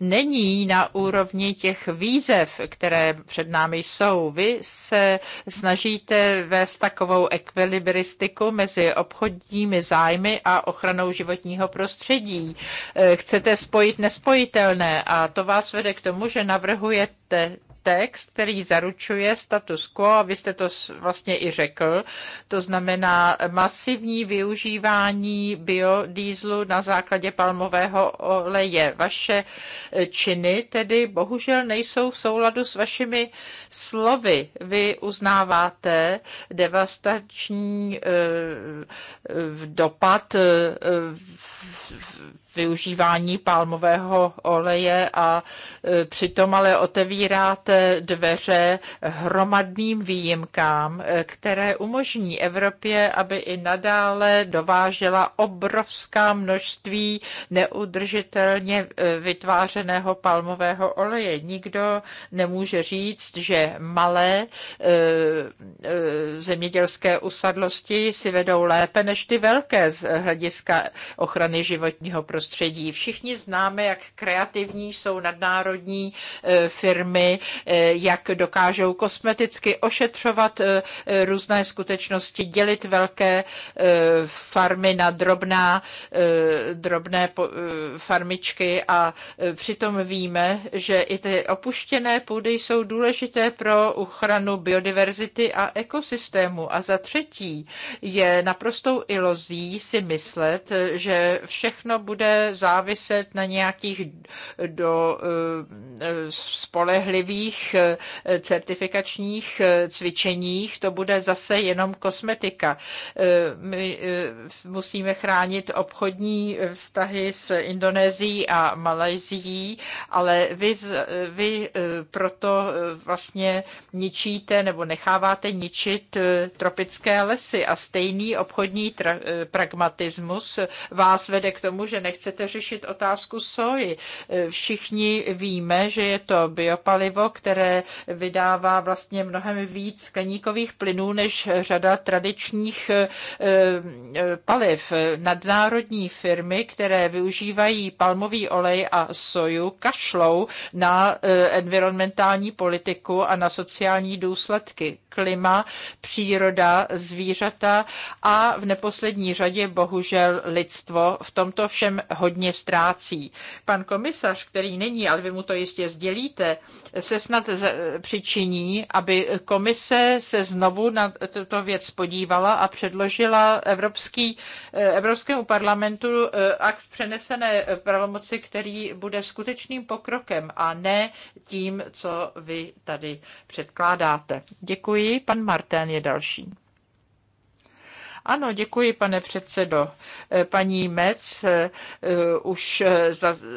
není na úrovni těch výzev, které před námi jsou. Vy se snažíte vést takovou ekvilibristiku mezi obchodními zájmy a ochranou životního prostředí. Eh, chcete spojit nespojitelné a to vás vede k tomu, že navrhujete text, který zaručuje status quo, a vy jste to vlastně i řekl, to znamená masivní využívání biodýzlu na základě palmového oleje. Vaše činy tedy bohužel nejsou v souladu s vašimi slovy. Vy uznáváte devastační eh, eh, dopad eh, v využívání palmového oleje a e, přitom ale otevíráte dveře hromadným výjimkám, e, které umožní Evropě, aby i nadále dovážela obrovská množství neudržitelně e, vytvářeného palmového oleje. Nikdo nemůže říct, že malé zemědělské usadlosti si vedou lépe než ty velké z hlediska ochrany životního prostředí prostředí. Všichni známe, jak kreativní jsou nadnárodní e, firmy, e, jak dokážou kosmeticky ošetřovat e, různé skutečnosti, dělit velké farmy na drobná, drobné farmičky a přitom víme, že i ty opuštěné půdy jsou důležité pro ochranu biodiverzity a ekosystému. A za třetí je naprostou ilozí si myslet, že všechno bude záviset na nějakých do eh, spolehlivých eh, certifikačních eh, cvičeních. To bude zase jenom kosmetika. My musíme chránit obchodní vztahy s Indonésií a Malajzií, ale vy, vy proto vlastně ničíte nebo necháváte ničit tropické lesy a stejný obchodní pragmatismus vás vede k tomu, že nechcete chcete řešit otázku soji. Všichni víme, že je to biopalivo, které vydává vlastně mnohem víc skleníkových plynů než řada tradičních eh, eh, paliv. Nadnárodní firmy, které využívají palmový olej a soju, kašlou na eh, environmentální politiku a na sociální důsledky klima, příroda, zvířata a v neposlední řadě bohužel lidstvo v tomto všem hodně ztrácí. Pan komisař, který není, ale vy mu to jistě sdělíte, se snad přičiní, aby komise se znovu na tuto věc podívala a předložila Evropský, eh, Evropskému parlamentu eh, akt přenesené pravomoci, který bude skutečným pokrokem a ne tím, co vy tady předkládáte. Děkuji. Pan Martin je další. Ano, děkuji, pane předsedo. Eh, paní Mec eh, eh, už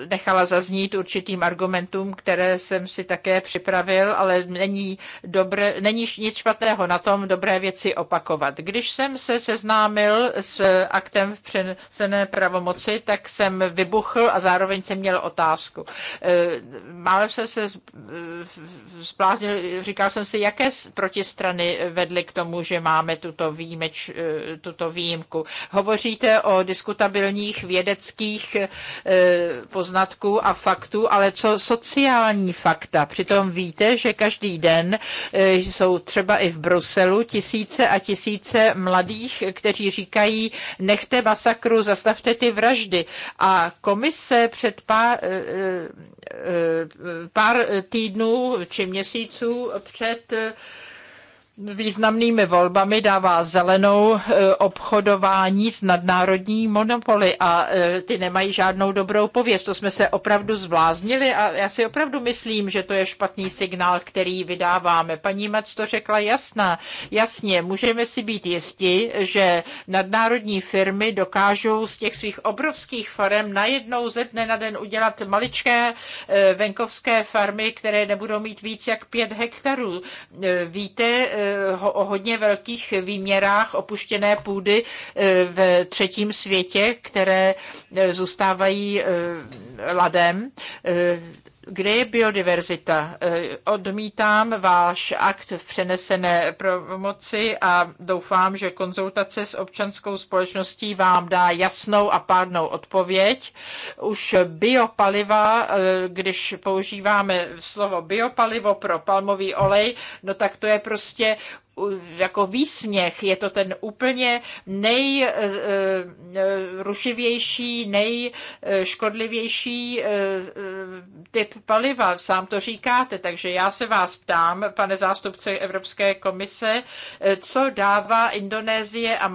nechala zaznít určitým argumentům, které jsem si také připravil, ale není, dobré, není nic špatného na tom dobré věci opakovat. Když jsem se seznámil s aktem v přenesené pravomoci, tak jsem vybuchl a zároveň jsem měl otázku. Málem jsem se zbláznil, říkal jsem si, jaké protistrany vedly k tomu, že máme tuto výjimeč, tuto výjimku. Hovoříte o diskutabilních vědeckých eh, poznatků a faktů, ale co sociální fakta? Přitom víte, že každý den eh, jsou třeba i v Bruselu tisíce a tisíce mladých, kteří říkají, nechte masakru, zastavte ty vraždy. A komise před pár, eh, pár týdnů či měsíců před významnými volbami dává zelenou e, obchodování s nadnárodní monopoly a e, ty nemají žádnou dobrou pověst. To jsme se opravdu zvláznili a já si opravdu myslím, že to je špatný signál, který vydáváme. Paní Mac to řekla jasná, jasně, můžeme si být jisti, že nadnárodní firmy dokážou z těch svých obrovských farem najednou ze dne na den udělat maličké e, venkovské farmy, které nebudou mít víc jak pět hektarů. Víte, o hodně velkých výměrách opuštěné půdy eh, v třetím světě, které eh, zůstávají eh, ladem. Kde je biodiverzita? E, odmítám váš akt v přenesené promoci a doufám, že konzultace s občanskou společností vám dá jasnou a pádnou odpověď. Už biopaliva, e, když používáme slovo biopalivo pro palmový olej, no tak to je prostě jako výsměch. Je to ten úplně nejrušivější, eh, eh, nejškodlivější eh, typ paliva. Sám to říkáte, takže já se vás ptám, pane zástupce Evropské komise, co dává Indonésie a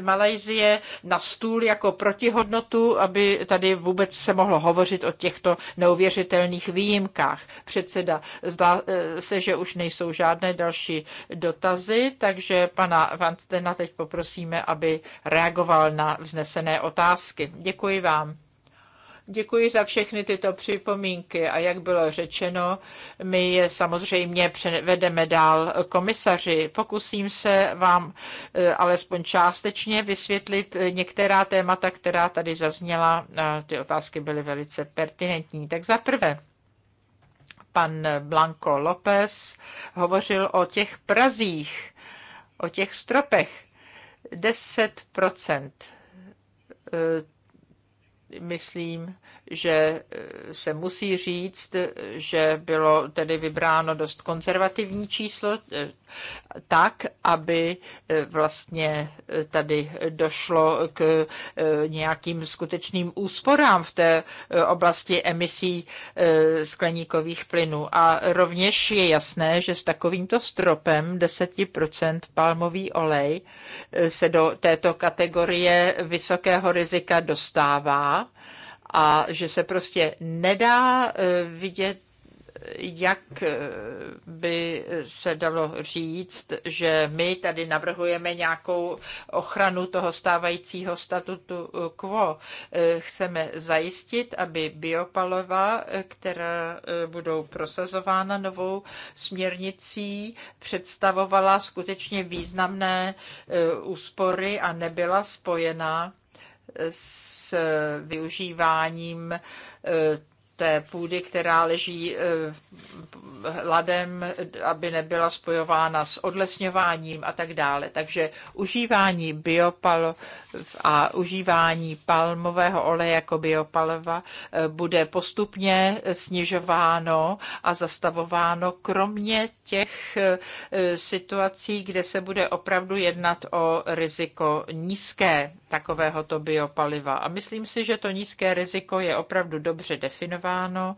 Malajzie na stůl jako protihodnotu, aby tady vůbec se mohlo hovořit o těchto neuvěřitelných výjimkách. Předseda, zdá se, že už nejsou žádné další dotazy dotazy, takže pana Vanstena teď poprosíme, aby reagoval na vznesené otázky. Děkuji vám. Děkuji za všechny tyto připomínky a jak bylo řečeno, my je samozřejmě předvedeme dál komisaři. Pokusím se vám eh, alespoň částečně vysvětlit některá témata, která tady zazněla. Ty otázky byly velice pertinentní. Tak za prvé, pan Blanco López hovořil o těch prazích, o těch stropech. 10 eh, myslím, že eh, se musí říct, že bylo tedy vybráno dost konzervativní číslo, eh, tak, aby eh, vlastně tady došlo k nějakým skutečným úsporám v té oblasti emisí skleníkových plynů. A rovněž je jasné, že s takovýmto stropem 10% palmový olej se do této kategorie vysokého rizika dostává a že se prostě nedá eh, vidět jak eh, by se dalo říct, že my tady navrhujeme nějakou ochranu toho stávajícího statutu quo. Eh, chceme zajistit, aby biopaliva, která budou prosazována novou směrnicí, představovala skutečně významné úspory a nebyla spojená s využíváním eh, té půdy, která leží eh, ladem, aby nebyla spojována s odlesňováním a tak dále. Takže užívání biopal a užívání palmového oleje jako biopaliva eh, bude postupně snižováno a zastavováno, kromě těch eh, situací, kde se bude opravdu jednat o riziko nízké takovéhoto biopaliva. A myslím si, že to nízké riziko je opravdu dobře definováno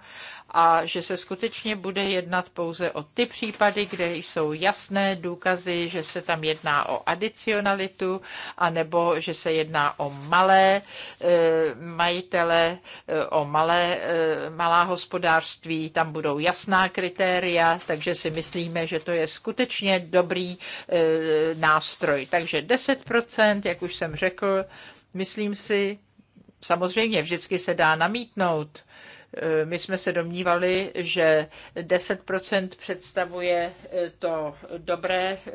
a že se skutečně bude jednat pouze o ty případy, kde jsou jasné důkazy, že se tam jedná o adicionalitu, anebo že se jedná o malé eh, majitele, eh, o malé, eh, malá hospodářství, tam budou jasná kritéria, takže si myslíme, že to je skutečně dobrý nástroj. Takže 10%, jak už jsem řekl, myslím si, samozřejmě vždycky se dá namítnout, Eh, my jsme se domnívali, že 10% představuje eh, to dobré, eh,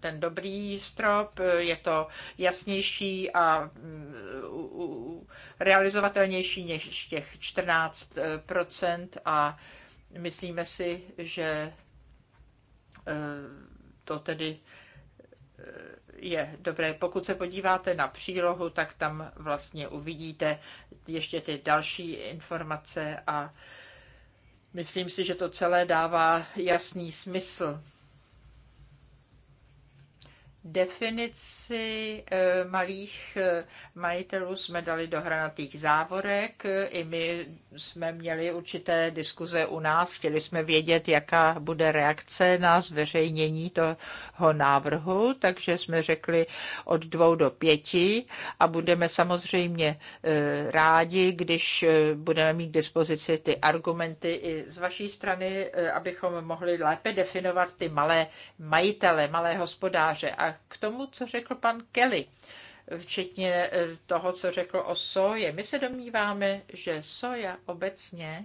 ten dobrý strop, je to jasnější a mm, realizovatelnější než těch 14% a myslíme si, že to tedy je dobré. Pokud se podíváte na přílohu, tak tam vlastně uvidíte ještě ty další informace a myslím si, že to celé dává jasný smysl definici eh, malých eh, majitelů jsme dali do hranatých závorek. I my jsme měli určité diskuze u nás. Chtěli jsme vědět, jaká bude reakce na zveřejnění toho návrhu, takže jsme řekli od dvou do pěti a budeme samozřejmě eh, rádi, když budeme mít k dispozici ty argumenty i z vaší strany, abychom mohli lépe definovat ty malé majitele, malé hospodáře. A k tomu, co řekl pan Kelly, včetně eh, toho, co řekl o soje. My se domníváme, že soja obecně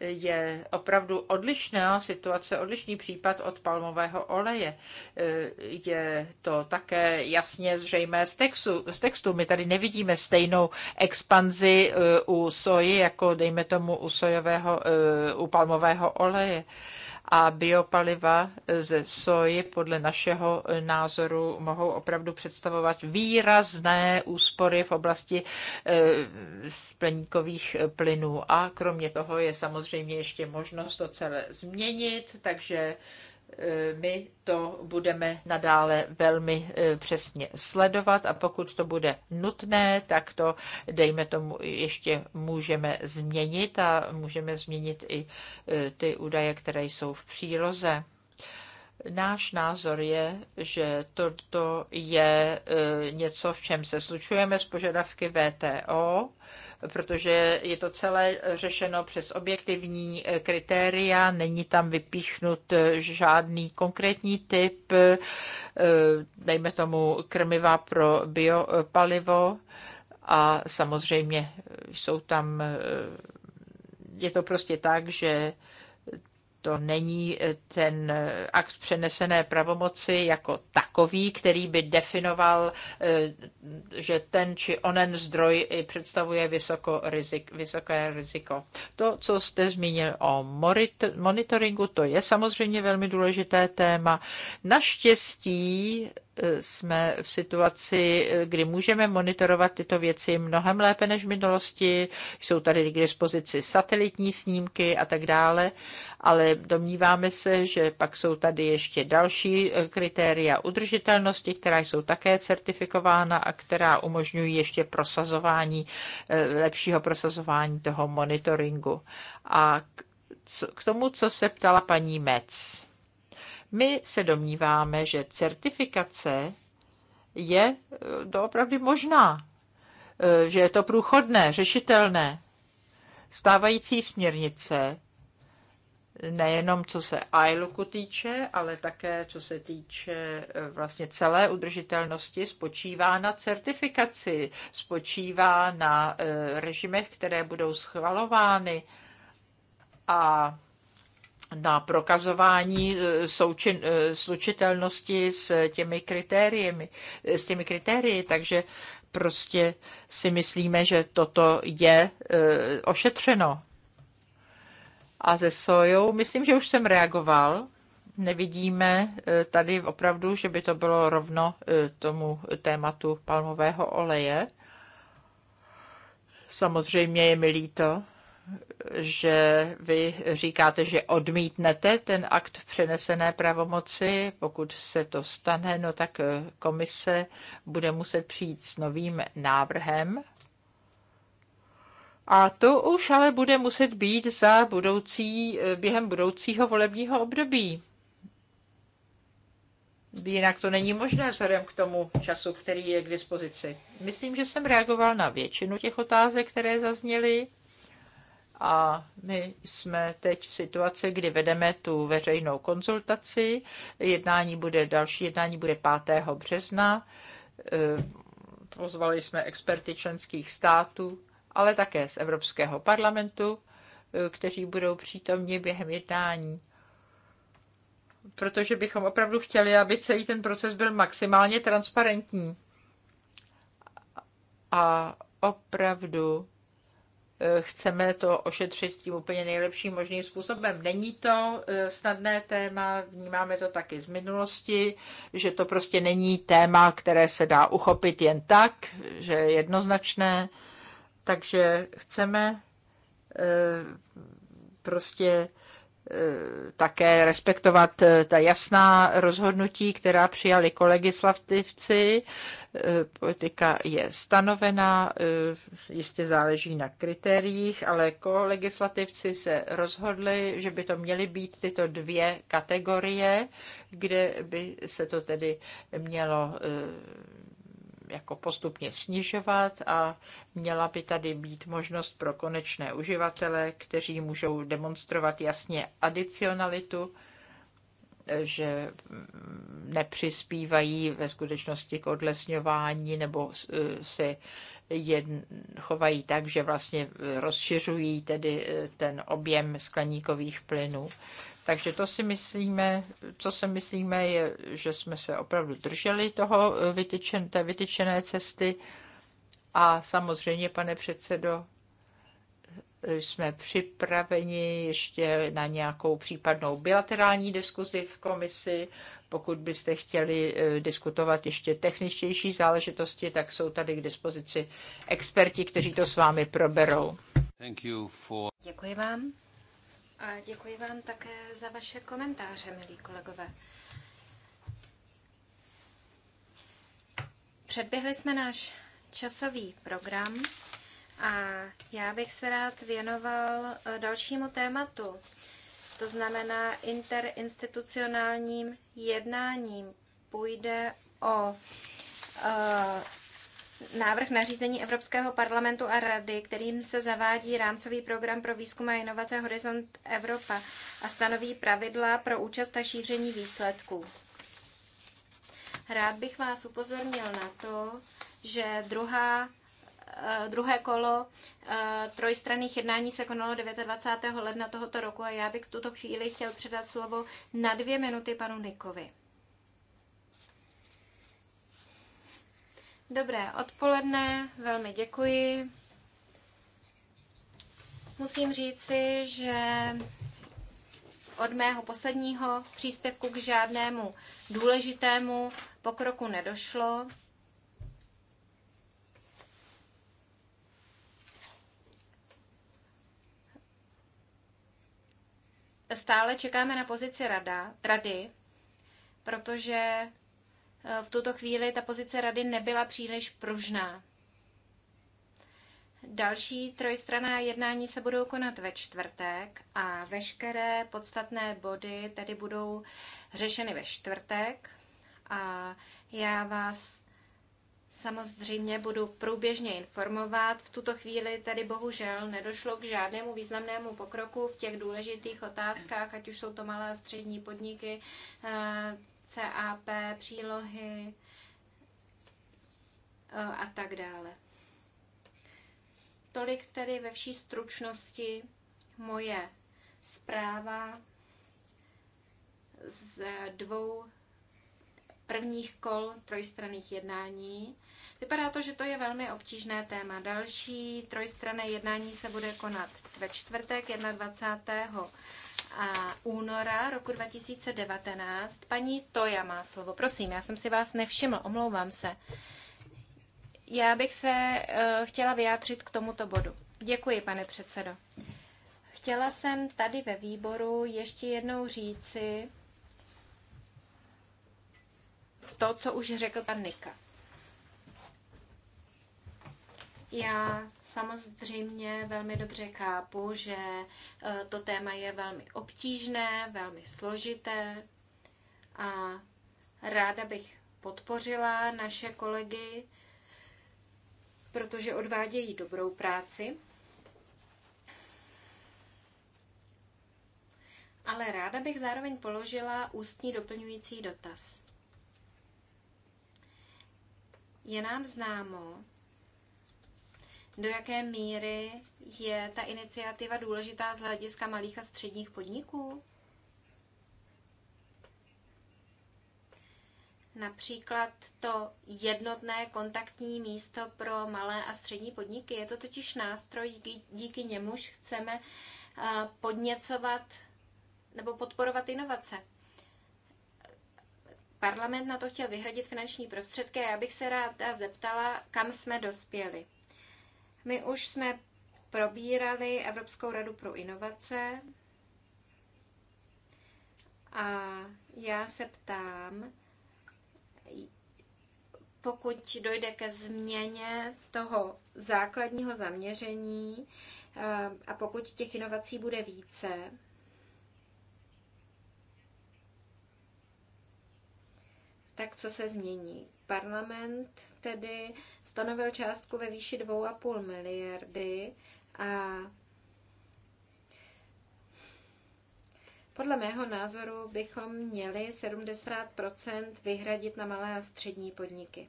eh, je opravdu odlišná situace, odlišný případ od palmového oleje. Eh, je to také jasně zřejmé z textu. Z textu. My tady nevidíme stejnou expanzi u soji, jako dejme tomu u sojového, u palmového oleje a biopaliva ze soji podle našeho názoru mohou opravdu představovat výrazné úspory v oblasti eh, spleníkových plynů. A kromě toho je samozřejmě ještě možnost to celé změnit, takže E, my to budeme nadále velmi e, přesně sledovat a pokud to bude nutné, tak to, dejme tomu, ještě můžeme změnit a můžeme změnit i e, ty údaje, které jsou v příloze. Náš názor je, že toto je něco, v čem se slučujeme s požadavky VTO protože je to celé řešeno přes objektivní eh, kritéria, není tam vypíchnut eh, žádný konkrétní typ, eh, dejme tomu krmiva pro biopalivo a samozřejmě jsou tam, je to prostě tak, že to není eh, ten eh, akt přenesené pravomoci jako takový, který by definoval, eh, že ten či onen zdroj představuje vysoko rizik, vysoké riziko. To, co jste zmínil o monitoringu, to je samozřejmě velmi důležité téma. Naštěstí jsme v situaci, kdy můžeme monitorovat tyto věci mnohem lépe než v minulosti. Jsou tady k dispozici satelitní snímky a tak dále, ale domníváme se, že pak jsou tady ještě další kritéria udržitelnosti, která jsou také certifikována a která umožňují ještě prosazování, eh, lepšího prosazování toho monitoringu. A k tomu, co se ptala paní Metz my se domníváme, že certifikace je eh, doopravdy možná, eh, že je to průchodné, řešitelné. Stávající směrnice, nejenom co se ILOCu týče, ale také co se týče eh, vlastně celé udržitelnosti, spočívá na certifikaci, spočívá na režimech, které budou schvalovány a na prokazování e, součin, e, slučitelnosti s těmi kritériemi, s těmi kritérii, takže prostě si myslíme, že toto je e, ošetřeno. A ze sojou, myslím, že už jsem reagoval. Nevidíme tady opravdu, že by to bylo rovno tomu tématu palmového oleje. Samozřejmě je mi líto, že vy říkáte, že odmítnete ten akt přenesené pravomoci. Pokud se to stane, no tak eh, komise bude muset přijít s novým návrhem. A to už ale bude muset být za budoucí, eh, během budoucího volebního období. Jinak to není možné vzhledem k tomu času, který je k dispozici. Myslím, že jsem reagoval na většinu těch otázek, které zazněly. A my jsme teď v situaci, kdy vedeme tu veřejnou konzultaci. Jednání bude, další jednání bude 5. března. E, pozvali jsme experty členských států, ale také z Evropského parlamentu, e, kteří budou přítomni během jednání. Protože bychom opravdu chtěli, aby celý ten proces byl maximálně transparentní. A opravdu chceme to ošetřit tím úplně nejlepším možným způsobem. Není to e, snadné téma, vnímáme to taky z minulosti, že to prostě není téma, které se dá uchopit jen tak, že je jednoznačné. Takže chceme e, prostě Eh, také respektovat eh, ta jasná rozhodnutí, která přijali kolegislativci. Eh, politika je stanovená, jistě záleží na kritériích, ale kolegislativci se rozhodli, že by to měly být tyto dvě kategorie, kde by se to tedy mělo jako postupně snižovat a měla by tady být možnost pro konečné uživatele, kteří můžou demonstrovat jasně adicionalitu, že nepřispívají ve skutečnosti k odlesňování nebo e, se jedn, chovají tak, že vlastně rozšiřují tedy e, ten objem skleníkových plynů. Takže to si myslíme, co si myslíme, je, že jsme se opravdu drželi toho eh, vytyčen, té vytyčené cesty a samozřejmě, pane předsedo, eh, jsme připraveni ještě na nějakou případnou bilaterální diskuzi v komisi. Pokud byste chtěli eh, diskutovat ještě techničtější záležitosti, tak jsou tady k dispozici experti, kteří to s vámi proberou. Děkuji vám a děkuji vám také za vaše komentáře, milí kolegové. Předběhli jsme náš časový program a já bych se rád věnoval e, dalšímu tématu, to znamená interinstitucionálním jednáním. Půjde o e, návrh nařízení Evropského parlamentu a Rady, kterým se zavádí rámcový program pro výzkum a inovace Horizont Evropa a stanoví pravidla pro účast a šíření výsledků. Rád bych vás upozornil na to, že druhá eh, druhé kolo eh, trojstranných jednání se konalo 29. ledna tohoto roku a já bych v tuto chvíli chtěl předat slovo na dvě minuty panu Nikovi. Dobré odpoledne, velmi děkuji. Musím říci, že od mého posledního příspěvku k žádnému důležitému pokroku nedošlo. Stále čekáme na pozici rada, rady, protože Eh, v tuto chvíli ta pozice rady nebyla příliš pružná. Další trojstraná jednání se budou konat ve čtvrtek a veškeré podstatné body tedy budou řešeny ve čtvrtek. A já vás samozřejmě budu průběžně informovat. V tuto chvíli tady bohužel nedošlo k žádnému významnému pokroku v těch důležitých otázkách, ať už jsou to malé a střední podniky, eh, CAP, přílohy e, a tak dále. Tolik tedy ve vší stručnosti moje zpráva z dvou prvních kol trojstranných jednání. Vypadá to, že to je velmi obtížné téma. Další trojstranné jednání se bude konat ve čtvrtek 21 a února roku 2019. Paní Toja má slovo. Prosím, já jsem si vás nevšiml, omlouvám se. Já bych se eh, chtěla vyjádřit k tomuto bodu. Děkuji, pane předsedo. Chtěla jsem tady ve výboru ještě jednou říci to, co už řekl pan Nika. Já samozřejmě velmi dobře chápu, že eh, to téma je velmi obtížné, velmi složité a ráda bych podpořila naše kolegy, protože odvádějí dobrou práci. Ale ráda bych zároveň položila ústní doplňující dotaz. Je nám známo, do jaké míry je ta iniciativa důležitá z hlediska malých a středních podniků? Například to jednotné kontaktní místo pro malé a střední podniky. Je to totiž nástroj, díky, díky němuž chceme eh, podněcovat nebo podporovat inovace. Parlament na to chtěl vyhradit finanční prostředky a já bych se ráda zeptala, kam jsme dospěli. My už jsme probírali Evropskou radu pro inovace a já se ptám, pokud dojde ke změně toho základního zaměření eh, a pokud těch inovací bude více, tak co se změní? Parlament tedy stanovil částku ve výši 2,5 miliardy a podle mého názoru bychom měli 70 vyhradit na malé a střední podniky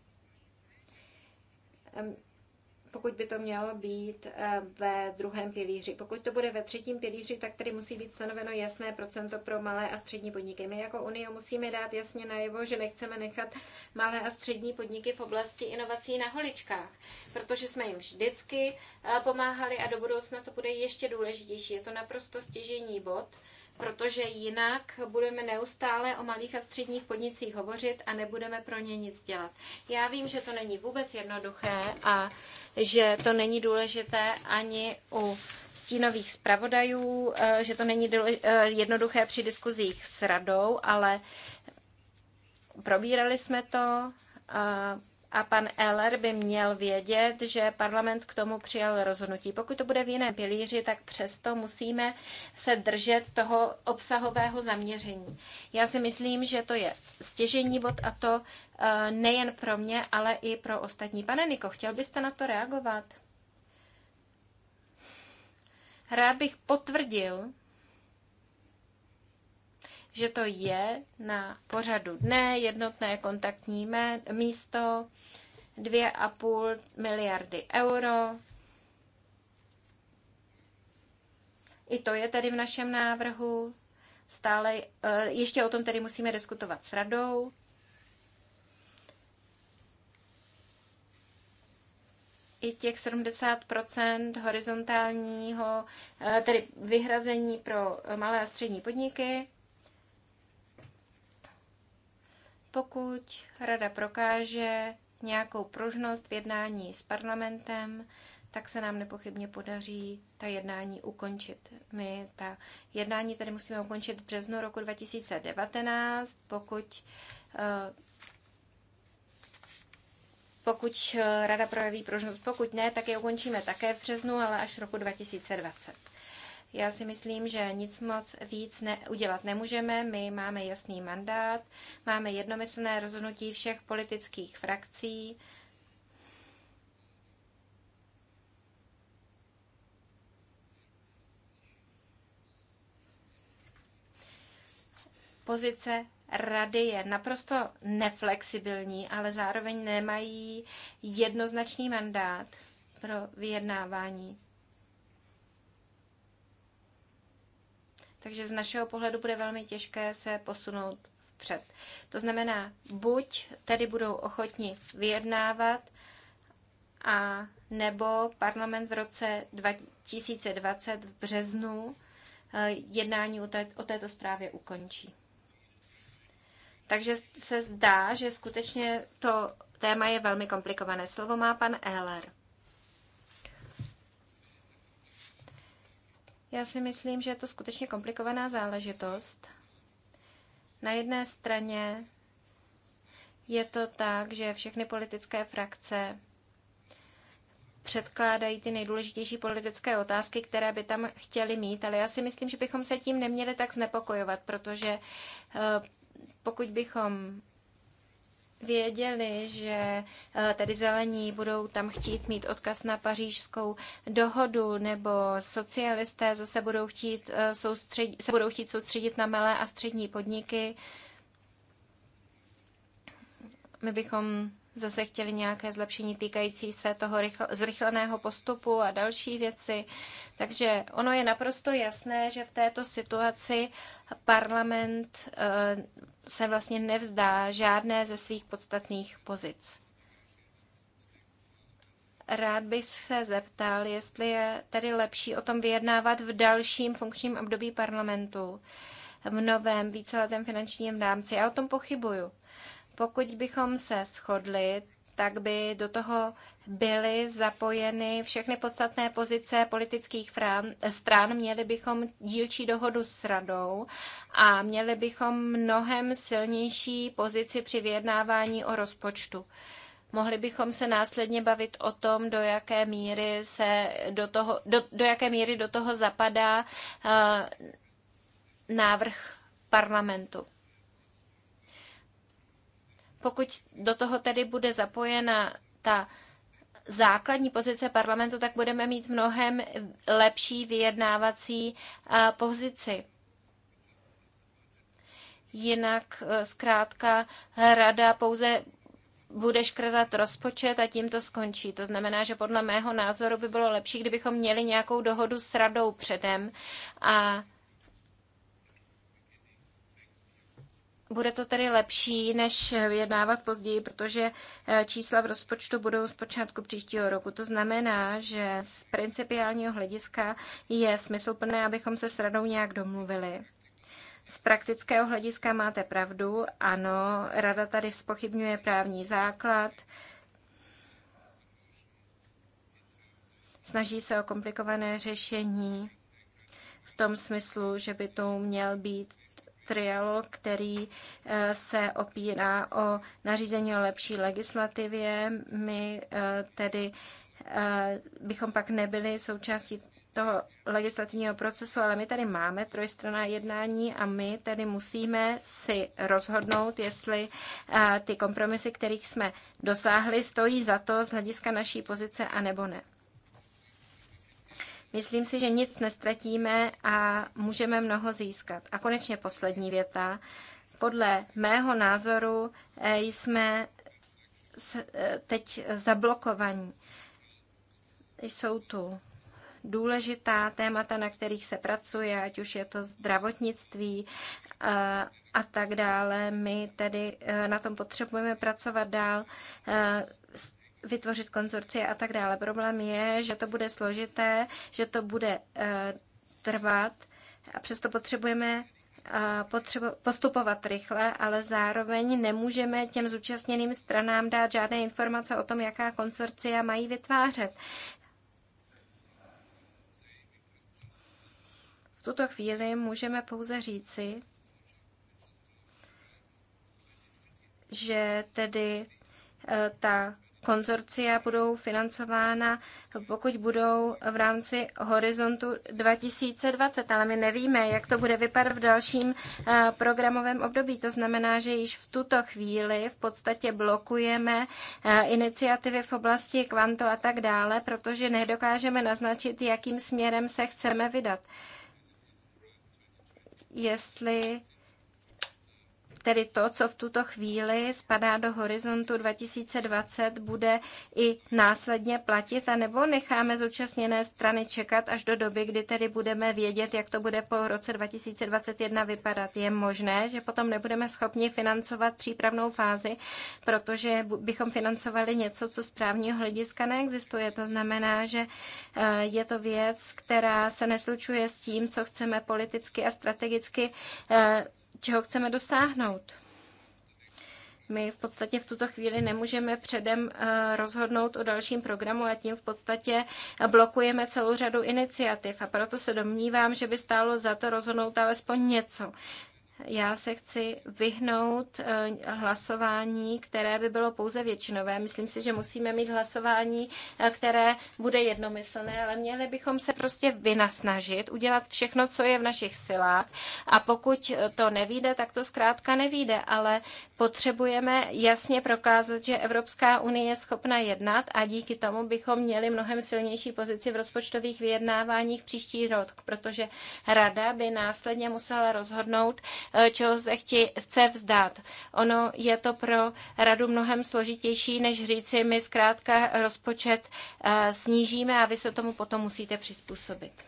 pokud by to mělo být eh, ve druhém pilíři. Pokud to bude ve třetím pilíři, tak tady musí být stanoveno jasné procento pro malé a střední podniky. My jako Unie musíme dát jasně najevo, že nechceme nechat malé a střední podniky v oblasti inovací na holičkách, protože jsme jim vždycky eh, pomáhali a do budoucna to bude ještě důležitější. Je to naprosto stěžení bod protože jinak budeme neustále o malých a středních podnicích hovořit a nebudeme pro ně nic dělat. Já vím, že to není vůbec jednoduché a že to není důležité ani u stínových zpravodajů, eh, že to není eh, jednoduché při diskuzích s radou, ale probírali jsme to, eh, a pan Eller by měl vědět, že parlament k tomu přijal rozhodnutí. Pokud to bude v jiném pilíři, tak přesto musíme se držet toho obsahového zaměření. Já si myslím, že to je stěžení bod a to eh, nejen pro mě, ale i pro ostatní. Pane Niko, chtěl byste na to reagovat? Rád bych potvrdil, že to je na pořadu dne, jednotné kontaktní místo, 2,5 miliardy euro. I to je tady v našem návrhu. Stále eh, ještě o tom tedy musíme diskutovat s radou. i těch 70 horizontálního, eh, tedy vyhrazení pro malé a střední podniky. Pokud rada prokáže nějakou pružnost v jednání s parlamentem, tak se nám nepochybně podaří ta jednání ukončit. My ta jednání tady musíme ukončit v březnu roku 2019, pokud eh, pokud eh, rada projeví pružnost, pokud ne, tak je ukončíme také v březnu, ale až roku 2020. Já si myslím, že nic moc víc ne- udělat nemůžeme. My máme jasný mandát, máme jednomyslné rozhodnutí všech politických frakcí. Pozice rady je naprosto neflexibilní, ale zároveň nemají jednoznačný mandát pro vyjednávání. Takže z našeho pohledu bude velmi těžké se posunout vpřed. To znamená, buď tedy budou ochotni vyjednávat, a nebo parlament v roce 2020 v březnu eh, jednání o této zprávě ukončí. Takže se zdá, že skutečně to téma je velmi komplikované. Slovo má pan Ehler. Já si myslím, že je to skutečně komplikovaná záležitost. Na jedné straně je to tak, že všechny politické frakce předkládají ty nejdůležitější politické otázky, které by tam chtěli mít, ale já si myslím, že bychom se tím neměli tak znepokojovat, protože eh, pokud bychom věděli, že eh, tedy zelení budou tam chtít mít odkaz na pařížskou dohodu, nebo socialisté zase budou chtít eh, soustředit, se budou chtít soustředit na malé a střední podniky. My bychom zase chtěli nějaké zlepšení týkající se toho rychl- zrychleného postupu a další věci. Takže ono je naprosto jasné, že v této situaci parlament eh, se vlastně nevzdá žádné ze svých podstatných pozic. Rád bych se zeptal, jestli je tedy lepší o tom vyjednávat v dalším funkčním období parlamentu, v novém víceletém finančním rámci. Já o tom pochybuju. Pokud bychom se shodli, tak by do toho byly zapojeny všechny podstatné pozice politických frán, stran. Měli bychom dílčí dohodu s radou a měli bychom mnohem silnější pozici při vyjednávání o rozpočtu. Mohli bychom se následně bavit o tom, do jaké míry, se do toho, do, do jaké míry do toho zapadá uh, návrh parlamentu. Pokud do toho tedy bude zapojena ta základní pozice parlamentu, tak budeme mít mnohem lepší vyjednávací pozici. Jinak e, zkrátka rada pouze bude škrtat rozpočet a tím to skončí. To znamená, že podle mého názoru by bylo lepší, kdybychom měli nějakou dohodu s radou předem a Bude to tedy lepší, než vyjednávat později, protože eh, čísla v rozpočtu budou z počátku příštího roku. To znamená, že z principiálního hlediska je smysluplné, abychom se s radou nějak domluvili. Z praktického hlediska máte pravdu, ano, rada tady spochybňuje právní základ, snaží se o komplikované řešení v tom smyslu, že by to měl být trialog, který eh, se opírá o nařízení o lepší legislativě. My eh, tedy eh, bychom pak nebyli součástí toho legislativního procesu, ale my tady máme trojstranná jednání a my tedy musíme si rozhodnout, jestli ty kompromisy, kterých jsme dosáhli, stojí za to z hlediska naší pozice a nebo ne. Myslím si, že nic nestratíme a můžeme mnoho získat. A konečně poslední věta. Podle mého názoru eh, jsme eh, teď zablokovaní. Jsou tu důležitá témata, na kterých se pracuje, ať už je to zdravotnictví eh, a tak dále. My tedy na tom potřebujeme pracovat dál vytvořit konzorcie a tak dále. Problém je, že to bude složité, že to bude eh, trvat a přesto potřebujeme eh, postupovat rychle, ale zároveň nemůžeme těm zúčastněným stranám dát žádné informace o tom, jaká konsorcia mají vytvářet. V tuto chvíli můžeme pouze říci, že tedy eh, ta konzorcia budou financována, pokud budou v rámci horizontu 2020, ale my nevíme, jak to bude vypadat v dalším eh, programovém období. To znamená, že již v tuto chvíli v podstatě blokujeme eh, iniciativy v oblasti kvanto a tak dále, protože nedokážeme naznačit, jakým směrem se chceme vydat. Jestli tedy to, co v tuto chvíli spadá do horizontu 2020, bude i následně platit, anebo necháme zúčastněné strany čekat až do doby, kdy tedy budeme vědět, jak to bude po roce 2021 vypadat. Je možné, že potom nebudeme schopni financovat přípravnou fázi, protože bychom financovali něco, co z právního hlediska neexistuje. To znamená, že eh, je to věc, která se neslučuje s tím, co chceme politicky a strategicky eh, čeho chceme dosáhnout. My v podstatě v tuto chvíli nemůžeme předem eh, rozhodnout o dalším programu a tím v podstatě blokujeme celou řadu iniciativ. A proto se domnívám, že by stálo za to rozhodnout alespoň něco. Já se chci vyhnout eh, hlasování, které by bylo pouze většinové. Myslím si, že musíme mít hlasování, eh, které bude jednomyslné, ale měli bychom se prostě vynasnažit, udělat všechno, co je v našich silách. A pokud eh, to nevíde, tak to zkrátka nevíde, ale potřebujeme jasně prokázat, že Evropská unie je schopna jednat a díky tomu bychom měli mnohem silnější pozici v rozpočtových vyjednáváních příští rok, protože rada by následně musela rozhodnout, Eh, čeho se chci, chce vzdát. Ono je to pro radu mnohem složitější, než říci, my zkrátka rozpočet eh, snížíme a vy se tomu potom musíte přizpůsobit.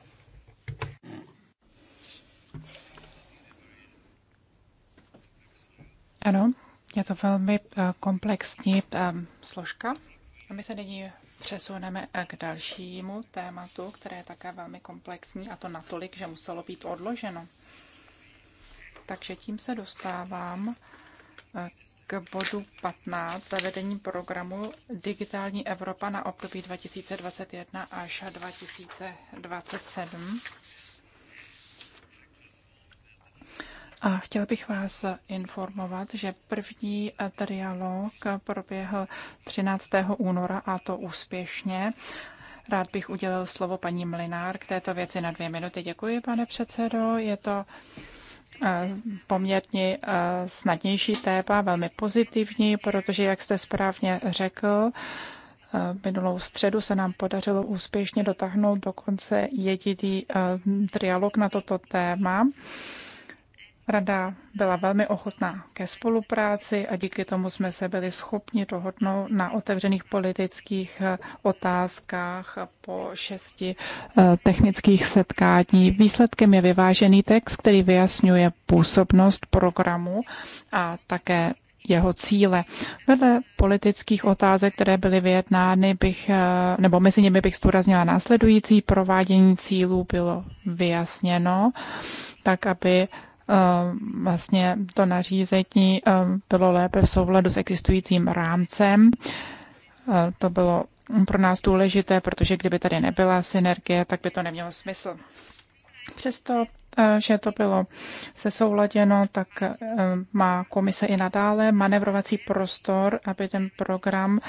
Ano, je to velmi eh, komplexní složka. A my se nyní přesuneme k dalšímu tématu, které je také velmi komplexní a to natolik, že muselo být odloženo. Takže tím se dostávám eh, k bodu 15, zavedení programu Digitální Evropa na období 2021 až 2027. A chtěla bych vás informovat, že první eh, trialog proběhl 13. února a to úspěšně. Rád bych udělil slovo paní Mlinár k této věci na dvě minuty. Děkuji, pane předsedo. Je to Eh, poměrně eh, snadnější téma, velmi pozitivní, protože, jak jste správně řekl, eh, Minulou středu se nám podařilo úspěšně dotáhnout dokonce jediný trialog na toto téma. Rada byla velmi ochotná ke spolupráci a díky tomu jsme se byli schopni dohodnout na otevřených politických eh, otázkách po šesti eh, technických setkání. Výsledkem je vyvážený text, který vyjasňuje působnost programu a také jeho cíle. Vedle politických otázek, které byly vyjednány, bych, eh, nebo mezi nimi bych zdůraznila následující provádění cílů bylo vyjasněno, tak aby Eh, vlastně to nařízení eh, bylo lépe v souladu s existujícím rámcem. Eh, to bylo pro nás důležité, protože kdyby tady nebyla synergie, tak by to nemělo smysl. Přesto, že to bylo sesouladěno, tak má komise i nadále manevrovací prostor, aby ten program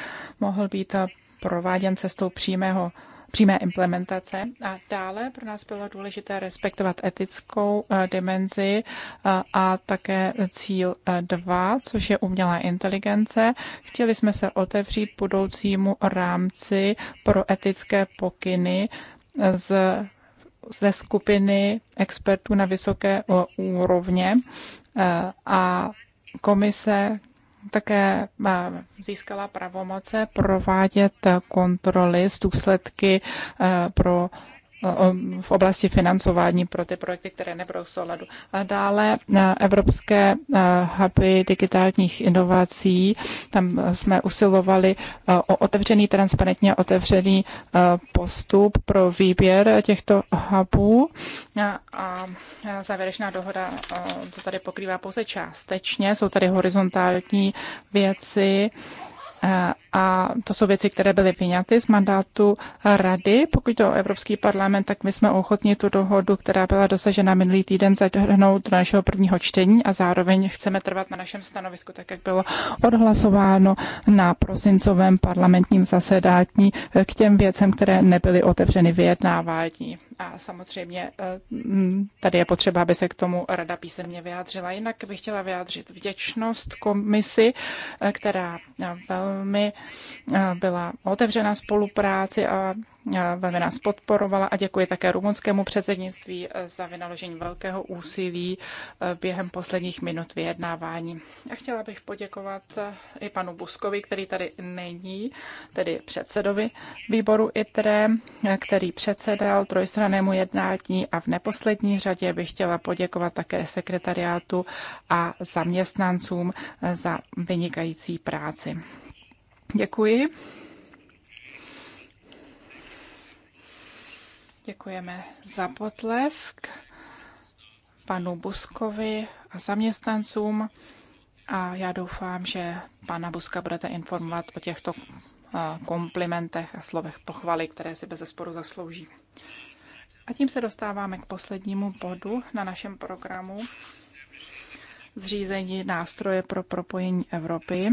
mohl být prováděn cestou přímého přímé implementace. A dále pro nás bylo důležité respektovat etickou eh, dimenzi eh, a také cíl 2, eh, což je umělá inteligence. Chtěli jsme se otevřít budoucímu rámci pro etické pokyny z ze skupiny expertů na vysoké úrovně a komise také eh, získala pravomoce provádět eh, kontroly s důsledky eh, pro v oblasti financování pro ty projekty, které nebudou v souladu. A dále na eh, evropské eh, huby digitálních inovací, tam eh, jsme usilovali o otevřený, transparentně otevřený postup pro výběr těchto hubů a závěrečná dohoda to tady pokrývá pouze částečně, jsou tady horizontální věci, Eh, a to jsou věci, které byly vyňaty z mandátu rady. Pokud to Evropský parlament, tak my jsme ochotni tu dohodu, která byla dosažena minulý týden, zahrnout do našeho prvního čtení a zároveň chceme trvat na našem stanovisku, tak jak bylo odhlasováno na prosincovém parlamentním zasedání eh, k těm věcem, které nebyly otevřeny vyjednávání. A samozřejmě eh, tady je potřeba, aby se k tomu rada písemně vyjádřila. Jinak bych chtěla vyjádřit vděčnost komisi, která velmi velmi eh, byla otevřena spolupráci a eh, velmi nás podporovala a děkuji také rumunskému předsednictví eh, za vynaložení velkého úsilí během posledních minut vyjednávání. A chtěla bych poděkovat i panu Buskovi, který tady není, tedy předsedovi výboru ITRE, který předsedal trojstranému jednání a v neposlední řadě bych chtěla poděkovat také sekretariátu a zaměstnancům za vynikající práci. Děkuji. Děkujeme za potlesk panu Buskovi a zaměstnancům a já doufám, že pana Buska budete informovat o těchto eh, komplimentech a slovech pochvaly, které si bez zesporu zaslouží. A tím se dostáváme k poslednímu bodu na našem programu zřízení nástroje pro propojení Evropy.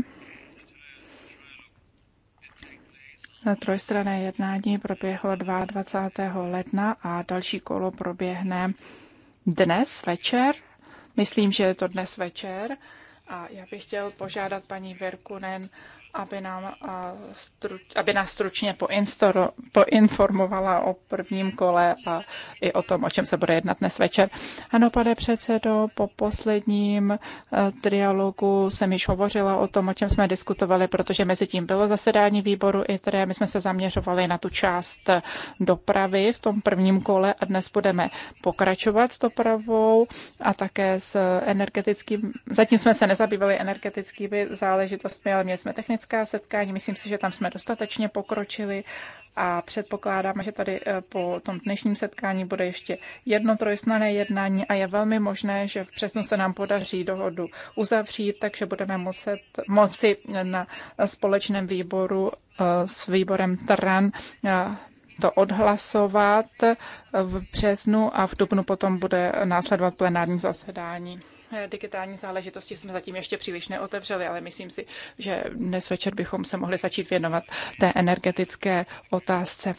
Trojstrané jednání proběhlo 22. ledna a další kolo proběhne dnes večer. Myslím, že je to dnes večer. A já bych chtěl požádat paní Verkunen, aby, nám, struč, aby nás stručně poinstoro, poinformovala o prvním kole a i o tom, o čem se bude jednat dnes večer. Ano, pane předsedo, po posledním e, trialogu jsem již hovořila o tom, o čem jsme diskutovali, protože mezi tím bylo zasedání výboru které my jsme se zaměřovali na tu část dopravy v tom prvním kole a dnes budeme pokračovat s dopravou a také s energetickým, zatím jsme se nezabývali energetickými záležitostmi, ale měli jsme technické politická setkání. Myslím si, že tam jsme dostatečně pokročili a předpokládáme, že tady eh, po tom dnešním setkání bude ještě jedno trojsnané jednání a je velmi možné, že v přesnu se nám podaří dohodu uzavřít, takže budeme muset moci na společném výboru eh, s výborem TRAN eh, to odhlasovat v březnu a v dubnu potom bude následovat plenární zasedání. Eh, digitální záležitosti jsme zatím ještě příliš neotevřeli, ale myslím si, že dnes večer bychom se mohli začít věnovat té energetické otázce.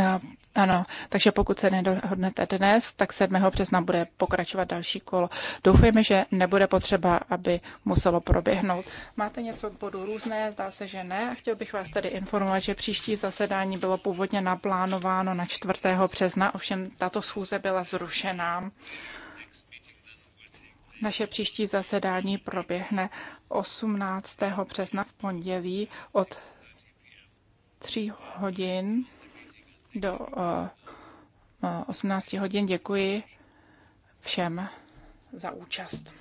Eh, ano, takže pokud se nedohodnete dnes, tak 7. března bude pokračovat další kolo. Doufujeme, že nebude potřeba, aby muselo proběhnout. Máte něco k bodu různé? Zdá se, že ne. A chtěl bych vás tedy informovat, že příští zasedání bylo původně naplánováno na 4. března, ovšem tato schůze byla zrušená. Naše příští zasedání proběhne 18. března v pondělí od 3 hodin do uh, uh, 18 hodin. Děkuji všem za účast.